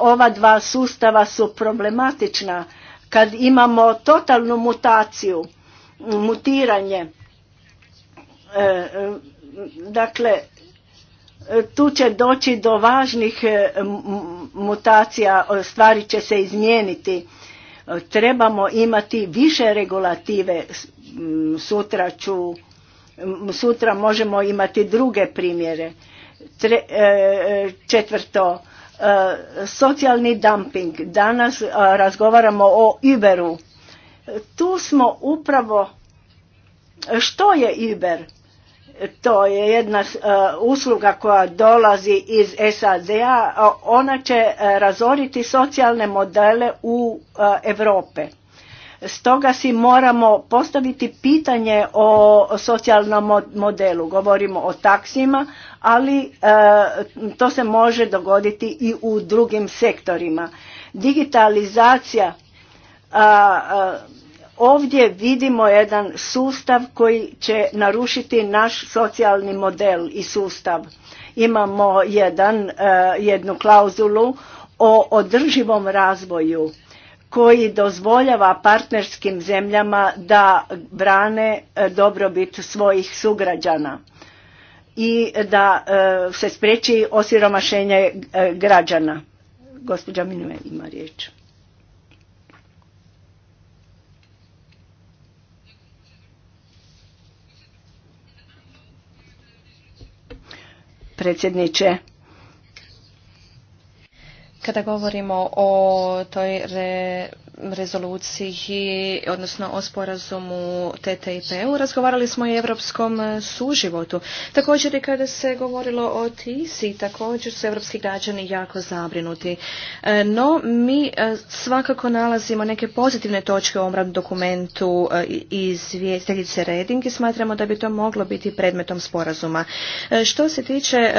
S1: Ova dva sustava su problematična kad imamo totalnu mutaciju, mutiranje E, e, dakle, tu će doći do važnih e, mutacija, stvari će se izmijeniti. Trebamo imati više regulative. Sutra, ću, sutra možemo imati druge primjere. četvrto, socijalni dumping. Danas razgovaramo o Uberu. Tu smo upravo... Što je Uber? to je jedna eh, usluga koja dolazi iz SAD-a, ona će eh, razoriti socijalne modele u eh, Europe. Stoga si moramo postaviti pitanje o socijalnom modelu. Govorimo o taksima, ali to se može dogoditi i u drugim sektorima. Digitalizacija Ovdje vidimo jedan sustav koji će narušiti naš socijalni model i sustav. Imamo jedan, e, jednu klauzulu o održivom razvoju koji dozvoljava partnerskim zemljama da brane e, dobrobit svojih sugrađana i da e, se spriječi osiromašenje građana. Gospođa Minue ima riječ. predsjedniče.
S3: Kada govorimo o toj re rezoluciji, odnosno o sporazumu TTIP-u. Razgovarali smo i o evropskom suživotu. Također i kada se govorilo o TISI, također su evropski građani jako zabrinuti. E, no, mi e, svakako nalazimo neke pozitivne točke u ovom dokumentu e, izvjestiteljice Reding i smatramo da bi to moglo biti predmetom sporazuma. Što se tiče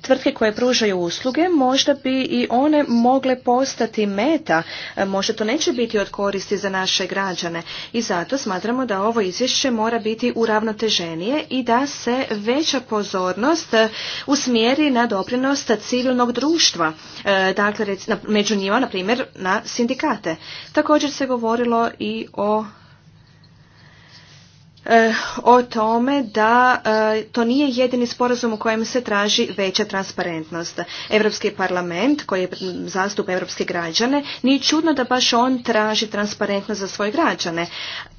S3: tvrtke koje pružaju usluge, možda bi i one mogle postati meta. Možda to neće biti od koristi za naše građane i zato smatramo da ovo izvješće mora biti uravnoteženije i da se veća pozornost e, usmjeri na doprinos civilnog društva, e, dakle među njima na primjer na sindikate. Također se govorilo i o o tome da e, to nije jedini sporazum u kojem se traži veća transparentnost. Europski parlament koji je zastup europske građane nije čudno da baš on traži transparentnost za svoje građane.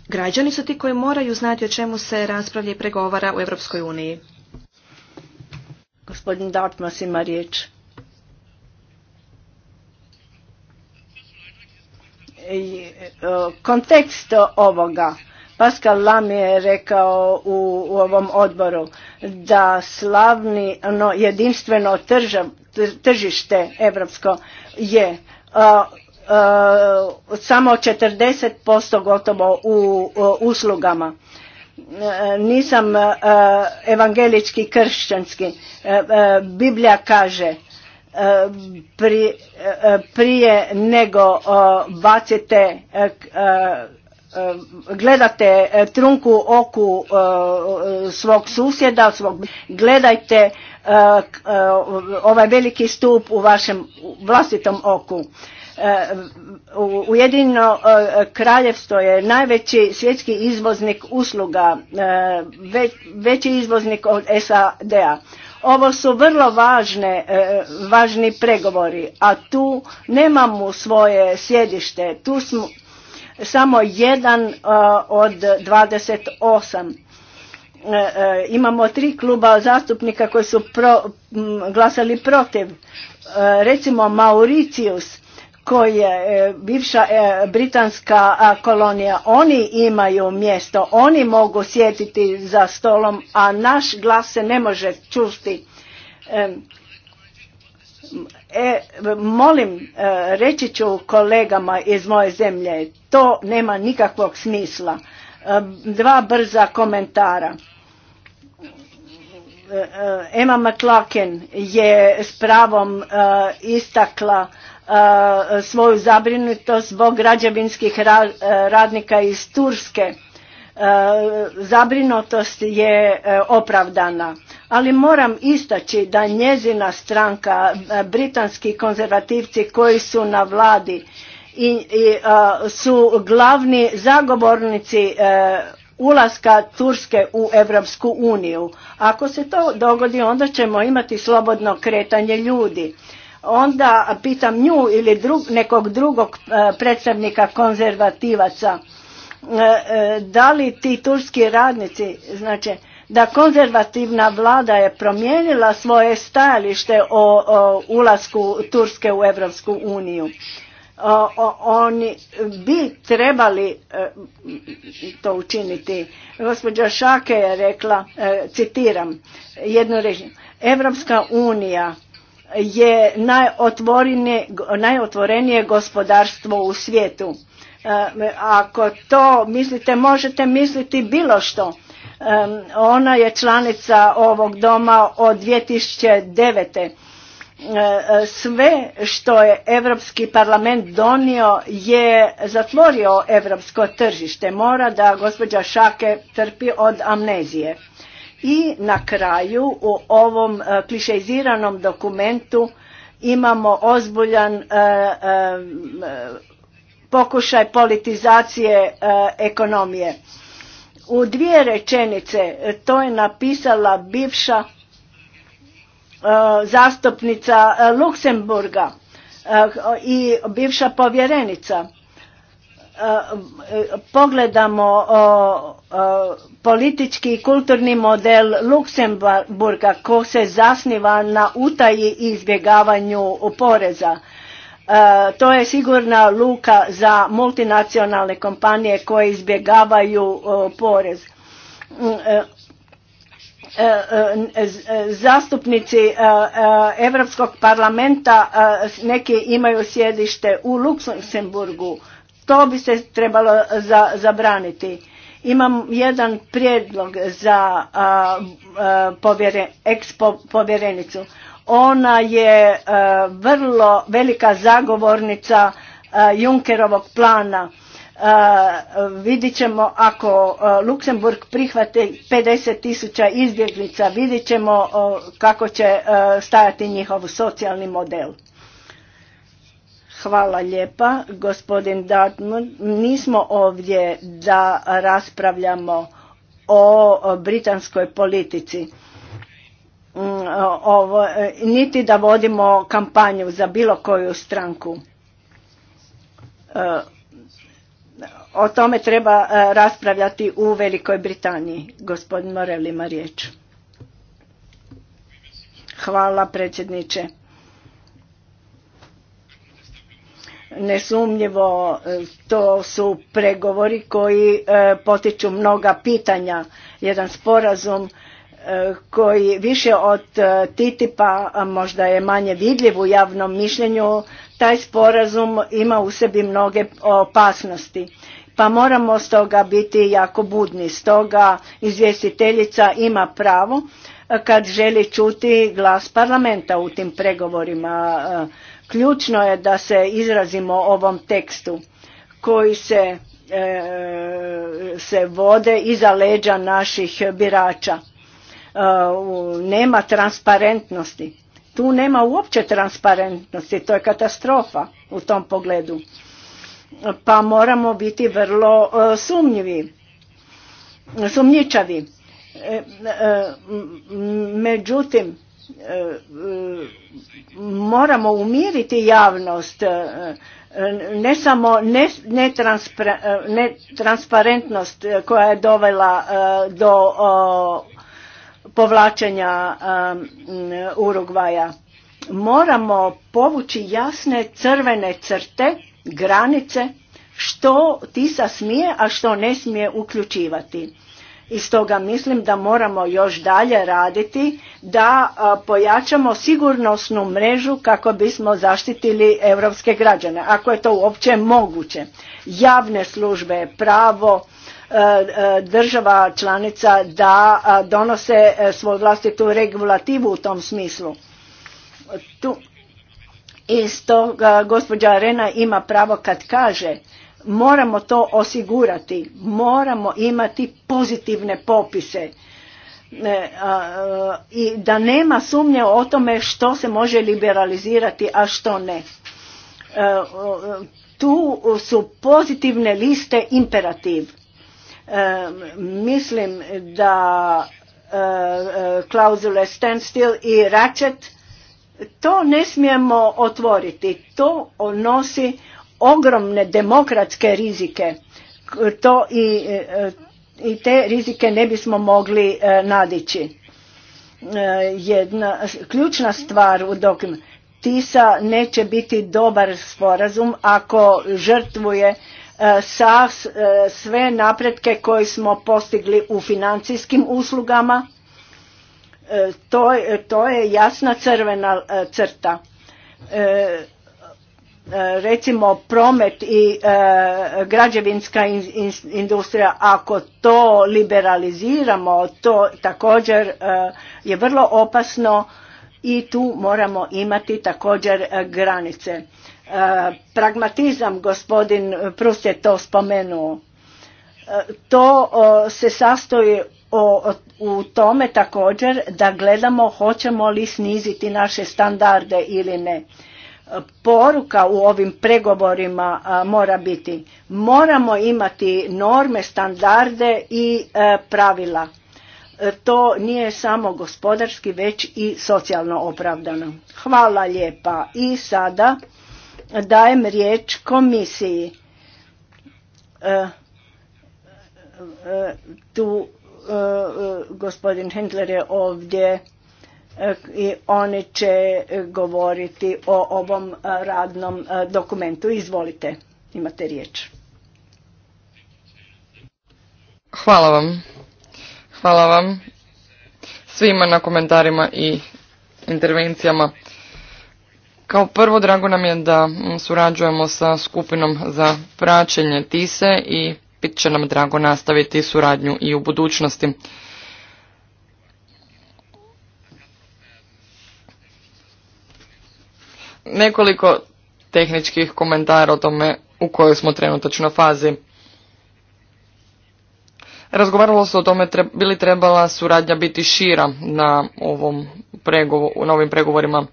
S3: Građani su ti koji moraju znati o čemu se raspravlja i pregovara u Europskoj uniji. Gospodin Dartmas ima riječ.
S1: E, kontekst ovoga Pascal Lam je rekao u, ovom odboru da slavni jedinstveno tržište europsko je a, a, samo 40% gotovo u uslugama nisam evangelički kršćanski. Biblija kaže prije nego bacite Eh, gledate eh, trunku oku eh, svog susjeda, svog, gledajte ovaj veliki stup u vašem vlastitom oku. Ujedinjeno kraljevstvo je najveći svjetski izvoznik usluga, veći izvoznik od SAD-a. Ovo su vrlo važne, važni pregovori, a tu nemamo svoje sjedište, tu smo samo jedan e, od 28. E, e, imamo tri kluba zastupnika koji su glasali protiv. Recimo Mauricius koji je bivša britanska kolonija, oni imaju mjesto, oni mogu sjetiti za stolom, a naš glas se ne može čusti E, molim, e, reći ću kolegama iz moje zemlje, to nema nikakvog smisla. E, dva brza komentara. E, Emma McLaughlin je s pravom istakla svoju zabrinutost zbog građevinskih radnika iz Turske. Zabrinutost je opravdana ali moram istaći da njezina stranka, e, britanski konzervativci koji su na vladi i, e, su glavni zagovornici e, ulaska Turske u Europsku uniju. Ako se to dogodi, onda ćemo imati slobodno kretanje ljudi. Onda pitam nju ili drug, nekog drugog predstavnika konzervativaca, da li ti turski radnici, znači, da konzervativna vlada je promijenila svoje stajalište o, ulasku Turske u Europsku uniju. oni bi trebali e, to učiniti. Gospođa Šake je rekla, e, citiram, jednu režim, Evropska unija je najotvorenije, gospodarstvo u svijetu. E, ako to mislite, možete misliti bilo što ona je članica ovog doma od 2009. E, sve što je Europski parlament donio je zatvorio europsko tržište. Mora da gospođa Šake trpi od amnezije. I na kraju u ovom e, klišeiziranom dokumentu imamo ozbiljan e, pokušaj politizacije ekonomije u dvije rečenice e, to je napisala bivša e, zastupnica e, Luksemburga i bivša povjerenica. Pogledamo politički i kulturni model Luksemburga ko se zasniva na utaji i izbjegavanju poreza. E, to je sigurna luka za multinacionalne kompanije koje izbjegavaju e, porez. Mm, e, zastupnici Europskog parlamenta neki imaju sjedište u Luksemburgu. To bi se trebalo zabraniti. Imam jedan prijedlog za ekspo povjerenicu ona je e, vrlo velika zagovornica e, Junkerovog plana. E, vidit ćemo ako Luksemburg prihvate 50 tisuća izbjeglica, vidit ćemo kako će stajati njihov socijalni model. Hvala lijepa, gospodin Dartmouth. Nismo ovdje da raspravljamo o britanskoj politici. Mm, ovo, e, niti da vodimo kampanju za bilo koju stranku. E, o tome treba e, raspravljati u Velikoj Britaniji. Gospodin Morel ima riječ. Hvala predsjedniče. Nesumnjivo to su pregovori koji potiču mnoga pitanja. Jedan sporazum koji više od e, ttip p-a, možda je manje vidljiv u javnom mišljenju, taj sporazum ima u sebi mnoge opasnosti. Pa moramo stoga biti jako budni. Stoga izvjestiteljica ima pravo e, kad želi čuti glas parlamenta u tim pregovorima. E, ključno je da se izrazimo ovom tekstu koji se, se vode iza leđa naših birača E, nema transparentnosti. Tu nema uopće transparentnosti, to je katastrofa u tom pogledu. Pa moramo biti vrlo e, sumnjivi, sumnjičavi. E, međutim, moramo umiriti javnost ne samo netransparentnost koja je dovela do povlačenja um, Urugvaja. Moramo povući jasne crvene crte, granice, što TISA smije, a što ne smije uključivati. I stoga mislim da moramo još dalje raditi da uh, pojačamo sigurnosnu mrežu kako bismo zaštitili europske građane, ako je to uopće moguće. Javne službe, pravo, država članica da donose e, svoju vlastitu regulativu u tom smislu. Tu i gospođa Arena ima pravo kad kaže moramo to osigurati, moramo imati pozitivne popise e, i da nema sumnje o tome što se može liberalizirati, a što ne. E, tu su pozitivne liste imperativ Mislim da e, e, klauzule standstill i ratchet to ne smijemo otvoriti. To nosi ogromne demokratske rizike. To i, e, i te rizike ne bismo mogli nadići. Jedna ključna stvar u dokumentu TISA neće biti dobar sporazum ako žrtvuje E, sa e, sve napretke koje smo postigli u financijskim uslugama. E, to, to je jasna crvena crta. Recimo promet i građevinska industrija, ako to liberaliziramo, to također je vrlo opasno i tu moramo imati također granice pragmatizam, gospodin Prus je to spomenuo. E, to se sastoji u tome također da gledamo hoćemo li sniziti naše standarde ili ne. E, poruka u ovim pregovorima mora biti moramo imati norme, standarde i e, pravila. To nije samo gospodarski već i socijalno opravdano. Hvala lijepa. I sada Dajem riječ komisiji. E, e, tu e, gospodin Hendler je ovdje i oni će govoriti o ovom radnom dokumentu. Izvolite, imate riječ.
S2: Hvala vam. Hvala vam svima na komentarima i intervencijama. Kao prvo, drago nam je da mm, surađujemo sa skupinom za praćenje TISE i bit će nam drago nastaviti suradnju i u budućnosti. Nekoliko tehničkih komentara o tome u kojoj smo trenutačno fazi. Razgovaralo se o tome bi li trebala suradnja biti šira na, ovom pregovo, na ovim pregovorima.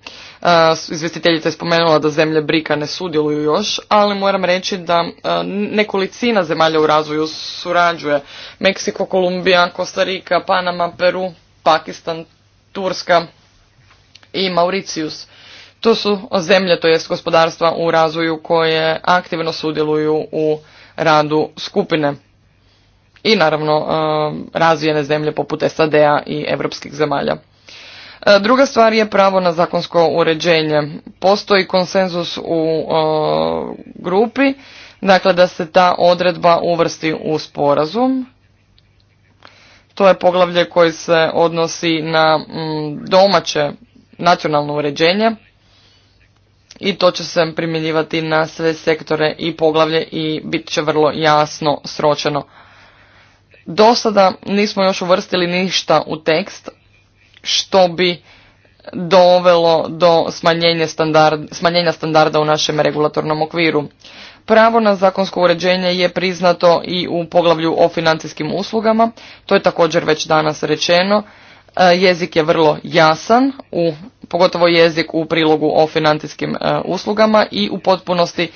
S2: E, izvjestiteljica je spomenula da zemlje Brika ne sudjeluju još, ali moram reći da e, nekolicina zemalja u razvoju surađuje. Meksiko, Kolumbija, Kostarika, Panama, Peru, Pakistan, Turska i Mauricius. To su zemlje, to jest gospodarstva u razvoju koje aktivno sudjeluju u radu skupine i naravno e, razvijene zemlje poput SAD-a i europskih zemalja. E, druga stvar je pravo na zakonsko uređenje. Postoji konsenzus u e, grupi, dakle da se ta odredba uvrsti u sporazum. To je poglavlje koje se odnosi na domaće nacionalno uređenje i to će se primjenjivati na sve sektore i poglavlje i bit će vrlo jasno sročeno. Do sada nismo još uvrstili ništa u tekst što bi dovelo do smanjenja, smanjenja standarda u našem regulatornom okviru. Pravo na zakonsko uređenje je priznato i u poglavlju o financijskim uslugama, to je također već danas rečeno. E, jezik je vrlo jasan, u, pogotovo jezik u prilogu o financijskim e, uslugama i u potpunosti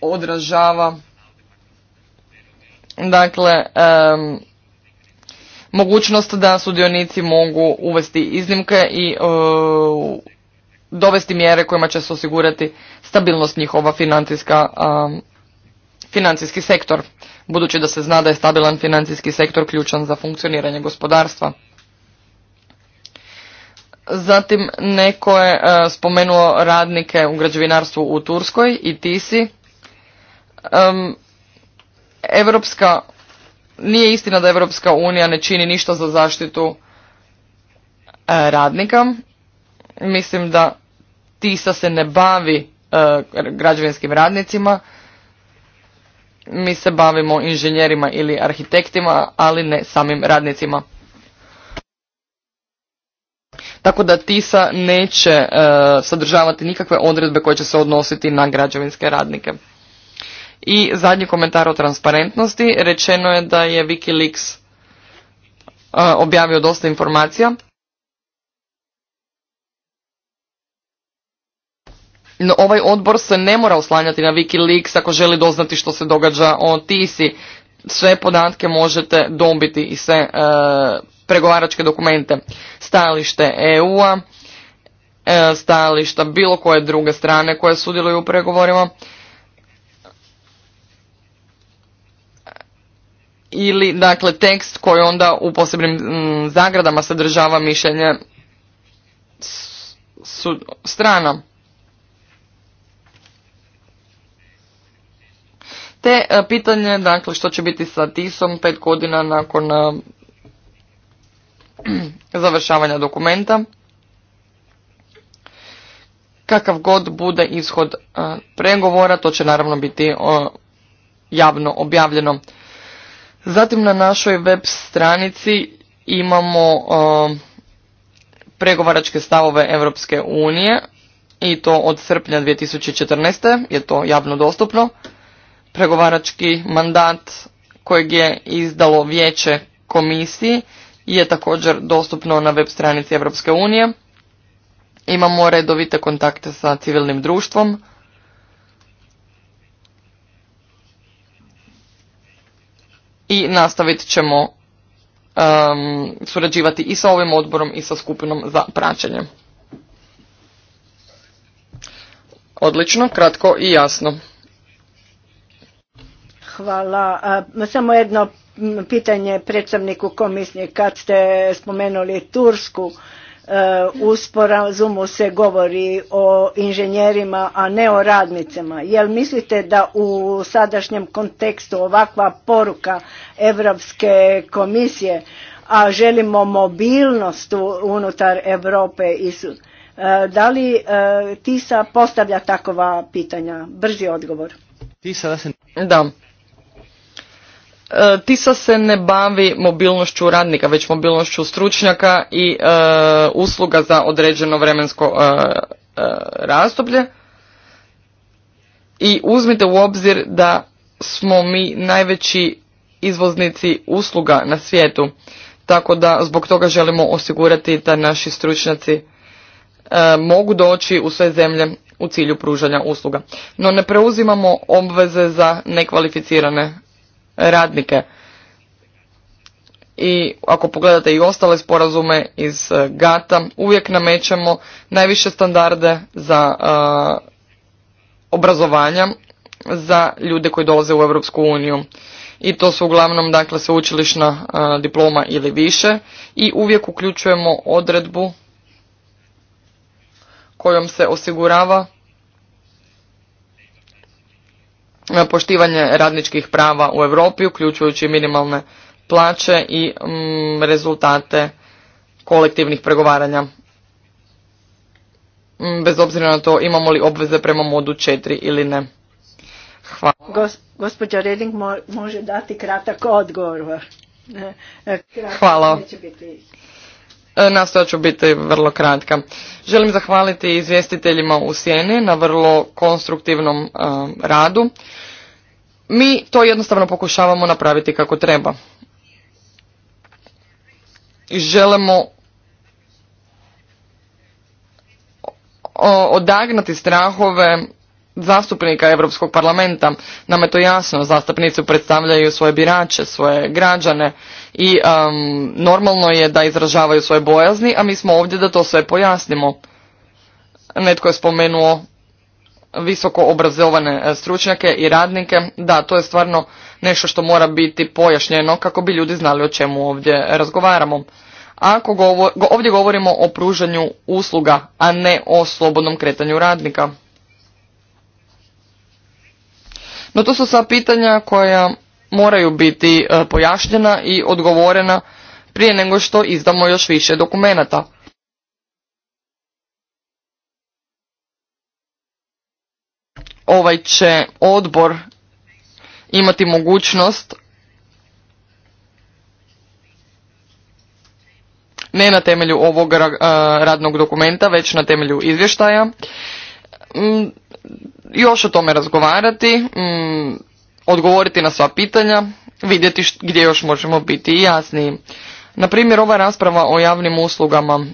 S2: odražava dakle um, mogućnost da sudionici mogu uvesti iznimke i e, dovesti mjere kojima će se osigurati stabilnost njihova financijski sektor budući da se zna da je stabilan financijski sektor ključan za funkcioniranje gospodarstva zatim neko je e, spomenuo radnike u građevinarstvu u turskoj i tisi Europska nije istina da Evropska unija ne čini ništa za zaštitu e, radnika. Mislim da TISA se ne bavi e, građevinskim radnicima. Mi se bavimo inženjerima ili arhitektima, ali ne samim radnicima. Tako da TISA neće e, sadržavati nikakve odredbe koje će se odnositi na građevinske radnike. I zadnji komentar o transparentnosti. Rečeno je da je Wikileaks e, objavio dosta informacija. No, ovaj odbor se ne mora oslanjati na Wikileaks ako želi doznati što se događa o TISI. Sve podatke možete dobiti i sve e, pregovaračke dokumente. Stajalište EU-a, e, stajališta bilo koje druge strane koje sudjeluju u pregovorima. ili dakle tekst koji onda u posebnim m, mm, zagradama sadržava mišljenje strana. Te e, pitanje, dakle, što će biti sa TIS-om pet godina nakon e, završavanja dokumenta. Kakav god bude ishod e, pregovora, to će naravno biti javno objavljeno. Zatim na našoj web stranici imamo um, pregovaračke stavove Europske unije i to od srpnja 2014. je to javno dostupno. Pregovarački mandat kojeg je izdalo vijeće komisiji je također dostupno na web stranici Europske unije. Imamo redovite kontakte sa civilnim društvom i nastavit ćemo um, surađivati i sa ovim odborom i sa skupinom za praćenje. Odlično, kratko i jasno.
S1: Hvala. Samo jedno pitanje predstavniku komisije. Kad ste spomenuli Tursku, u sporazumu se govori o inženjerima, a ne o radnicama. Jel mislite da u sadašnjem kontekstu ovakva poruka Evropske komisije, a želimo mobilnost unutar Europe i e, da li e, TISA postavlja takova pitanja? Brzi odgovor.
S2: Da, E, TISA se ne bavi mobilnošću radnika, već mobilnošću stručnjaka i e, usluga za određeno vremensko e, e, razdoblje. I uzmite u obzir da smo mi najveći izvoznici usluga na svijetu, tako da zbog toga želimo osigurati da naši stručnjaci mogu doći u sve zemlje u cilju pružanja usluga. No ne preuzimamo obveze za nekvalificirane radnike. I ako pogledate i ostale sporazume iz eh, GATA, uvijek namećemo najviše standarde za eh, obrazovanja za ljude koji dolaze u Europsku uniju. I to su uglavnom dakle sveučilišna eh, diploma ili više i uvijek uključujemo odredbu kojom se osigurava poštivanje radničkih prava u Europi, uključujući minimalne plaće i mm, rezultate kolektivnih pregovaranja. Mm, bez obzira na to imamo li obveze prema modu 4 ili ne.
S1: Hvala. gospođa Reding mo, može dati kratak odgovor. E, e, Hvala. biti
S2: E, Nastoja ću biti vrlo kratka. Želim zahvaliti izvjestiteljima u Sjeni na vrlo konstruktivnom e, radu. Mi to jednostavno pokušavamo napraviti kako treba. I želimo odagnati strahove zastupnika Europskog parlamenta. Nam je to jasno, zastupnici predstavljaju svoje birače, svoje građane i um, normalno je da izražavaju svoje bojazni, a mi smo ovdje da to sve pojasnimo. Netko je spomenuo visoko obrazovane e, stručnjake i radnike. Da, to je stvarno nešto što mora biti pojašnjeno kako bi ljudi znali o čemu ovdje razgovaramo. Ako ovdje govorimo o pružanju usluga, a ne o slobodnom kretanju radnika. No to su sva pitanja koja moraju biti e, pojašnjena i odgovorena prije nego što izdamo još više dokumenata. Ovaj će odbor imati mogućnost ne na temelju ovog e, radnog dokumenta, već na temelju izvještaja mm, još o tome razgovarati, mm, odgovoriti na sva pitanja, vidjeti gdje još možemo biti jasniji. Na primjer, ova rasprava o javnim uslugama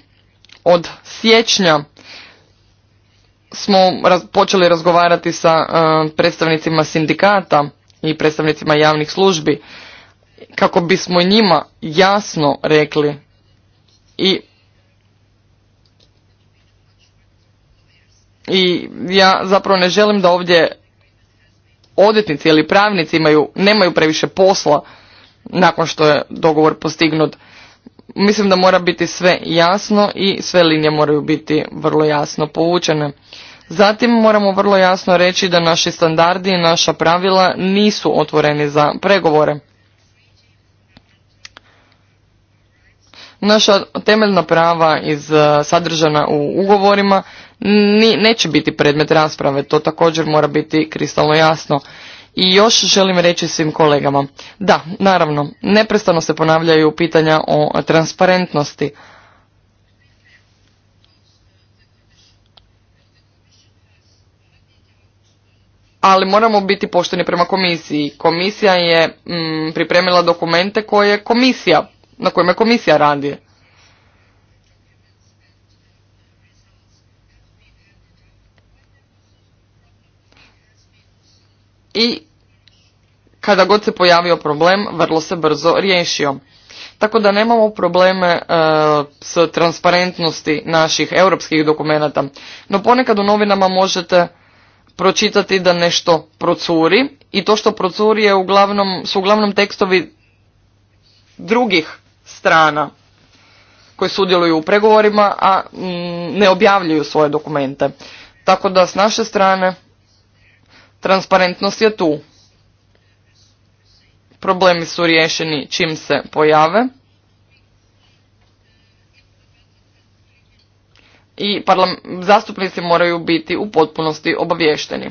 S2: od siječnja smo počeli razgovarati sa e, predstavnicima sindikata i predstavnicima javnih službi kako bismo njima jasno rekli i I ja zapravo ne želim da ovdje odvjetnici ili pravnici imaju, nemaju previše posla nakon što je dogovor postignut. Mislim da mora biti sve jasno i sve linije moraju biti vrlo jasno povučene. Zatim moramo vrlo jasno reći da naši standardi i naša pravila nisu otvoreni za pregovore. Naša temeljna prava iz eh, sadržana u ugovorima ni, neće biti predmet rasprave, to također mora biti kristalno jasno. I još želim reći svim kolegama, da, naravno, neprestano se ponavljaju pitanja o transparentnosti. ali moramo biti pošteni prema komisiji. Komisija je mm, pripremila dokumente koje komisija, na kojima komisija radi. i kada god se pojavio problem, vrlo se brzo riješio. Tako da nemamo probleme e, s transparentnosti naših europskih dokumenata. No ponekad u novinama možete pročitati da nešto procuri i to što procuri je uglavnom, su uglavnom tekstovi drugih strana koji sudjeluju u pregovorima, a mm, ne objavljuju svoje dokumente. Tako da s naše strane Transparentnost je tu. Problemi su riješeni čim se pojave. I zastupnici moraju biti u potpunosti obavješteni.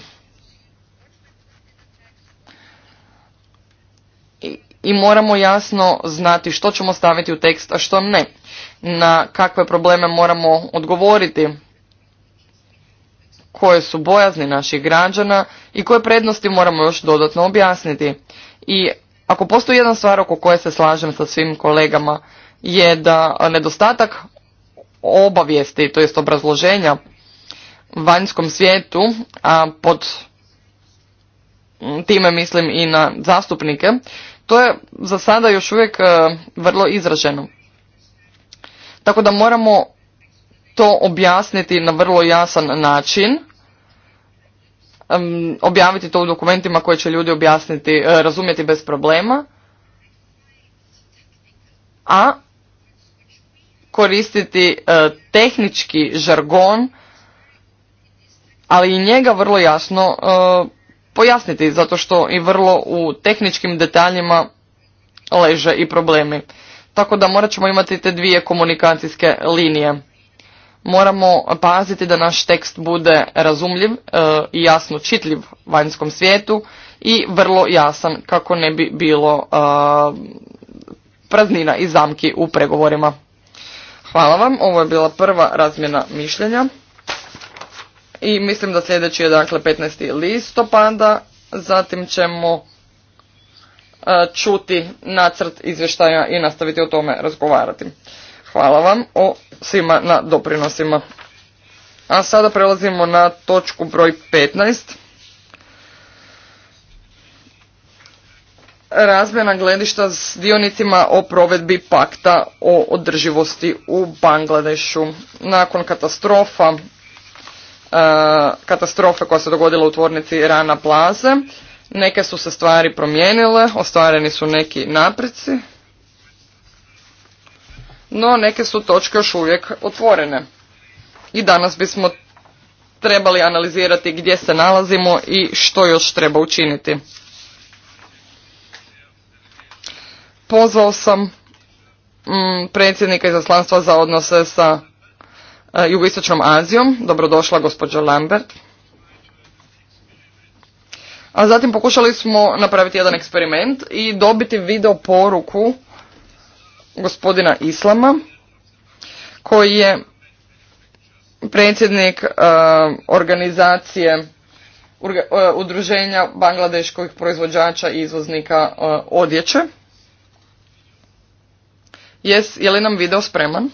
S2: i moramo jasno znati što ćemo staviti u tekst, a što ne. Na kakve probleme moramo odgovoriti koje su bojazni naših građana i koje prednosti moramo još dodatno objasniti. I ako postoji jedna stvar oko koje se slažem sa svim kolegama je da nedostatak obavijesti, to jest obrazloženja vanjskom svijetu, a pod mm, time mislim i na zastupnike, to je za sada još uvijek e, vrlo izraženo. Tako da moramo to objasniti na vrlo jasan način, objaviti to u dokumentima koje će ljudi objasniti, e, razumjeti bez problema, a koristiti e, tehnički žargon, ali i njega vrlo jasno e, pojasniti, zato što i vrlo u tehničkim detaljima leže i problemi. Tako da morat ćemo imati te dvije komunikacijske linije moramo paziti da naš tekst bude razumljiv e, i jasno čitljiv vanjskom svijetu i vrlo jasan kako ne bi bilo e, praznina i zamki u pregovorima. Hvala vam, ovo je bila prva razmjena mišljenja i mislim da sljedeći je dakle 15. listopada, zatim ćemo e, čuti nacrt izvještaja i nastaviti o tome razgovarati. Hvala vam o svima na doprinosima. A sada prelazimo na točku broj 15. Razmjena gledišta s dionicima o provedbi pakta o održivosti u Bangladešu. Nakon katastrofa, e, katastrofe koja se dogodila u tvornici Rana Plaze, neke su se stvari promijenile, ostvareni su neki napreci no neke su točke još uvijek otvorene. I danas bismo trebali analizirati gdje se nalazimo i što još treba učiniti. Pozvao sam mm, predsjednika izaslanstva za odnose sa e, Jugoistočnom Azijom, dobrodošla gospođa Lambert. A zatim pokušali smo napraviti jedan eksperiment i dobiti video poruku gospodina Islama koji je predsjednik e, organizacije e, udruženja bangladeškog proizvođača i izvoznika e, odjeće. Jes, je li nam video spreman?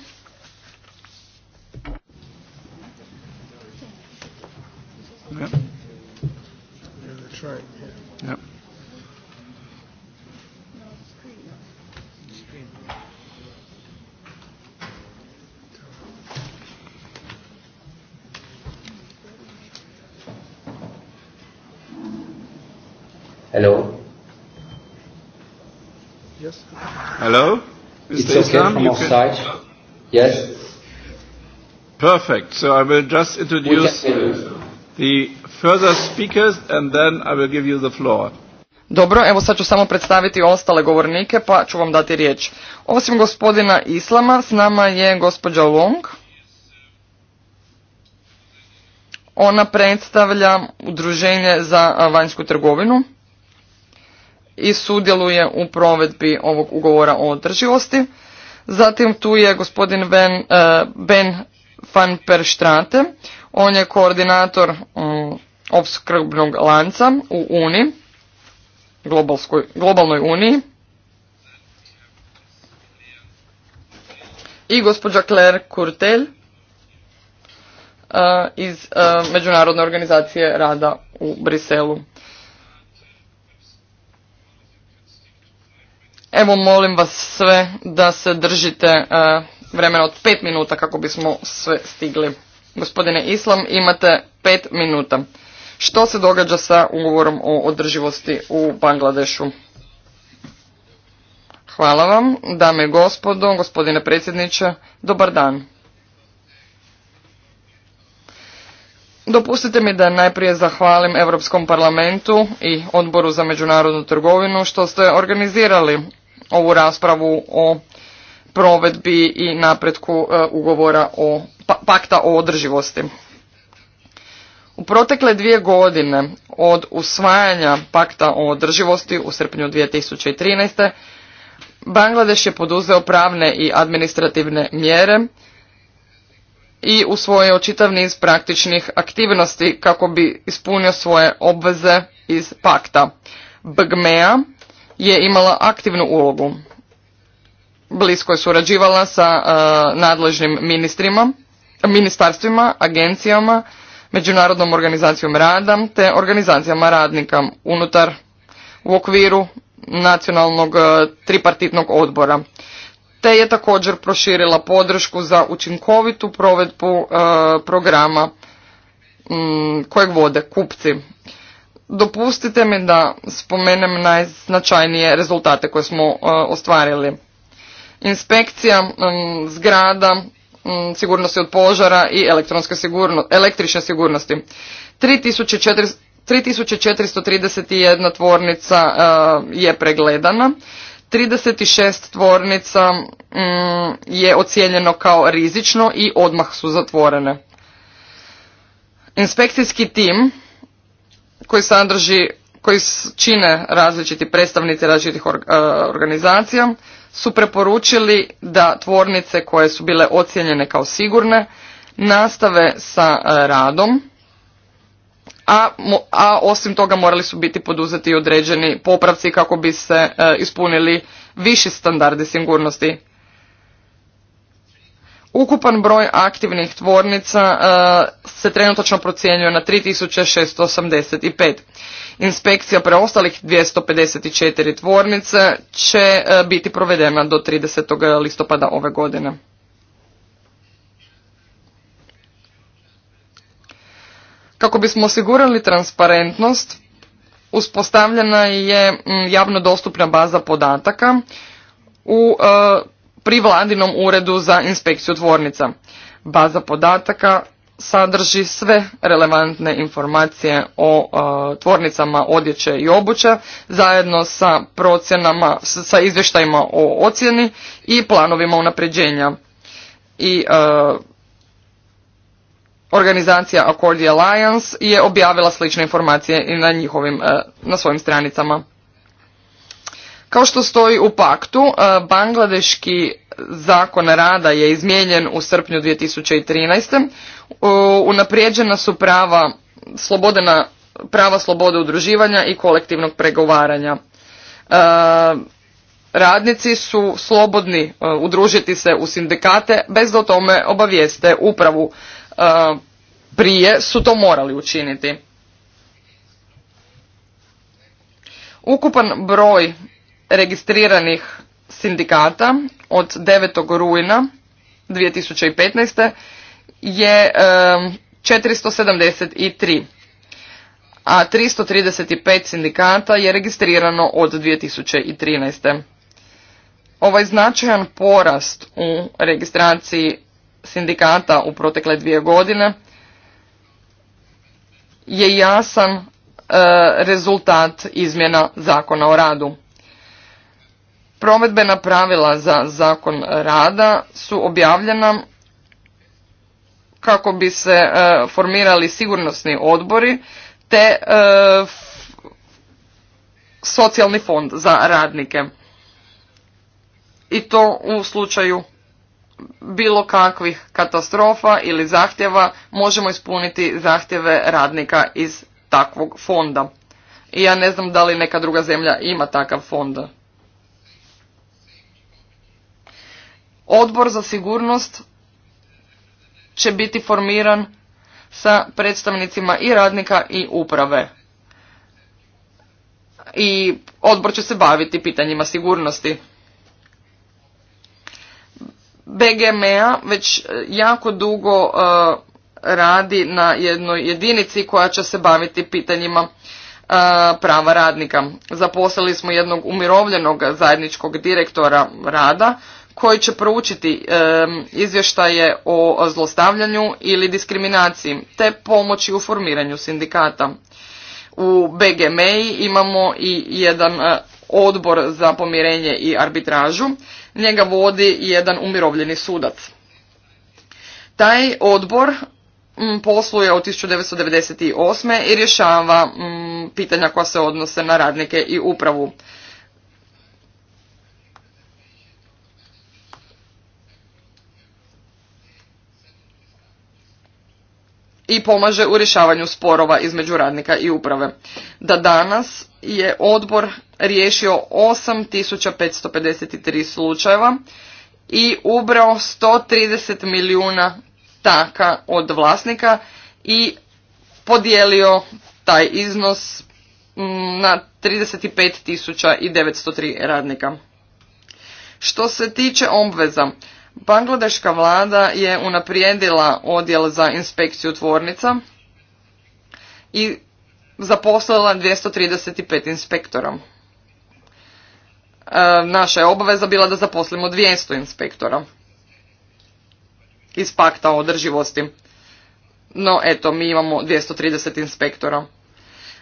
S1: Hello? Yes. Hello? Mr. It's okay Islam, from our can... side. Yes? Perfect. So I will just introduce the further speakers and then I will give you the floor.
S2: Dobro, evo sad ću samo predstaviti ostale govornike pa ću vam dati riječ. Osim gospodina Islama, s nama je gospođa Long. Ona predstavlja udruženje za vanjsku trgovinu i sudjeluje u provedbi ovog ugovora o održivosti. Zatim tu je gospodin Ben, eh, ben van Perštrate, on je koordinator mm, opskrbnog lanca u Uniji, globalnoj Uniji. I gospođa Claire Kurtel eh, iz eh, Međunarodne organizacije rada u Briselu. Evo molim vas sve da se držite e, vremena od pet minuta kako bismo sve stigli. Gospodine Islam, imate pet minuta. Što se događa sa ugovorom o održivosti u Bangladešu? Hvala vam, dame i gospodo, gospodine predsjedniče, dobar dan. Dopustite mi da najprije zahvalim Europskom parlamentu i Odboru za međunarodnu trgovinu što ste organizirali ovu raspravu o provedbi i napretku e, ugovora o pa, pakta o održivosti. U protekle dvije godine od usvajanja pakta o održivosti u srpnju 2013. Bangladeš je poduzeo pravne i administrativne mjere i usvojio čitav niz praktičnih aktivnosti kako bi ispunio svoje obveze iz pakta. BGMEA je imala aktivnu ulogu. Blisko je surađivala sa e, nadležnim ministrima, ministarstvima, agencijama, međunarodnom organizacijom rada te organizacijama radnika unutar u okviru nacionalnog e, tripartitnog odbora. Te je također proširila podršku za učinkovitu provedbu e, programa kojeg vode kupci Dopustite mi da spomenem najznačajnije rezultate koje smo e, ostvarili. Inspekcija zgrada, sigurnosti od požara i elektronske električne sigurnosti. 3431 tvornica e, je pregledana, 36 tvornica je ocijenjeno kao rizično i odmah su zatvorene. Inspekcijski tim koji sadrži, koji čine različiti predstavnici različitih e, organizacija, su preporučili da tvornice koje su bile ocijenjene kao sigurne nastave sa e, radom, a, a osim toga morali su biti poduzeti određeni popravci kako bi se e, ispunili viši standardi sigurnosti Ukupan broj aktivnih tvornica e, se trenutačno procjenjuje na 3685. Inspekcija preostalih 254 tvornice će e, biti provedena do 30. listopada ove godine. Kako bismo osigurali transparentnost, uspostavljena je javno dostupna baza podataka u e, pri vladinom uredu za inspekciju tvornica. Baza podataka sadrži sve relevantne informacije o e, tvornicama odjeće i obuća, zajedno sa procjenama, sa izvještajima o ocjeni i planovima unapređenja. I e, organizacija Accordi Alliance je objavila slične informacije i na njihovim, e, na svojim stranicama. Kao što stoji u paktu, e, bangladeški zakon rada je izmijenjen u srpnju 2013. E, unaprijeđena su prava prava slobode udruživanja i kolektivnog pregovaranja. E, radnici su slobodni udružiti se u sindikate bez da o tome obavijeste upravu. Prije su to morali učiniti. Ukupan broj registriranih sindikata od 9. rujna 2015. je 473, a 335 sindikata je registrirano od 2013. Ovaj značajan porast u registraciji sindikata u protekle dvije godine je jasan e, rezultat izmjena zakona o radu. Provedbena pravila za zakon rada su objavljena kako bi se e, formirali sigurnosni odbori te e, socijalni fond za radnike. I to u slučaju bilo kakvih katastrofa ili zahtjeva možemo ispuniti zahtjeve radnika iz takvog fonda. I ja ne znam da li neka druga zemlja ima takav fond. Odbor za sigurnost će biti formiran sa predstavnicima i radnika i uprave. I odbor će se baviti pitanjima sigurnosti. BGMA već e, jako dugo e, radi na jednoj jedinici koja će se baviti pitanjima e, prava radnika. Zaposlili smo jednog umirovljenog zajedničkog direktora rada koji će proučiti izvještaje o zlostavljanju ili diskriminaciji te pomoći u formiranju sindikata. U BGMI imamo i jedan e, odbor za pomirenje i arbitražu. Njega vodi jedan umirovljeni sudac. Taj odbor posluje od 1998. i rješava pitanja koja se odnose na radnike i upravu. i pomaže u rješavanju sporova između radnika i uprave. Da danas je odbor riješio 8553 slučajeva i ubrao 130 milijuna taka od vlasnika i podijelio taj iznos mm, na 35.903 radnika. Što se tiče obveza, Bangladeška vlada je unaprijedila odjel za inspekciju tvornica i zaposlila 235 inspektora. E, naša je obaveza bila da zaposlimo 200 inspektora iz pakta o održivosti. No eto, mi imamo 230 inspektora.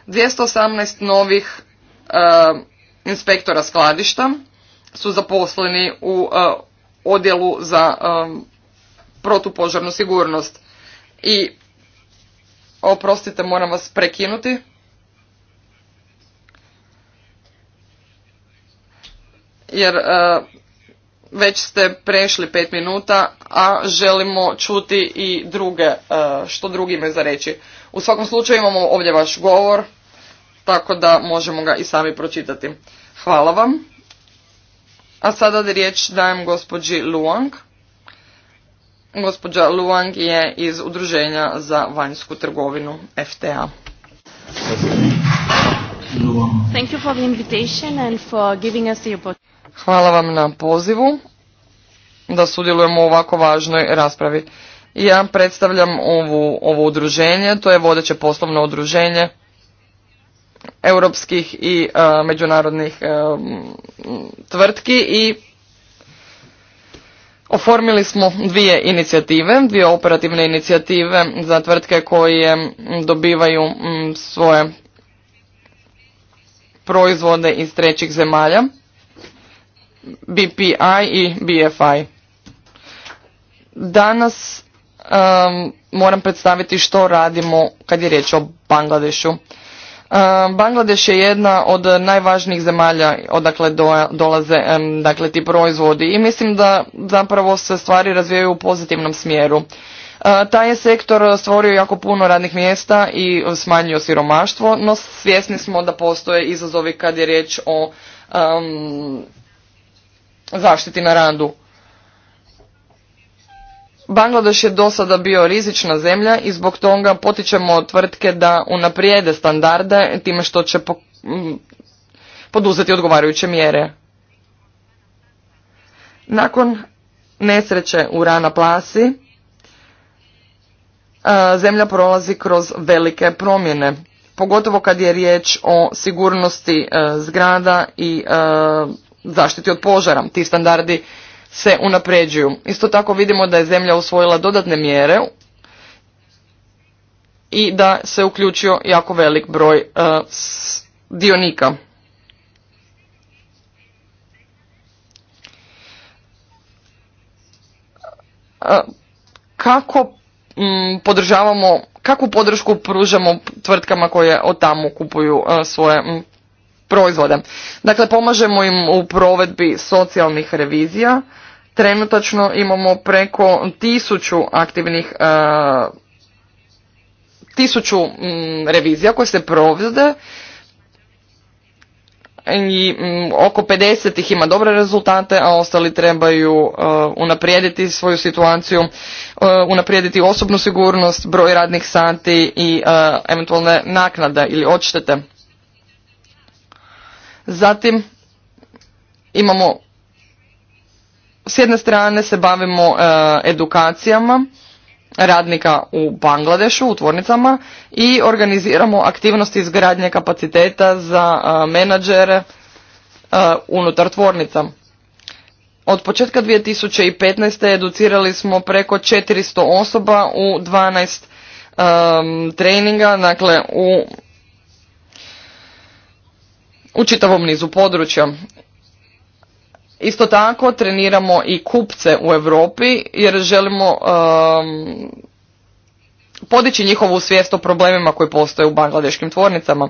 S2: 218 novih e, inspektora skladišta su zaposleni u e, odjelu za um, protupožarnu sigurnost. I, oprostite, moram vas prekinuti. Jer uh, već ste prešli pet minuta, a želimo čuti i druge, uh, što drugi imaju za reći. U svakom slučaju imamo ovdje vaš govor, tako da možemo ga i sami pročitati. Hvala vam. A sada da riječ dajem gospođi Luang. Gospođa Luang je iz Udruženja za vanjsku trgovinu FTA. Thank Hvala vam na pozivu da sudjelujemo u ovako važnoj raspravi. Ja predstavljam ovo udruženje, to je vodeće poslovno udruženje europskih i e, međunarodnih e, tvrtki i oformili smo dvije inicijative, dvije operativne inicijative za tvrtke koje dobivaju svoje proizvode iz trećih zemalja, BPI i BFI. Danas e, moram predstaviti što radimo kad je riječ o Bangladešu. Ehm, Bangladeš je jedna od najvažnijih zemalja odakle dolaze dakle, ti proizvodi i mislim da zapravo se stvari razvijaju u pozitivnom smjeru. Ehm, taj je sektor stvorio jako puno radnih mjesta i smanjio siromaštvo, no svjesni smo da postoje izazovi kad je riječ o zaštiti na radu. Bangladeš je do sada bio rizična zemlja i zbog toga potičemo tvrtke da unaprijede standarde time što će poduzeti odgovarajuće mjere. Nakon nesreće u Rana Plasi, zemlja prolazi kroz velike promjene, pogotovo kad je riječ o sigurnosti zgrada i zaštiti od požara. Ti standardi se unapređuju. Isto tako vidimo da je zemlja usvojila dodatne mjere i da se uključio jako velik broj e, dionika. E, kako podržavamo, kakvu podršku pružamo tvrtkama koje od tamo kupuju e, svoje proizvode. Dakle, pomažemo im u provedbi socijalnih revizija, Trenutačno imamo preko tisuću aktivnih e, tisuću mm, revizija koje se provode i mm, oko 50 ih ima dobre rezultate, a ostali trebaju e, unaprijediti svoju situaciju, e, unaprijediti osobnu sigurnost, broj radnih sati i eventualne naknade ili odštete. Zatim imamo s jedne strane se bavimo e, edukacijama radnika u Bangladešu, u tvornicama i organiziramo aktivnosti izgradnje kapaciteta za e, menadžere e, unutar tvornica. Od početka 2015. educirali smo preko 400 osoba u 12 treninga, dakle u, u čitavom nizu područja. Isto tako treniramo i kupce u Europi jer želimo um, podići njihovu svijest o problemima koji postoje u bangladeškim tvornicama.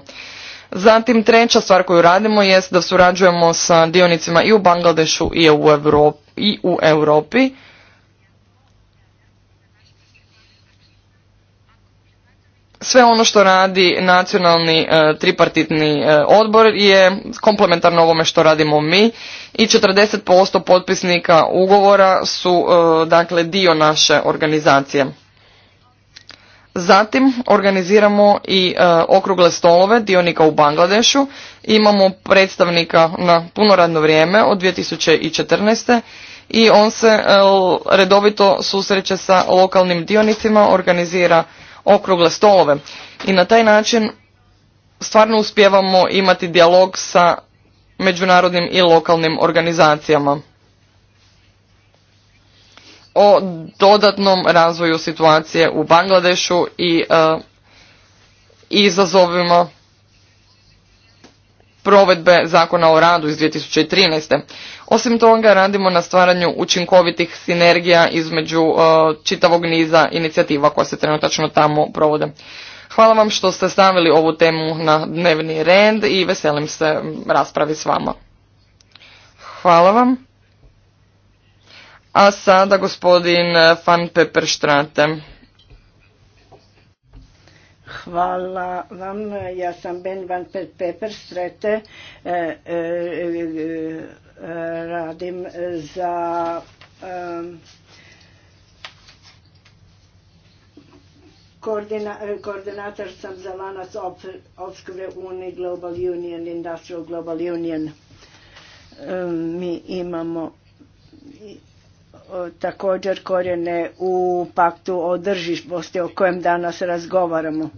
S2: Zatim treća stvar koju radimo jest da surađujemo sa dionicima i u Bangladešu i u Europi, i u Europi sve ono što radi nacionalni e, tripartitni e, odbor je komplementarno ovome što radimo mi i 40% potpisnika ugovora su e, dakle dio naše organizacije. Zatim organiziramo i okrugle stolove dionika u Bangladešu. Imamo predstavnika na puno radno vrijeme od 2014 i on se redovito susreće sa lokalnim dionicima, organizira okrugle stolove i na taj način stvarno uspijevamo imati dijalog sa međunarodnim i lokalnim organizacijama o dodatnom razvoju situacije u Bangladešu i e, izazovima provedbe zakona o radu iz 2013. Osim toga radimo na stvaranju učinkovitih sinergija između uh, čitavog niza inicijativa koje se trenutačno tamo provode. Hvala vam što ste stavili ovu temu na dnevni rend i veselim se raspravi s vama. Hvala vam. A sada gospodin uh, Fan Peperštrate.
S1: Hvala vam. Ja sam Ben Van Peperštrate. E, e, radim za koordinator sam za lanac opskrbe uni, Global Union, Industrial Global Union. Mi imamo također korijene u paktu o o kojem danas razgovaramo.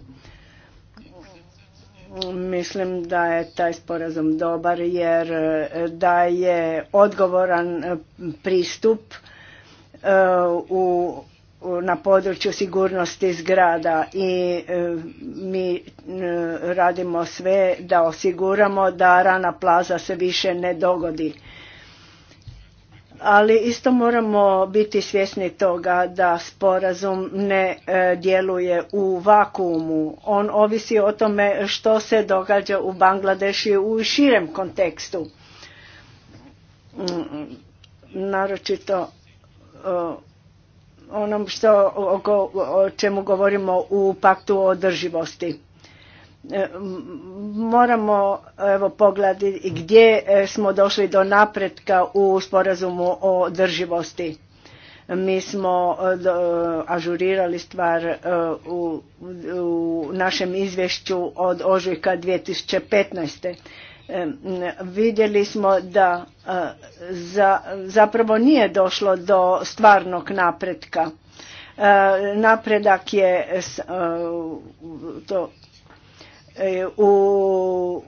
S1: Mislim da je taj sporazum dobar jer e, da je odgovoran e, pristup e, u na području sigurnosti zgrada i mi radimo sve da osiguramo da rana plaza se više ne dogodi ali isto moramo biti svjesni toga da sporazum ne e, djeluje u vakuumu. On ovisi o tome što se događa u Bangladeši u širem kontekstu. Mm, naročito e, onom što, o čemu govorimo u paktu o održivosti. E, moramo evo pogledati gdje e, smo došli do napretka u sporazumu o održivosti. Mi smo e, ažurirali stvar u, našem izvješću od ožujka 2015. Vidjeli smo da zapravo nije došlo do stvarnog napretka. Napredak je to E, u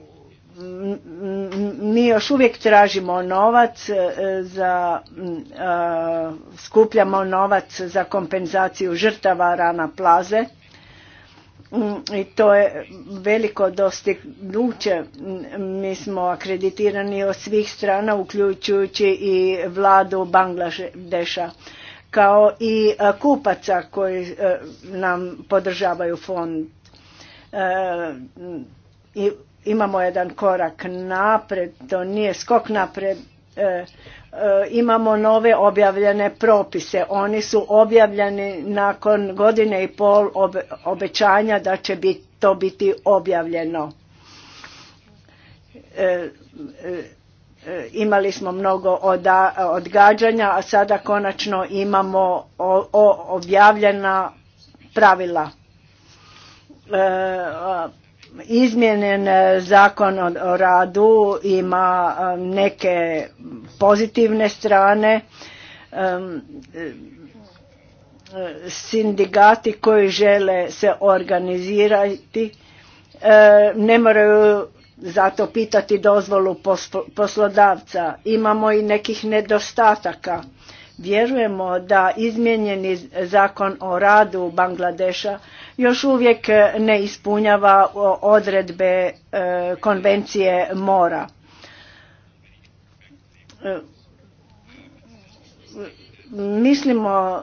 S1: mi još uvijek tražimo novac e, za skupljamo novac za kompenzaciju žrtava rana plaze mm, i to je veliko dostignuće mi smo akreditirani od svih strana uključujući i vladu Bangladeša kao i kupaca koji e, nam podržavaju fond E, imamo jedan korak napred, to nije skok napred, e, e, imamo nove objavljene propise. Oni su objavljeni nakon godine i pol obećanja da će to biti objavljeno. Imali smo mnogo odgađanja, a sada konačno imamo objavljena pravila. E, izmjenen e, zakon o radu ima neke pozitivne strane e, sindikati koji žele se organizirati ne moraju zato pitati dozvolu poslodavca imamo i nekih nedostataka vjerujemo da izmijenjeni zakon o radu Bangladeša još uvijek ne ispunjava odredbe e, konvencije mora e, mislimo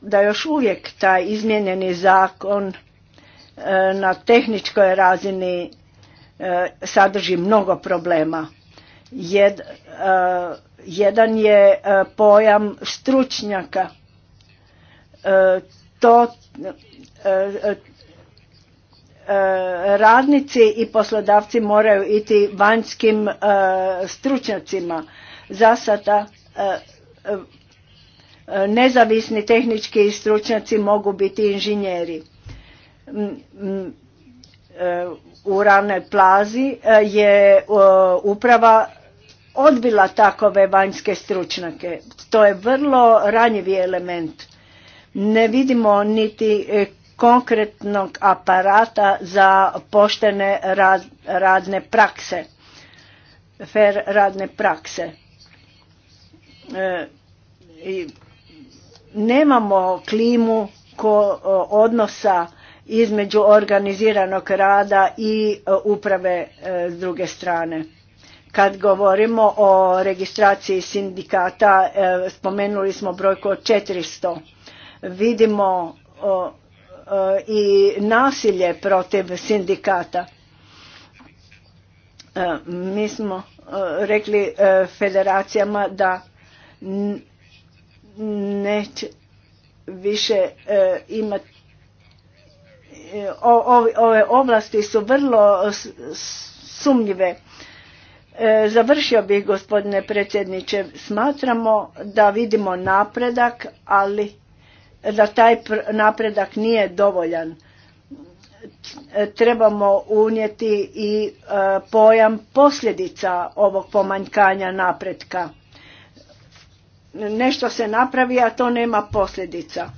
S1: da još uvijek taj izmijenjeni zakon e, na tehničkoj razini sadrži mnogo problema. Jed, jedan je pojam stručnjaka. To E, e, radnici i poslodavci moraju iti vanjskim e, stručnjacima. Za sada nezavisni tehnički stručnjaci mogu biti inženjeri. U ravnoj plazi je uprava odbila takove vanjske stručnjake. To je vrlo ranjivi element. Ne vidimo niti konkretnog aparata za poštene radne prakse, fer radne prakse. E, i nemamo klimu ko, odnosa između organiziranog rada i e, uprave e, s druge strane. Kad govorimo o registraciji sindikata, spomenuli smo brojko od 400. Vidimo E, i nasilje protiv sindikata. E, mi smo e, rekli federacijama da neće više imati ove ovlasti su vrlo sumnjive. Završio bih gospodine predsjedniče. Smatramo da vidimo napredak, ali da taj napredak nije dovoljan. Trebamo unijeti i e, pojam posljedica ovog pomanjkanja napretka. Nešto se napravi, a to nema posljedica. E,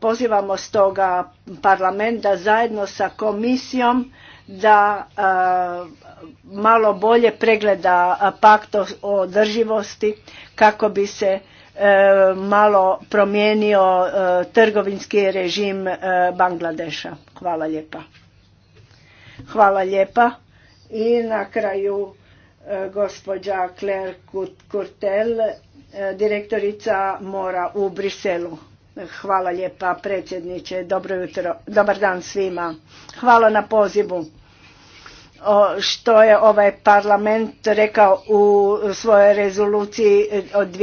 S1: pozivamo stoga parlament da zajedno sa komisijom da e, malo bolje pregleda pakt o održivosti kako bi se E, malo promijenio e, trgovinski režim e, Bangladeša. Hvala lijepa. Hvala lijepa. I na kraju gospođa Claire Kurtel, direktorica Mora u Briselu. Hvala lijepa predsjedniče, dobro jutro, dobar dan svima. Hvala na pozivu. što je ovaj parlament rekao u svojoj rezoluciji od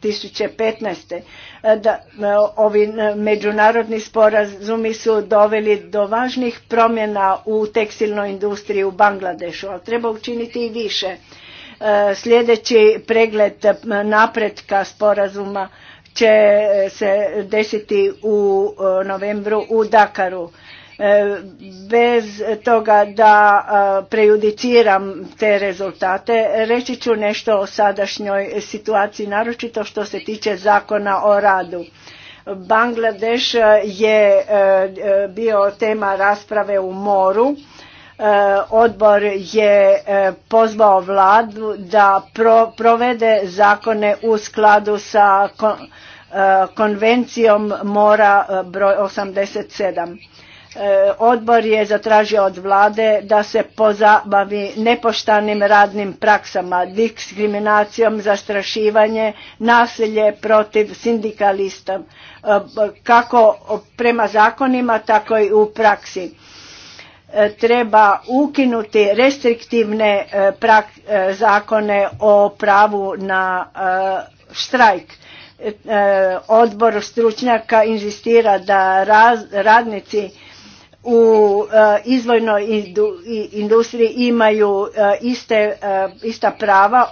S1: 2015. E, da, e, ovi e, međunarodni sporazumi su doveli do važnih promjena u tekstilnoj industriji u Bangladešu, ali treba učiniti i više. Sljedeći pregled napretka sporazuma će se desiti u novembru u Dakaru E, bez toga da e, prejudiciram te rezultate, reći ću nešto o sadašnjoj situaciji, naročito što se tiče zakona o radu. Bangladeš je e, bio tema rasprave u moru. Odbor je pozvao vladu da provede zakone u skladu sa konvencijom mora broj 87 E, odbor je zatražio od vlade da se pozabavi nepoštanim radnim praksama, diskriminacijom, zastrašivanje, nasilje protiv sindikalista, e, kako prema zakonima, tako i u praksi. E, treba ukinuti restriktivne zakone o pravu na štrajk odbor stručnjaka inzistira da radnici u e, izvojnoj industriji imaju e, iste, e, ista prava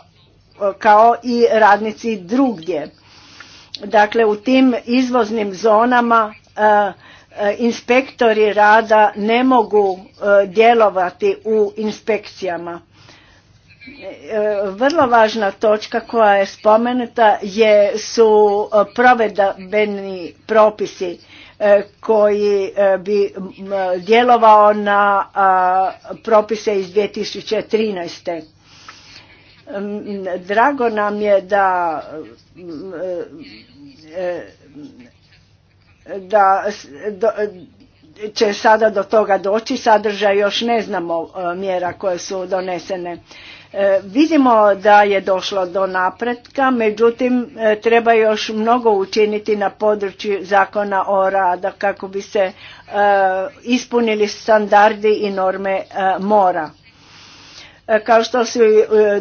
S1: kao i radnici drugdje. Dakle, u tim izvoznim zonama inspektori rada ne mogu djelovati u inspekcijama. Vrlo važna točka koja je spomenuta je, su provedbeni propisi E, koji e, bi djelovao na propise iz 2013. Drago nam je da e, da će sada do toga doći, sadržaj još ne znamo mjera koje su donesene. E, vidimo da je došlo do napretka, međutim e, treba još mnogo učiniti na području zakona o rada kako bi se e, ispunili standardi i norme mora. Kao što su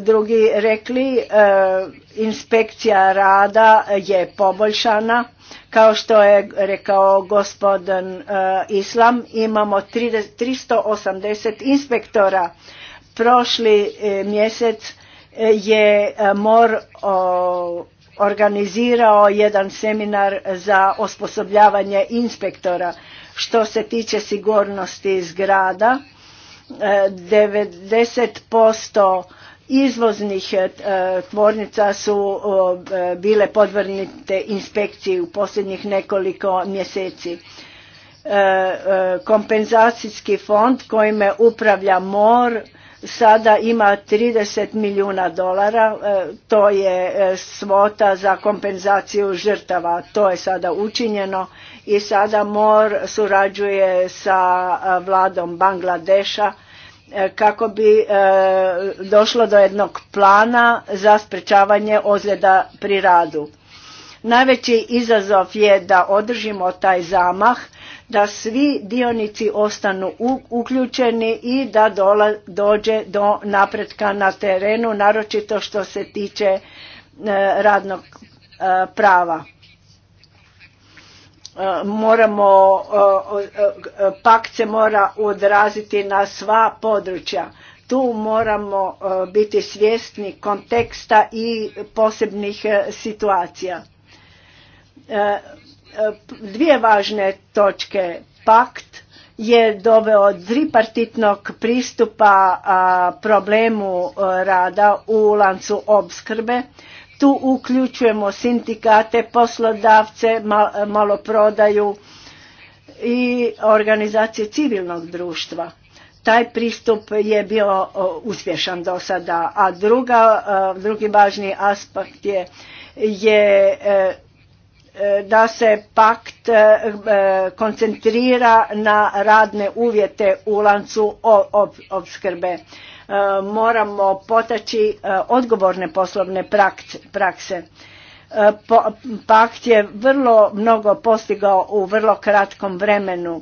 S1: drugi rekli, inspekcija rada je poboljšana. Kao što je rekao gospodin Islam, imamo 380 inspektora Prošli e, mjesec e, je e, MOR organizirao jedan seminar za osposobljavanje inspektora što se tiče sigurnosti zgrada. 90% izvoznih tvornica su bile podvrnite inspekciji u posljednjih nekoliko mjeseci. Kompenzacijski fond kojime upravlja MOR sada ima 30 milijuna dolara, e, to je e, svota za kompenzaciju žrtava, to je sada učinjeno i sada MOR surađuje sa e, vladom Bangladeša kako bi došlo do jednog plana za sprečavanje ozljeda pri radu. Najveći izazov je da održimo taj zamah da svi dionici ostanu uključeni i da dođe do napretka na terenu, naročito što se tiče e, radnog e, prava. E, moramo, pakt se mora odraziti na sva područja. Tu moramo biti svjesni konteksta i posebnih situacija E, dvije važne točke. Pakt je doveo tripartitnog pristupa problemu e, rada u lancu obskrbe. Tu uključujemo sindikate, poslodavce, maloprodaju i organizacije civilnog društva. Taj pristup je bio e, uspješan do sada, a druga, drugi važni aspekt je da se pakt e, e, koncentrira na radne uvjete u lancu opskrbe. E, moramo potaći odgovorne poslovne prakse. Pakt je vrlo mnogo postigao u vrlo kratkom vremenu,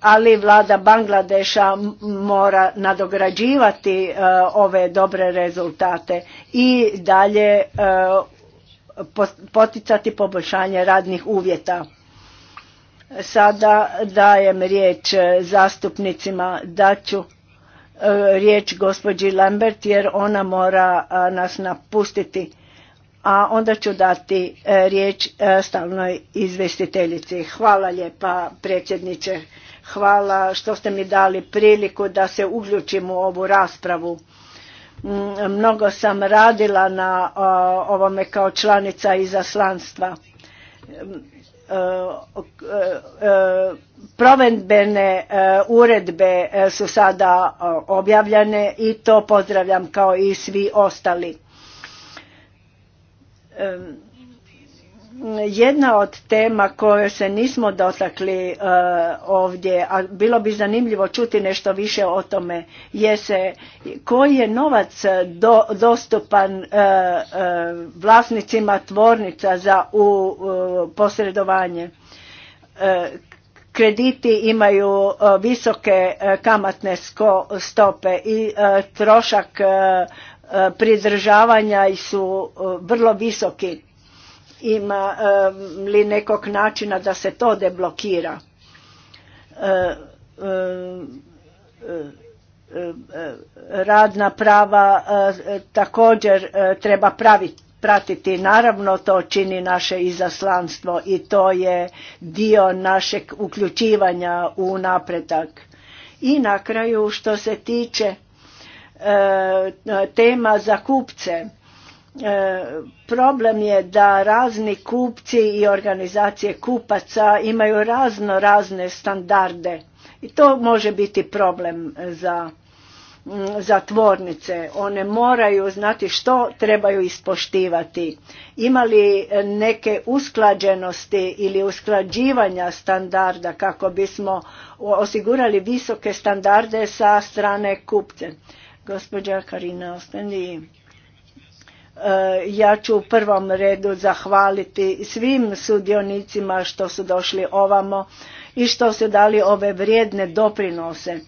S1: ali vlada Bangladeša mora nadograđivati ove dobre rezultate i dalje poticati poboljšanje radnih uvjeta. Sada dajem riječ e, zastupnicima da ću e, riječ gospođi Lambert jer ona mora nas napustiti, a onda ću dati e, riječ stalnoj izvestiteljici. Hvala lijepa predsjedniče, hvala što ste mi dali priliku da se uključim u ovu raspravu Mm, mnogo sam radila na ovome kao članica izaslanstva. Mm, e, e, e, provedbene uredbe su sada objavljene i to pozdravljam kao i svi ostali jedna od tema koje se nismo dotakli e, ovdje, a bilo bi zanimljivo čuti nešto više o tome, je se koji je novac dostupan e, e, vlasnicima tvornica za u posredovanje. Krediti imaju visoke kamatne stope i trošak pridržavanja su vrlo visoki ima li nekog načina da se to deblokira? E, e, e, radna prava također treba pratiti. Naravno to čini naše izaslanstvo i to je dio našeg uključivanja u napredak. I na kraju što se tiče tema za kupce, E, problem je da razni kupci i organizacije kupaca imaju razno razne standarde i to može biti problem za, za tvornice. One moraju znati što trebaju ispoštivati. Ima li neke usklađenosti ili usklađivanja standarda kako bismo osigurali visoke standarde sa strane kupce? Gospođa Karina Ostani Eh, ja ću u prvom redu zahvaliti svim sudionicima što su došli ovamo i što su dali ove vrijedne doprinose.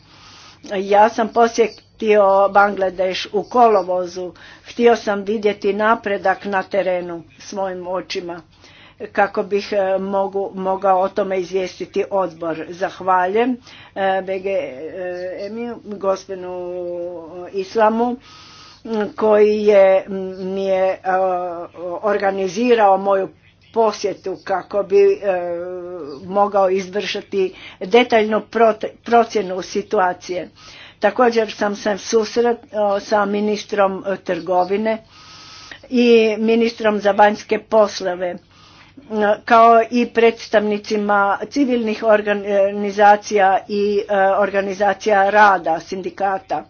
S1: Ja sam posjetio Bangladeš u kolovozu, htio sam vidjeti napredak na terenu svojim očima kako bih eh, mogu, mogao o tome izvijestiti odbor. Zahvaljujem eh, BG Emi, gospodinu Islamu koji je mi je e, organizirao moju posjetu kako bi e, mogao izvršati detaljnu procjenu situacije. Također sam se susret e, sa ministrom trgovine i ministrom za vanjske poslove kao i predstavnicima civilnih organizacija i organizacija rada, sindikata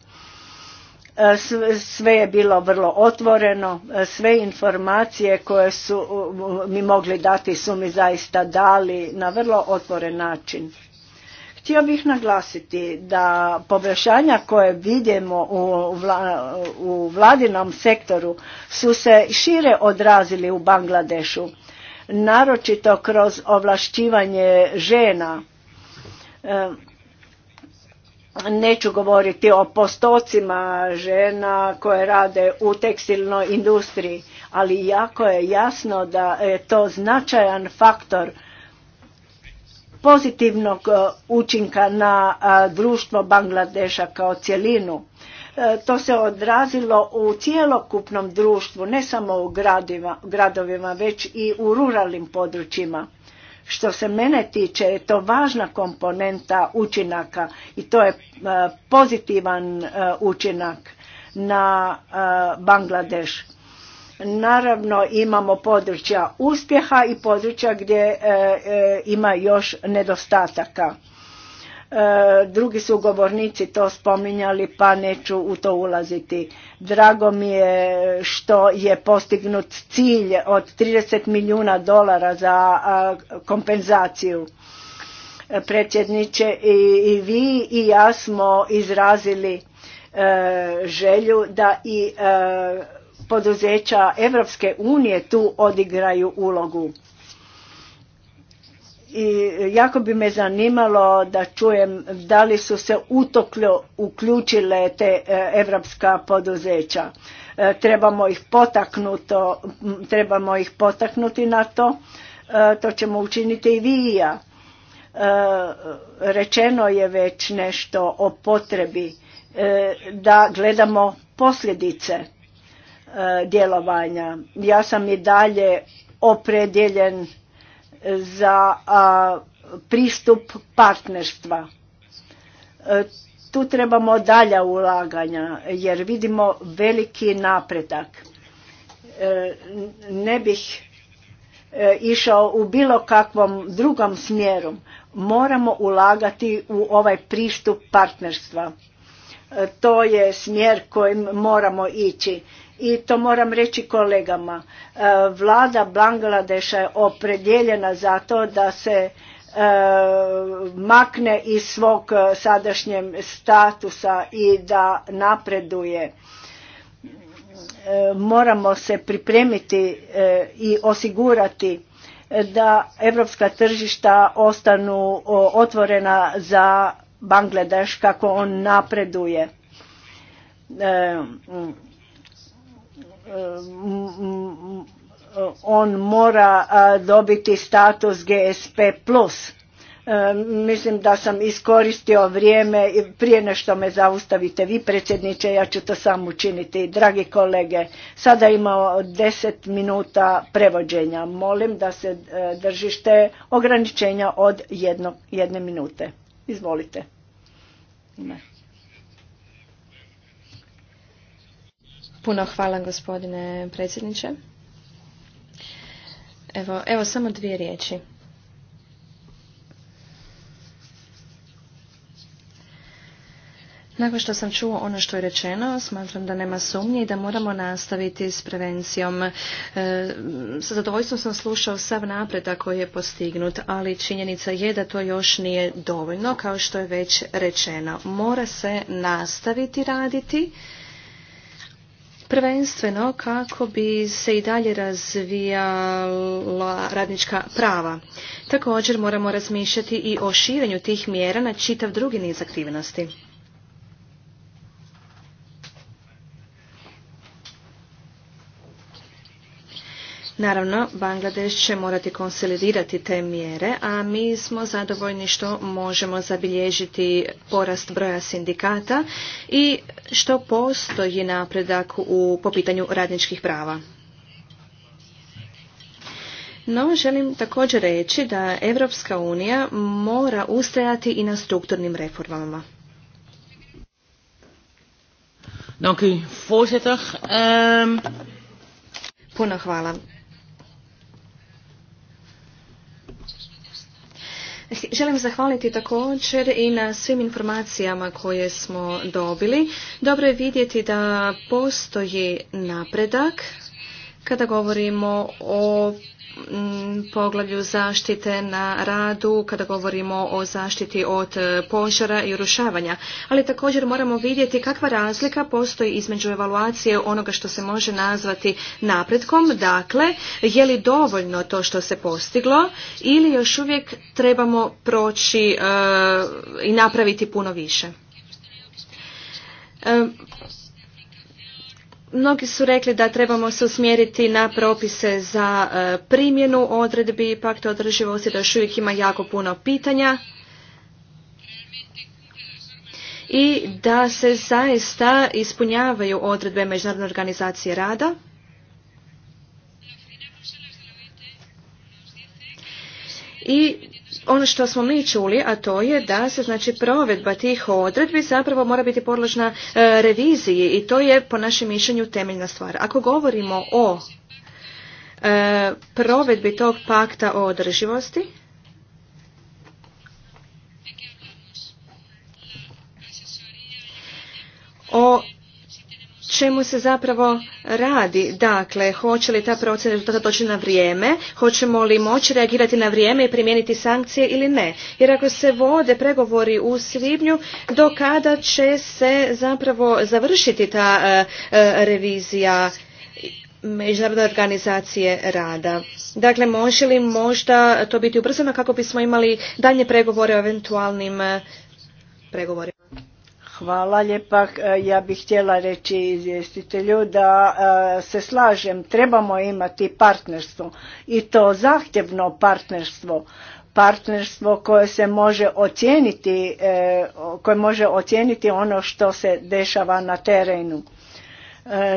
S1: sve je bilo vrlo otvoreno, sve informacije koje su mi mogli dati su mi zaista dali na vrlo otvoren način. Htio bih naglasiti da poboljšanja koje vidimo u, vladinom sektoru su se šire odrazili u Bangladešu, naročito kroz ovlašćivanje žena. E, Neću govoriti o postocima žena koje rade u tekstilnoj industriji, ali jako je jasno da je to značajan faktor pozitivnog e, učinka na društvo Bangladeša kao cjelinu. E, to se odrazilo u cijelokupnom društvu, ne samo u gradovima, već i u ruralnim područjima. Što se mene tiče je to važna komponenta učinaka i to je e, pozitivan e, učinak na e, Bangladeš. Naravno imamo područja uspjeha i područja gdje ima još nedostataka E, drugi su govornici to spominjali pa neću u to ulaziti. Drago mi je što je postignut cilj od 30 milijuna dolara za kompenzaciju. E, predsjedniče i vi i ja smo izrazili e, želju da i poduzeća Europske unije tu odigraju ulogu i jako bi me zanimalo da čujem da li su se utoklo uključile te e, evropska poduzeća. E, trebamo ih, potaknuto, trebamo ih potaknuti na to, e, to ćemo učiniti i vi i ja. Rečeno je već nešto o potrebi da gledamo posljedice djelovanja. Ja sam i dalje opredjeljen za pristup partnerstva. E, tu trebamo dalja ulaganja jer vidimo veliki napredak. E, ne bih e, išao u bilo kakvom drugom smjeru. Moramo ulagati u ovaj pristup partnerstva. To je smjer kojim moramo ići i to moram reći kolegama. E, Vlada Bangladeša je opredjeljena za to da se e, makne iz svog e, sadašnjeg statusa i da napreduje. Moramo se pripremiti i osigurati da europska tržišta ostanu otvorena za Bangladeš kako on napreduje Eh, on mora eh, dobiti status GSP+. Eh, mislim da sam iskoristio vrijeme prije nešto me zaustavite vi predsjedniče, ja ću to sam učiniti. Dragi kolege, sada imamo deset minuta prevođenja. Molim da se držište ograničenja od jedne minute. Izvolite.
S3: Ne. Puno hvala gospodine predsjedniče. Evo, evo samo dvije riječi. Nakon što sam čuo ono što je rečeno, smatram da nema sumnje i da moramo nastaviti s prevencijom. E, sa zadovoljstvom sam slušao sav napredak koji je postignut, ali činjenica je da to još nije dovoljno, kao što je već rečeno. Mora se nastaviti raditi prvenstveno kako bi se i dalje razvijala radnička prava. Također moramo razmišljati i o širenju tih mjera na čitav drugi niz aktivnosti. Naravno, Bangladeš će morati konsolidirati te mjere, a mi smo zadovoljni što možemo zabilježiti porast broja sindikata i što postoji napredak u, po pitanju radničkih prava. No, želim također reći da Evropska unija mora ustajati i na strukturnim reformama. Dank u, voorzitter. Um... Puno hvala, Želim zahvaliti također i na svim informacijama koje smo dobili. Dobro je vidjeti da postoji napredak kada govorimo o Mm, poglavlju zaštite na radu kada govorimo o zaštiti od e, požara i urušavanja. Ali također moramo vidjeti kakva razlika postoji između evaluacije onoga što se može nazvati napretkom, dakle je li dovoljno to što se postiglo ili još uvijek trebamo proći e, i napraviti puno više. E, Mnogi su rekli da trebamo se usmjeriti na propise za e, primjenu odredbi, pakta održivosti da još uvijek ima jako puno pitanja i da se zaista ispunjavaju odredbe Međunarodne organizacije rada. I ono što smo mi čuli, a to je da se znači provedba tih odredbi zapravo mora biti podložna e, reviziji i to je po našem mišljenju temeljna stvar. Ako govorimo o e, provedbi tog pakta o održivosti, o čemu se zapravo radi. Dakle, hoće li ta procjena rezultata doći na vrijeme, hoćemo li moći reagirati na vrijeme i primijeniti sankcije ili ne. Jer ako se vode pregovori u svibnju, do kada će se zapravo završiti ta e, e, revizija Međunarodne organizacije rada. Dakle, može li možda to biti ubrzano kako bismo imali dalje pregovore o eventualnim e, pregovorima?
S1: Hvala lijepa. E, ja bih htjela reći izvjestitelju da e, se slažem, trebamo imati partnerstvo i to zahtjevno partnerstvo. Partnerstvo koje se može ocijeniti, e, koje može ocijeniti ono što se dešava na terenu.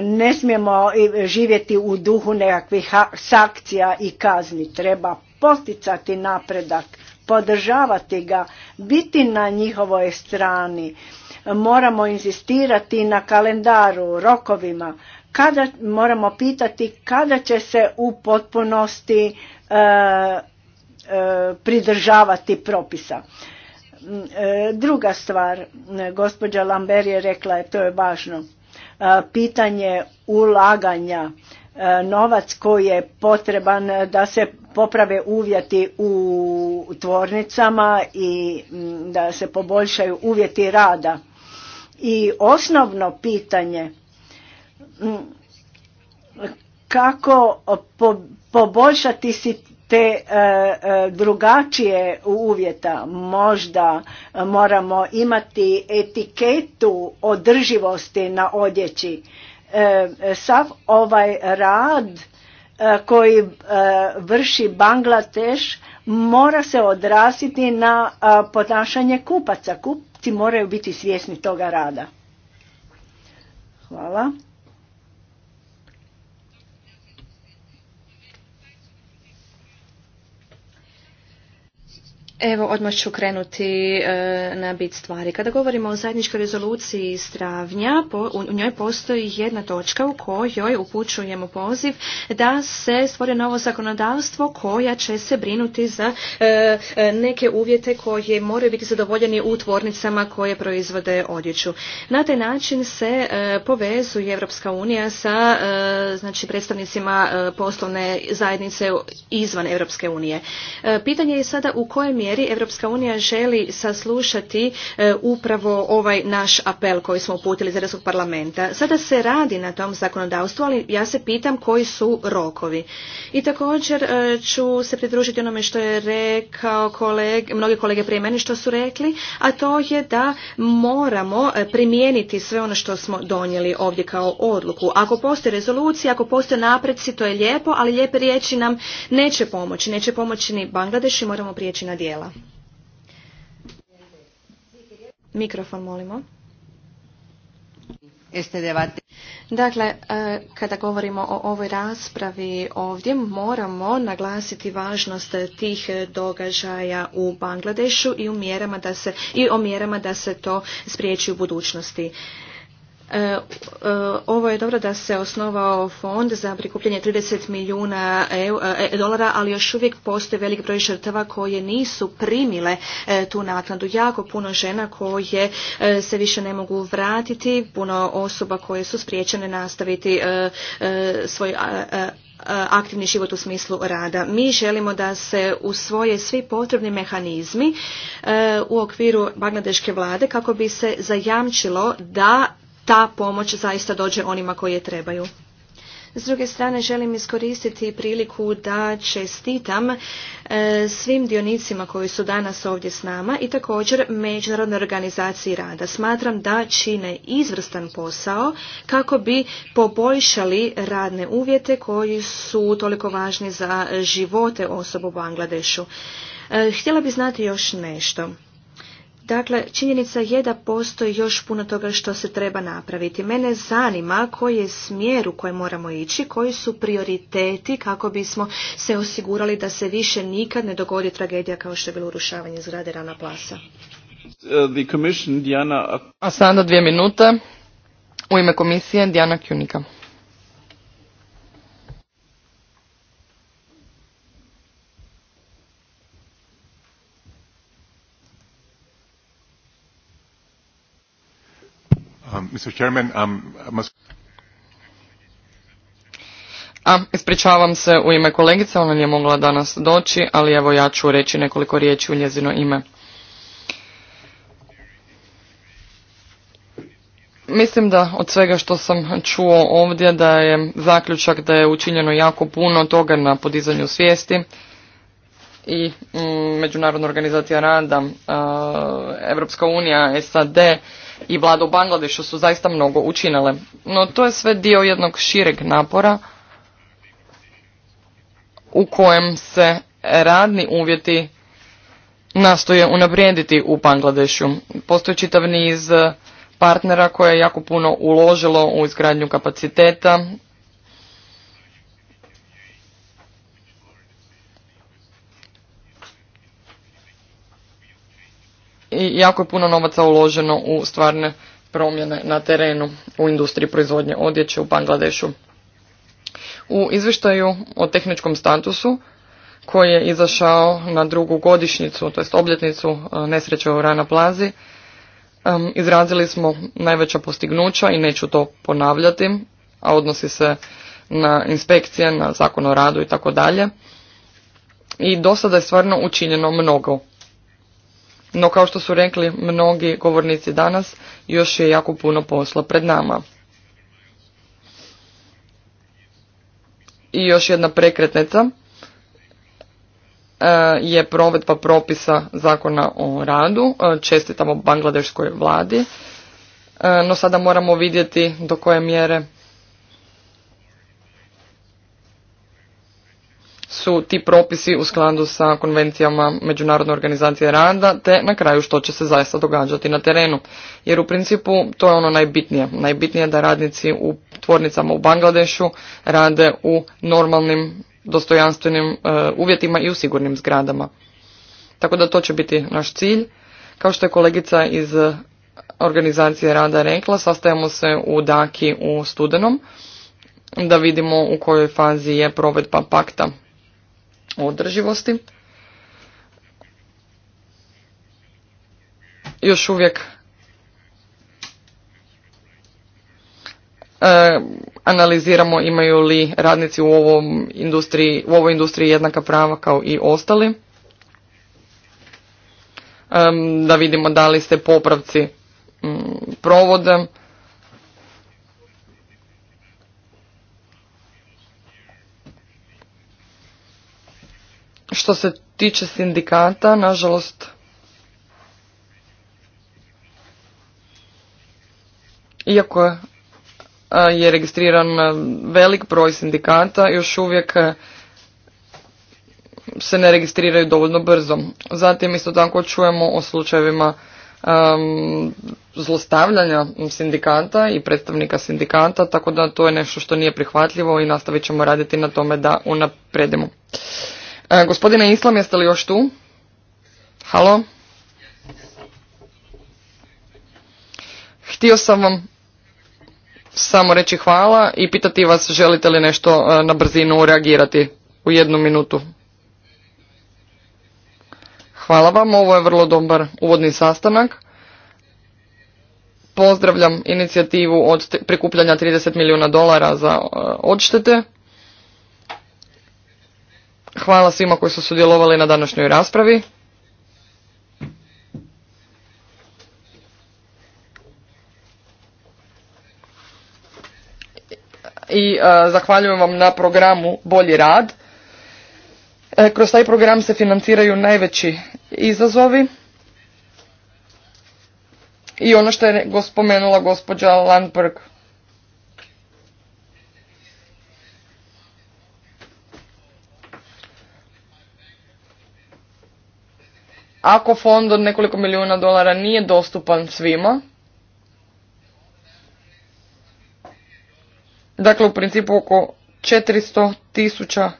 S1: Ne smijemo živjeti u duhu nekakvih sankcija i kazni. Treba posticati napredak, podržavati ga, biti na njihovoj strani Moramo inzistirati na kalendaru, rokovima, kada moramo pitati kada će se u potpunosti e, e, pridržavati propisa. Mm, e, druga stvar, gospođa Lamber je rekla, je, to je važno, pitanje ulaganja, novac koji je potreban da se poprave uvjeti u tvornicama i mm, da se poboljšaju uvjeti rada i osnovno pitanje kako poboljšati si te e, e, drugačije uvjeta. Možda e, moramo imati etiketu održivosti na odjeći. Sav ovaj rad koji vrši Bangladeš mora se odrasiti na ponašanje kupaca. Kup, moraju biti svjesni toga rada. Hvala.
S3: Evo, odmah ću krenuti e, na bit stvari. Kada govorimo o zajedničkoj rezoluciji stravnja, po, u njoj postoji jedna točka u kojoj upućujemo poziv da se stvori novo zakonodavstvo koja će se brinuti za e, e, neke uvjete koje moraju biti zadovoljeni u tvornicama koje proizvode odjeću. Na taj način se povezuje Evropska unija sa znači, predstavnicima poslovne zajednice izvan Evropske unije. Pitanje je sada u kojem je mjeri Europska unija želi saslušati e, upravo ovaj naš apel koji smo uputili iz Europskog parlamenta. Sada se radi na tom zakonodavstvu, ali ja se pitam koji su rokovi. I također e, ću se pridružiti onome što je rekao koleg, mnogi kolege prije meni što su rekli, a to je da moramo e, primijeniti sve ono što smo donijeli ovdje kao odluku. Ako postoje rezolucija, ako postoje napreci, to je lijepo, ali lijepe riječi nam neće pomoći. Neće pomoći ni Bangladeši, moramo prijeći na dijelo tijela. Mikrofon molimo. Dakle, e, kada govorimo o ovoj raspravi ovdje, moramo naglasiti važnost tih događaja u Bangladešu i, u i o mjerama da se to spriječi u budućnosti. E, e, ovo je dobro da se osnovao fond za prikupljanje 30 milijuna e, dolara, ali još uvijek postoje velik broj žrtava koje nisu primile tu naknadu. Jako puno žena koje se više ne mogu vratiti, puno osoba koje su spriječene nastaviti svoj aktivni život u smislu rada. Mi želimo da se usvoje svi potrebni mehanizmi u okviru bagnadeške vlade kako bi se zajamčilo da ta pomoć zaista dođe onima koji je trebaju. S druge strane želim iskoristiti priliku da čestitam e, svim dionicima koji su danas ovdje s nama i također Međunarodnoj organizaciji rada. Smatram da čine izvrstan posao kako bi poboljšali radne uvjete koji su toliko važni za živote osoba u Bangladešu. E, htjela bi znati još nešto. Dakle, činjenica je da postoji još puno toga što se treba napraviti. Mene zanima koji je smjer u kojem moramo ići, koji su prioriteti kako bismo se osigurali da se više nikad ne dogodi tragedija kao što je bilo urušavanje zgrade Rana Plasa.
S1: Uh, A
S2: sada dvije minute u ime komisije Diana Kjunika.
S3: Mr. Chairman, um,
S2: A, ispričavam se u ime kolegice, ona nije mogla danas doći, ali evo ja ću reći nekoliko riječi u njezino ime. Mislim da od svega što sam čuo ovdje da je zaključak da je učinjeno jako puno toga na podizanju svijesti i mm, Međunarodna organizacija rada, Europska unija, SAD, i vlada u Bangladešu su zaista mnogo učinile. No to je sve dio jednog šireg napora u kojem se radni uvjeti nastoje unaprijediti u Bangladešu. Postoji čitav niz partnera koje je jako puno uložilo u izgradnju kapaciteta, i jako je puno novaca uloženo u stvarne promjene na terenu u industriji proizvodnje odjeće u Bangladešu. U izvještaju o tehničkom statusu koji je izašao na drugu godišnjicu, to jest obljetnicu e, nesreće u Rana Plazi, e, izrazili smo najveća postignuća i neću to ponavljati, a odnosi se na inspekcije, na zakon o radu i tako dalje. I do sada je stvarno učinjeno mnogo. No kao što su rekli mnogi govornici danas, još je jako puno posla pred nama. I još jedna prekretnica e, je provedba propisa zakona o radu. E, čestitamo Bangladeškoj vladi. E, no sada moramo vidjeti do koje mjere su ti propisi u skladu sa konvencijama Međunarodne organizacije rada, te na kraju što će se zaista događati na terenu. Jer u principu to je ono najbitnije. Najbitnije je da radnici u tvornicama u Bangladešu rade u normalnim, dostojanstvenim e, uvjetima i u sigurnim zgradama. Tako da to će biti naš cilj. Kao što je kolegica iz organizacije rada rekla, sastajemo se u Daki u studenom da vidimo u kojoj fazi je provedba pakta održivosti. Još uvijek e, analiziramo imaju li radnici u, ovom industriji, u ovoj industriji jednaka prava kao i ostali. E, da vidimo da li se popravci m, provode Što se tiče sindikata, nažalost, iako e, je registriran e, velik broj sindikata, još uvijek e, se ne registriraju dovoljno brzo. Zatim isto tako čujemo o slučajevima zlostavljanja sindikata i predstavnika sindikata, tako da to je nešto što nije prihvatljivo i nastavit ćemo raditi na tome da unapredimo. E, gospodine Islam, jeste li još tu? Halo? Htio sam vam samo reći hvala i pitati vas želite li nešto e, na brzinu reagirati u jednu minutu. Hvala vam, ovo je vrlo dobar uvodni sastanak. Pozdravljam inicijativu od prikupljanja 30 milijuna dolara za e, odštete hvala svima koji su sudjelovali na današnjoj raspravi. I e, zahvaljujem vam na programu Bolji rad. E, kroz taj program se financiraju najveći izazovi. I ono što je spomenula gospođa Landberg. Ako fond od nekoliko milijuna dolara nije dostupan svima, dakle u principu oko 400 tisuća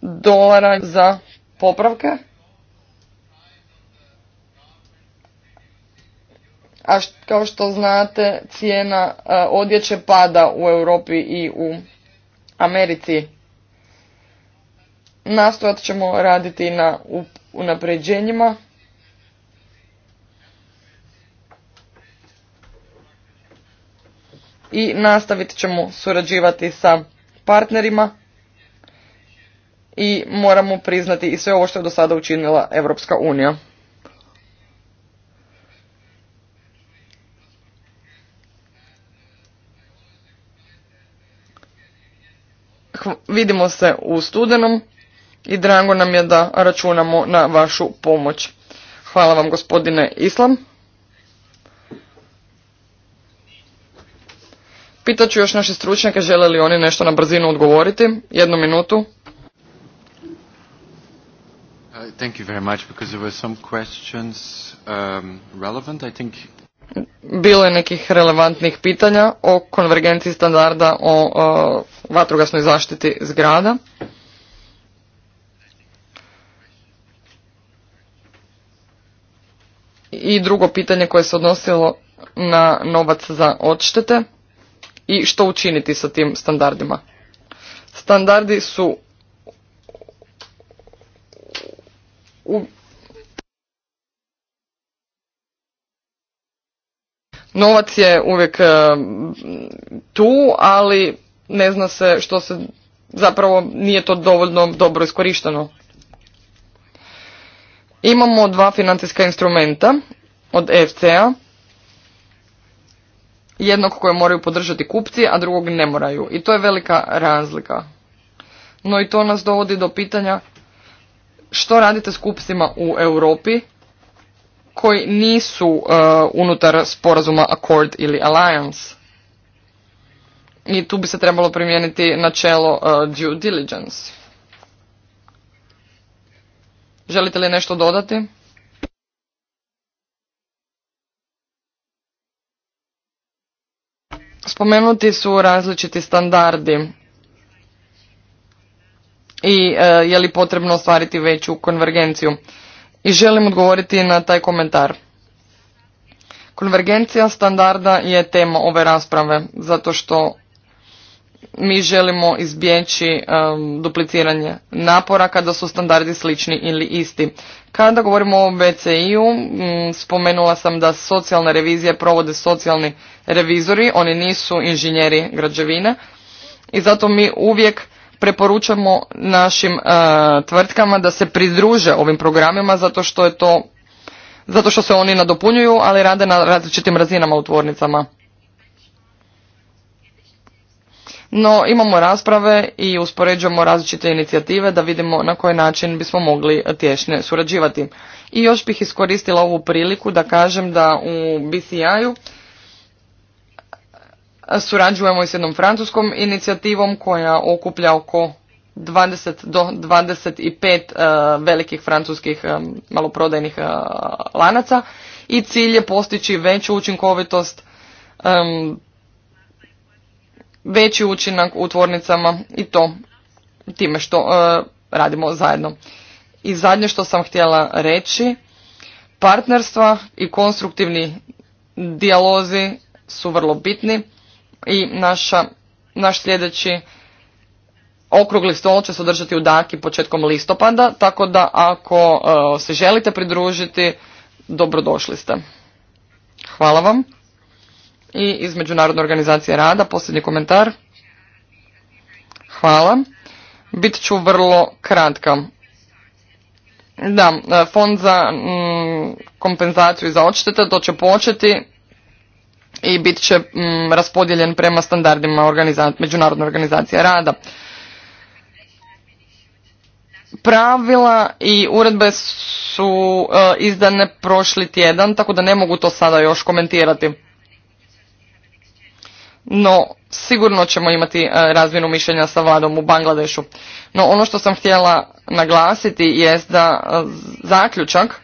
S2: dolara za popravke, a kao što znate cijena e, odjeće pada u Europi i u Americi. Nastojat ćemo raditi na unapređenjima i nastavit ćemo surađivati sa partnerima i moramo priznati i sve ovo što je do sada učinila Europska unija. Vidimo se u studenom i drago nam je da računamo na vašu pomoć. Hvala vam gospodine Islam. Pitaću još naše stručnjake žele li oni nešto na brzinu odgovoriti. Jednu minutu. Uh,
S1: thank you very
S2: bilo je nekih relevantnih pitanja o konvergenciji standarda o uh, vatrogasnoj zaštiti zgrada. I drugo pitanje koje se odnosilo na novac za odštete i što učiniti sa tim standardima. Standardi su Novac je uvijek e, tu, ali ne zna se što se zapravo nije to dovoljno dobro iskorišteno. Imamo dva financijska instrumenta od efc jednog koje moraju podržati kupci, a drugog ne moraju. I to je velika razlika. No i to nas dovodi do pitanja što radite s kupcima u Europi koji nisu uh, unutar sporazuma Accord ili Alliance. I tu bi se trebalo primijeniti načelo uh, due diligence. Želite li nešto dodati? Spomenuti su različiti standardi i e, je li potrebno ostvariti veću konvergenciju. I želim odgovoriti na taj komentar. Konvergencija standarda je tema ove rasprave, zato što mi želimo izbjeći dupliciranje napora kada su standardi slični ili isti. Kada govorimo o BCI-u, mm, spomenula sam da socijalne revizije provode socijalni revizori, oni nisu inženjeri građevine i zato mi uvijek preporučamo našim e, tvrtkama da se pridruže ovim programima zato što je to zato što se oni nadopunjuju, ali rade na različitim razinama u tvornicama. No imamo rasprave i uspoređujemo različite inicijative da vidimo na koji način bismo mogli eh, tješne surađivati. I još bih iskoristila ovu priliku da kažem da u BCI-u eh, surađujemo i s jednom francuskom inicijativom koja okuplja oko 20 do 25 eh, velikih francuskih maloprodajnih lanaca i cilj je postići veću učinkovitost veći učinak u tvornicama i to time što e, radimo zajedno. I zadnje što sam htjela reći, partnerstva i konstruktivni dijalozi su vrlo bitni i naša, naš sljedeći okrugli stol će se održati u Daki početkom listopada, tako da ako e, se želite pridružiti, dobrodošli ste. Hvala vam i iz Međunarodne organizacije rada. Posljednji komentar. Hvala. Bit ću vrlo kratka. Da, fond za mm, kompenzaciju i za odštete, to će početi i bit će mm, raspodijeljen prema standardima organiza Međunarodne organizacije rada. Pravila i uredbe su e, izdane prošli tjedan, tako da ne mogu to sada još komentirati no sigurno ćemo imati e, razvinu mišljenja sa vladom u Bangladešu. No ono što sam htjela naglasiti jest da e, zaključak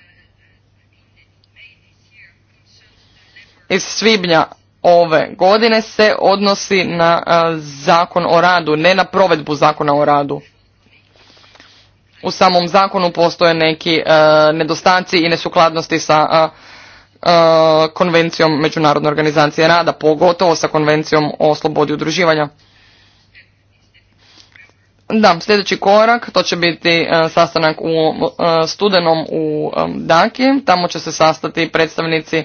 S2: iz svibnja ove godine se odnosi na e, zakon o radu, ne na provedbu zakona o radu. U samom zakonu postoje neki nedostaci i nesukladnosti sa E, konvencijom Međunarodne organizacije rada, pogotovo sa konvencijom o slobodi udruživanja. Da, sljedeći korak, to će biti e, sastanak u e, studenom u Daki. Tamo će se sastati predstavnici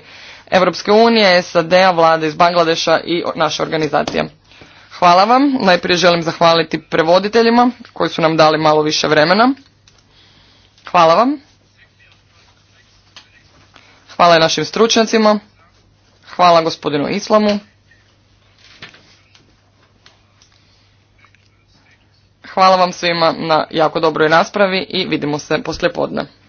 S2: Europske unije, SAD-a, vlade iz Bangladeša i naše organizacije. Hvala vam. Najprije želim zahvaliti prevoditeljima koji su nam dali malo više vremena. Hvala vam. Hvala našim stručnjacima. Hvala gospodinu Islamu. Hvala vam svima na jako dobroj raspravi i vidimo se poslijepodne.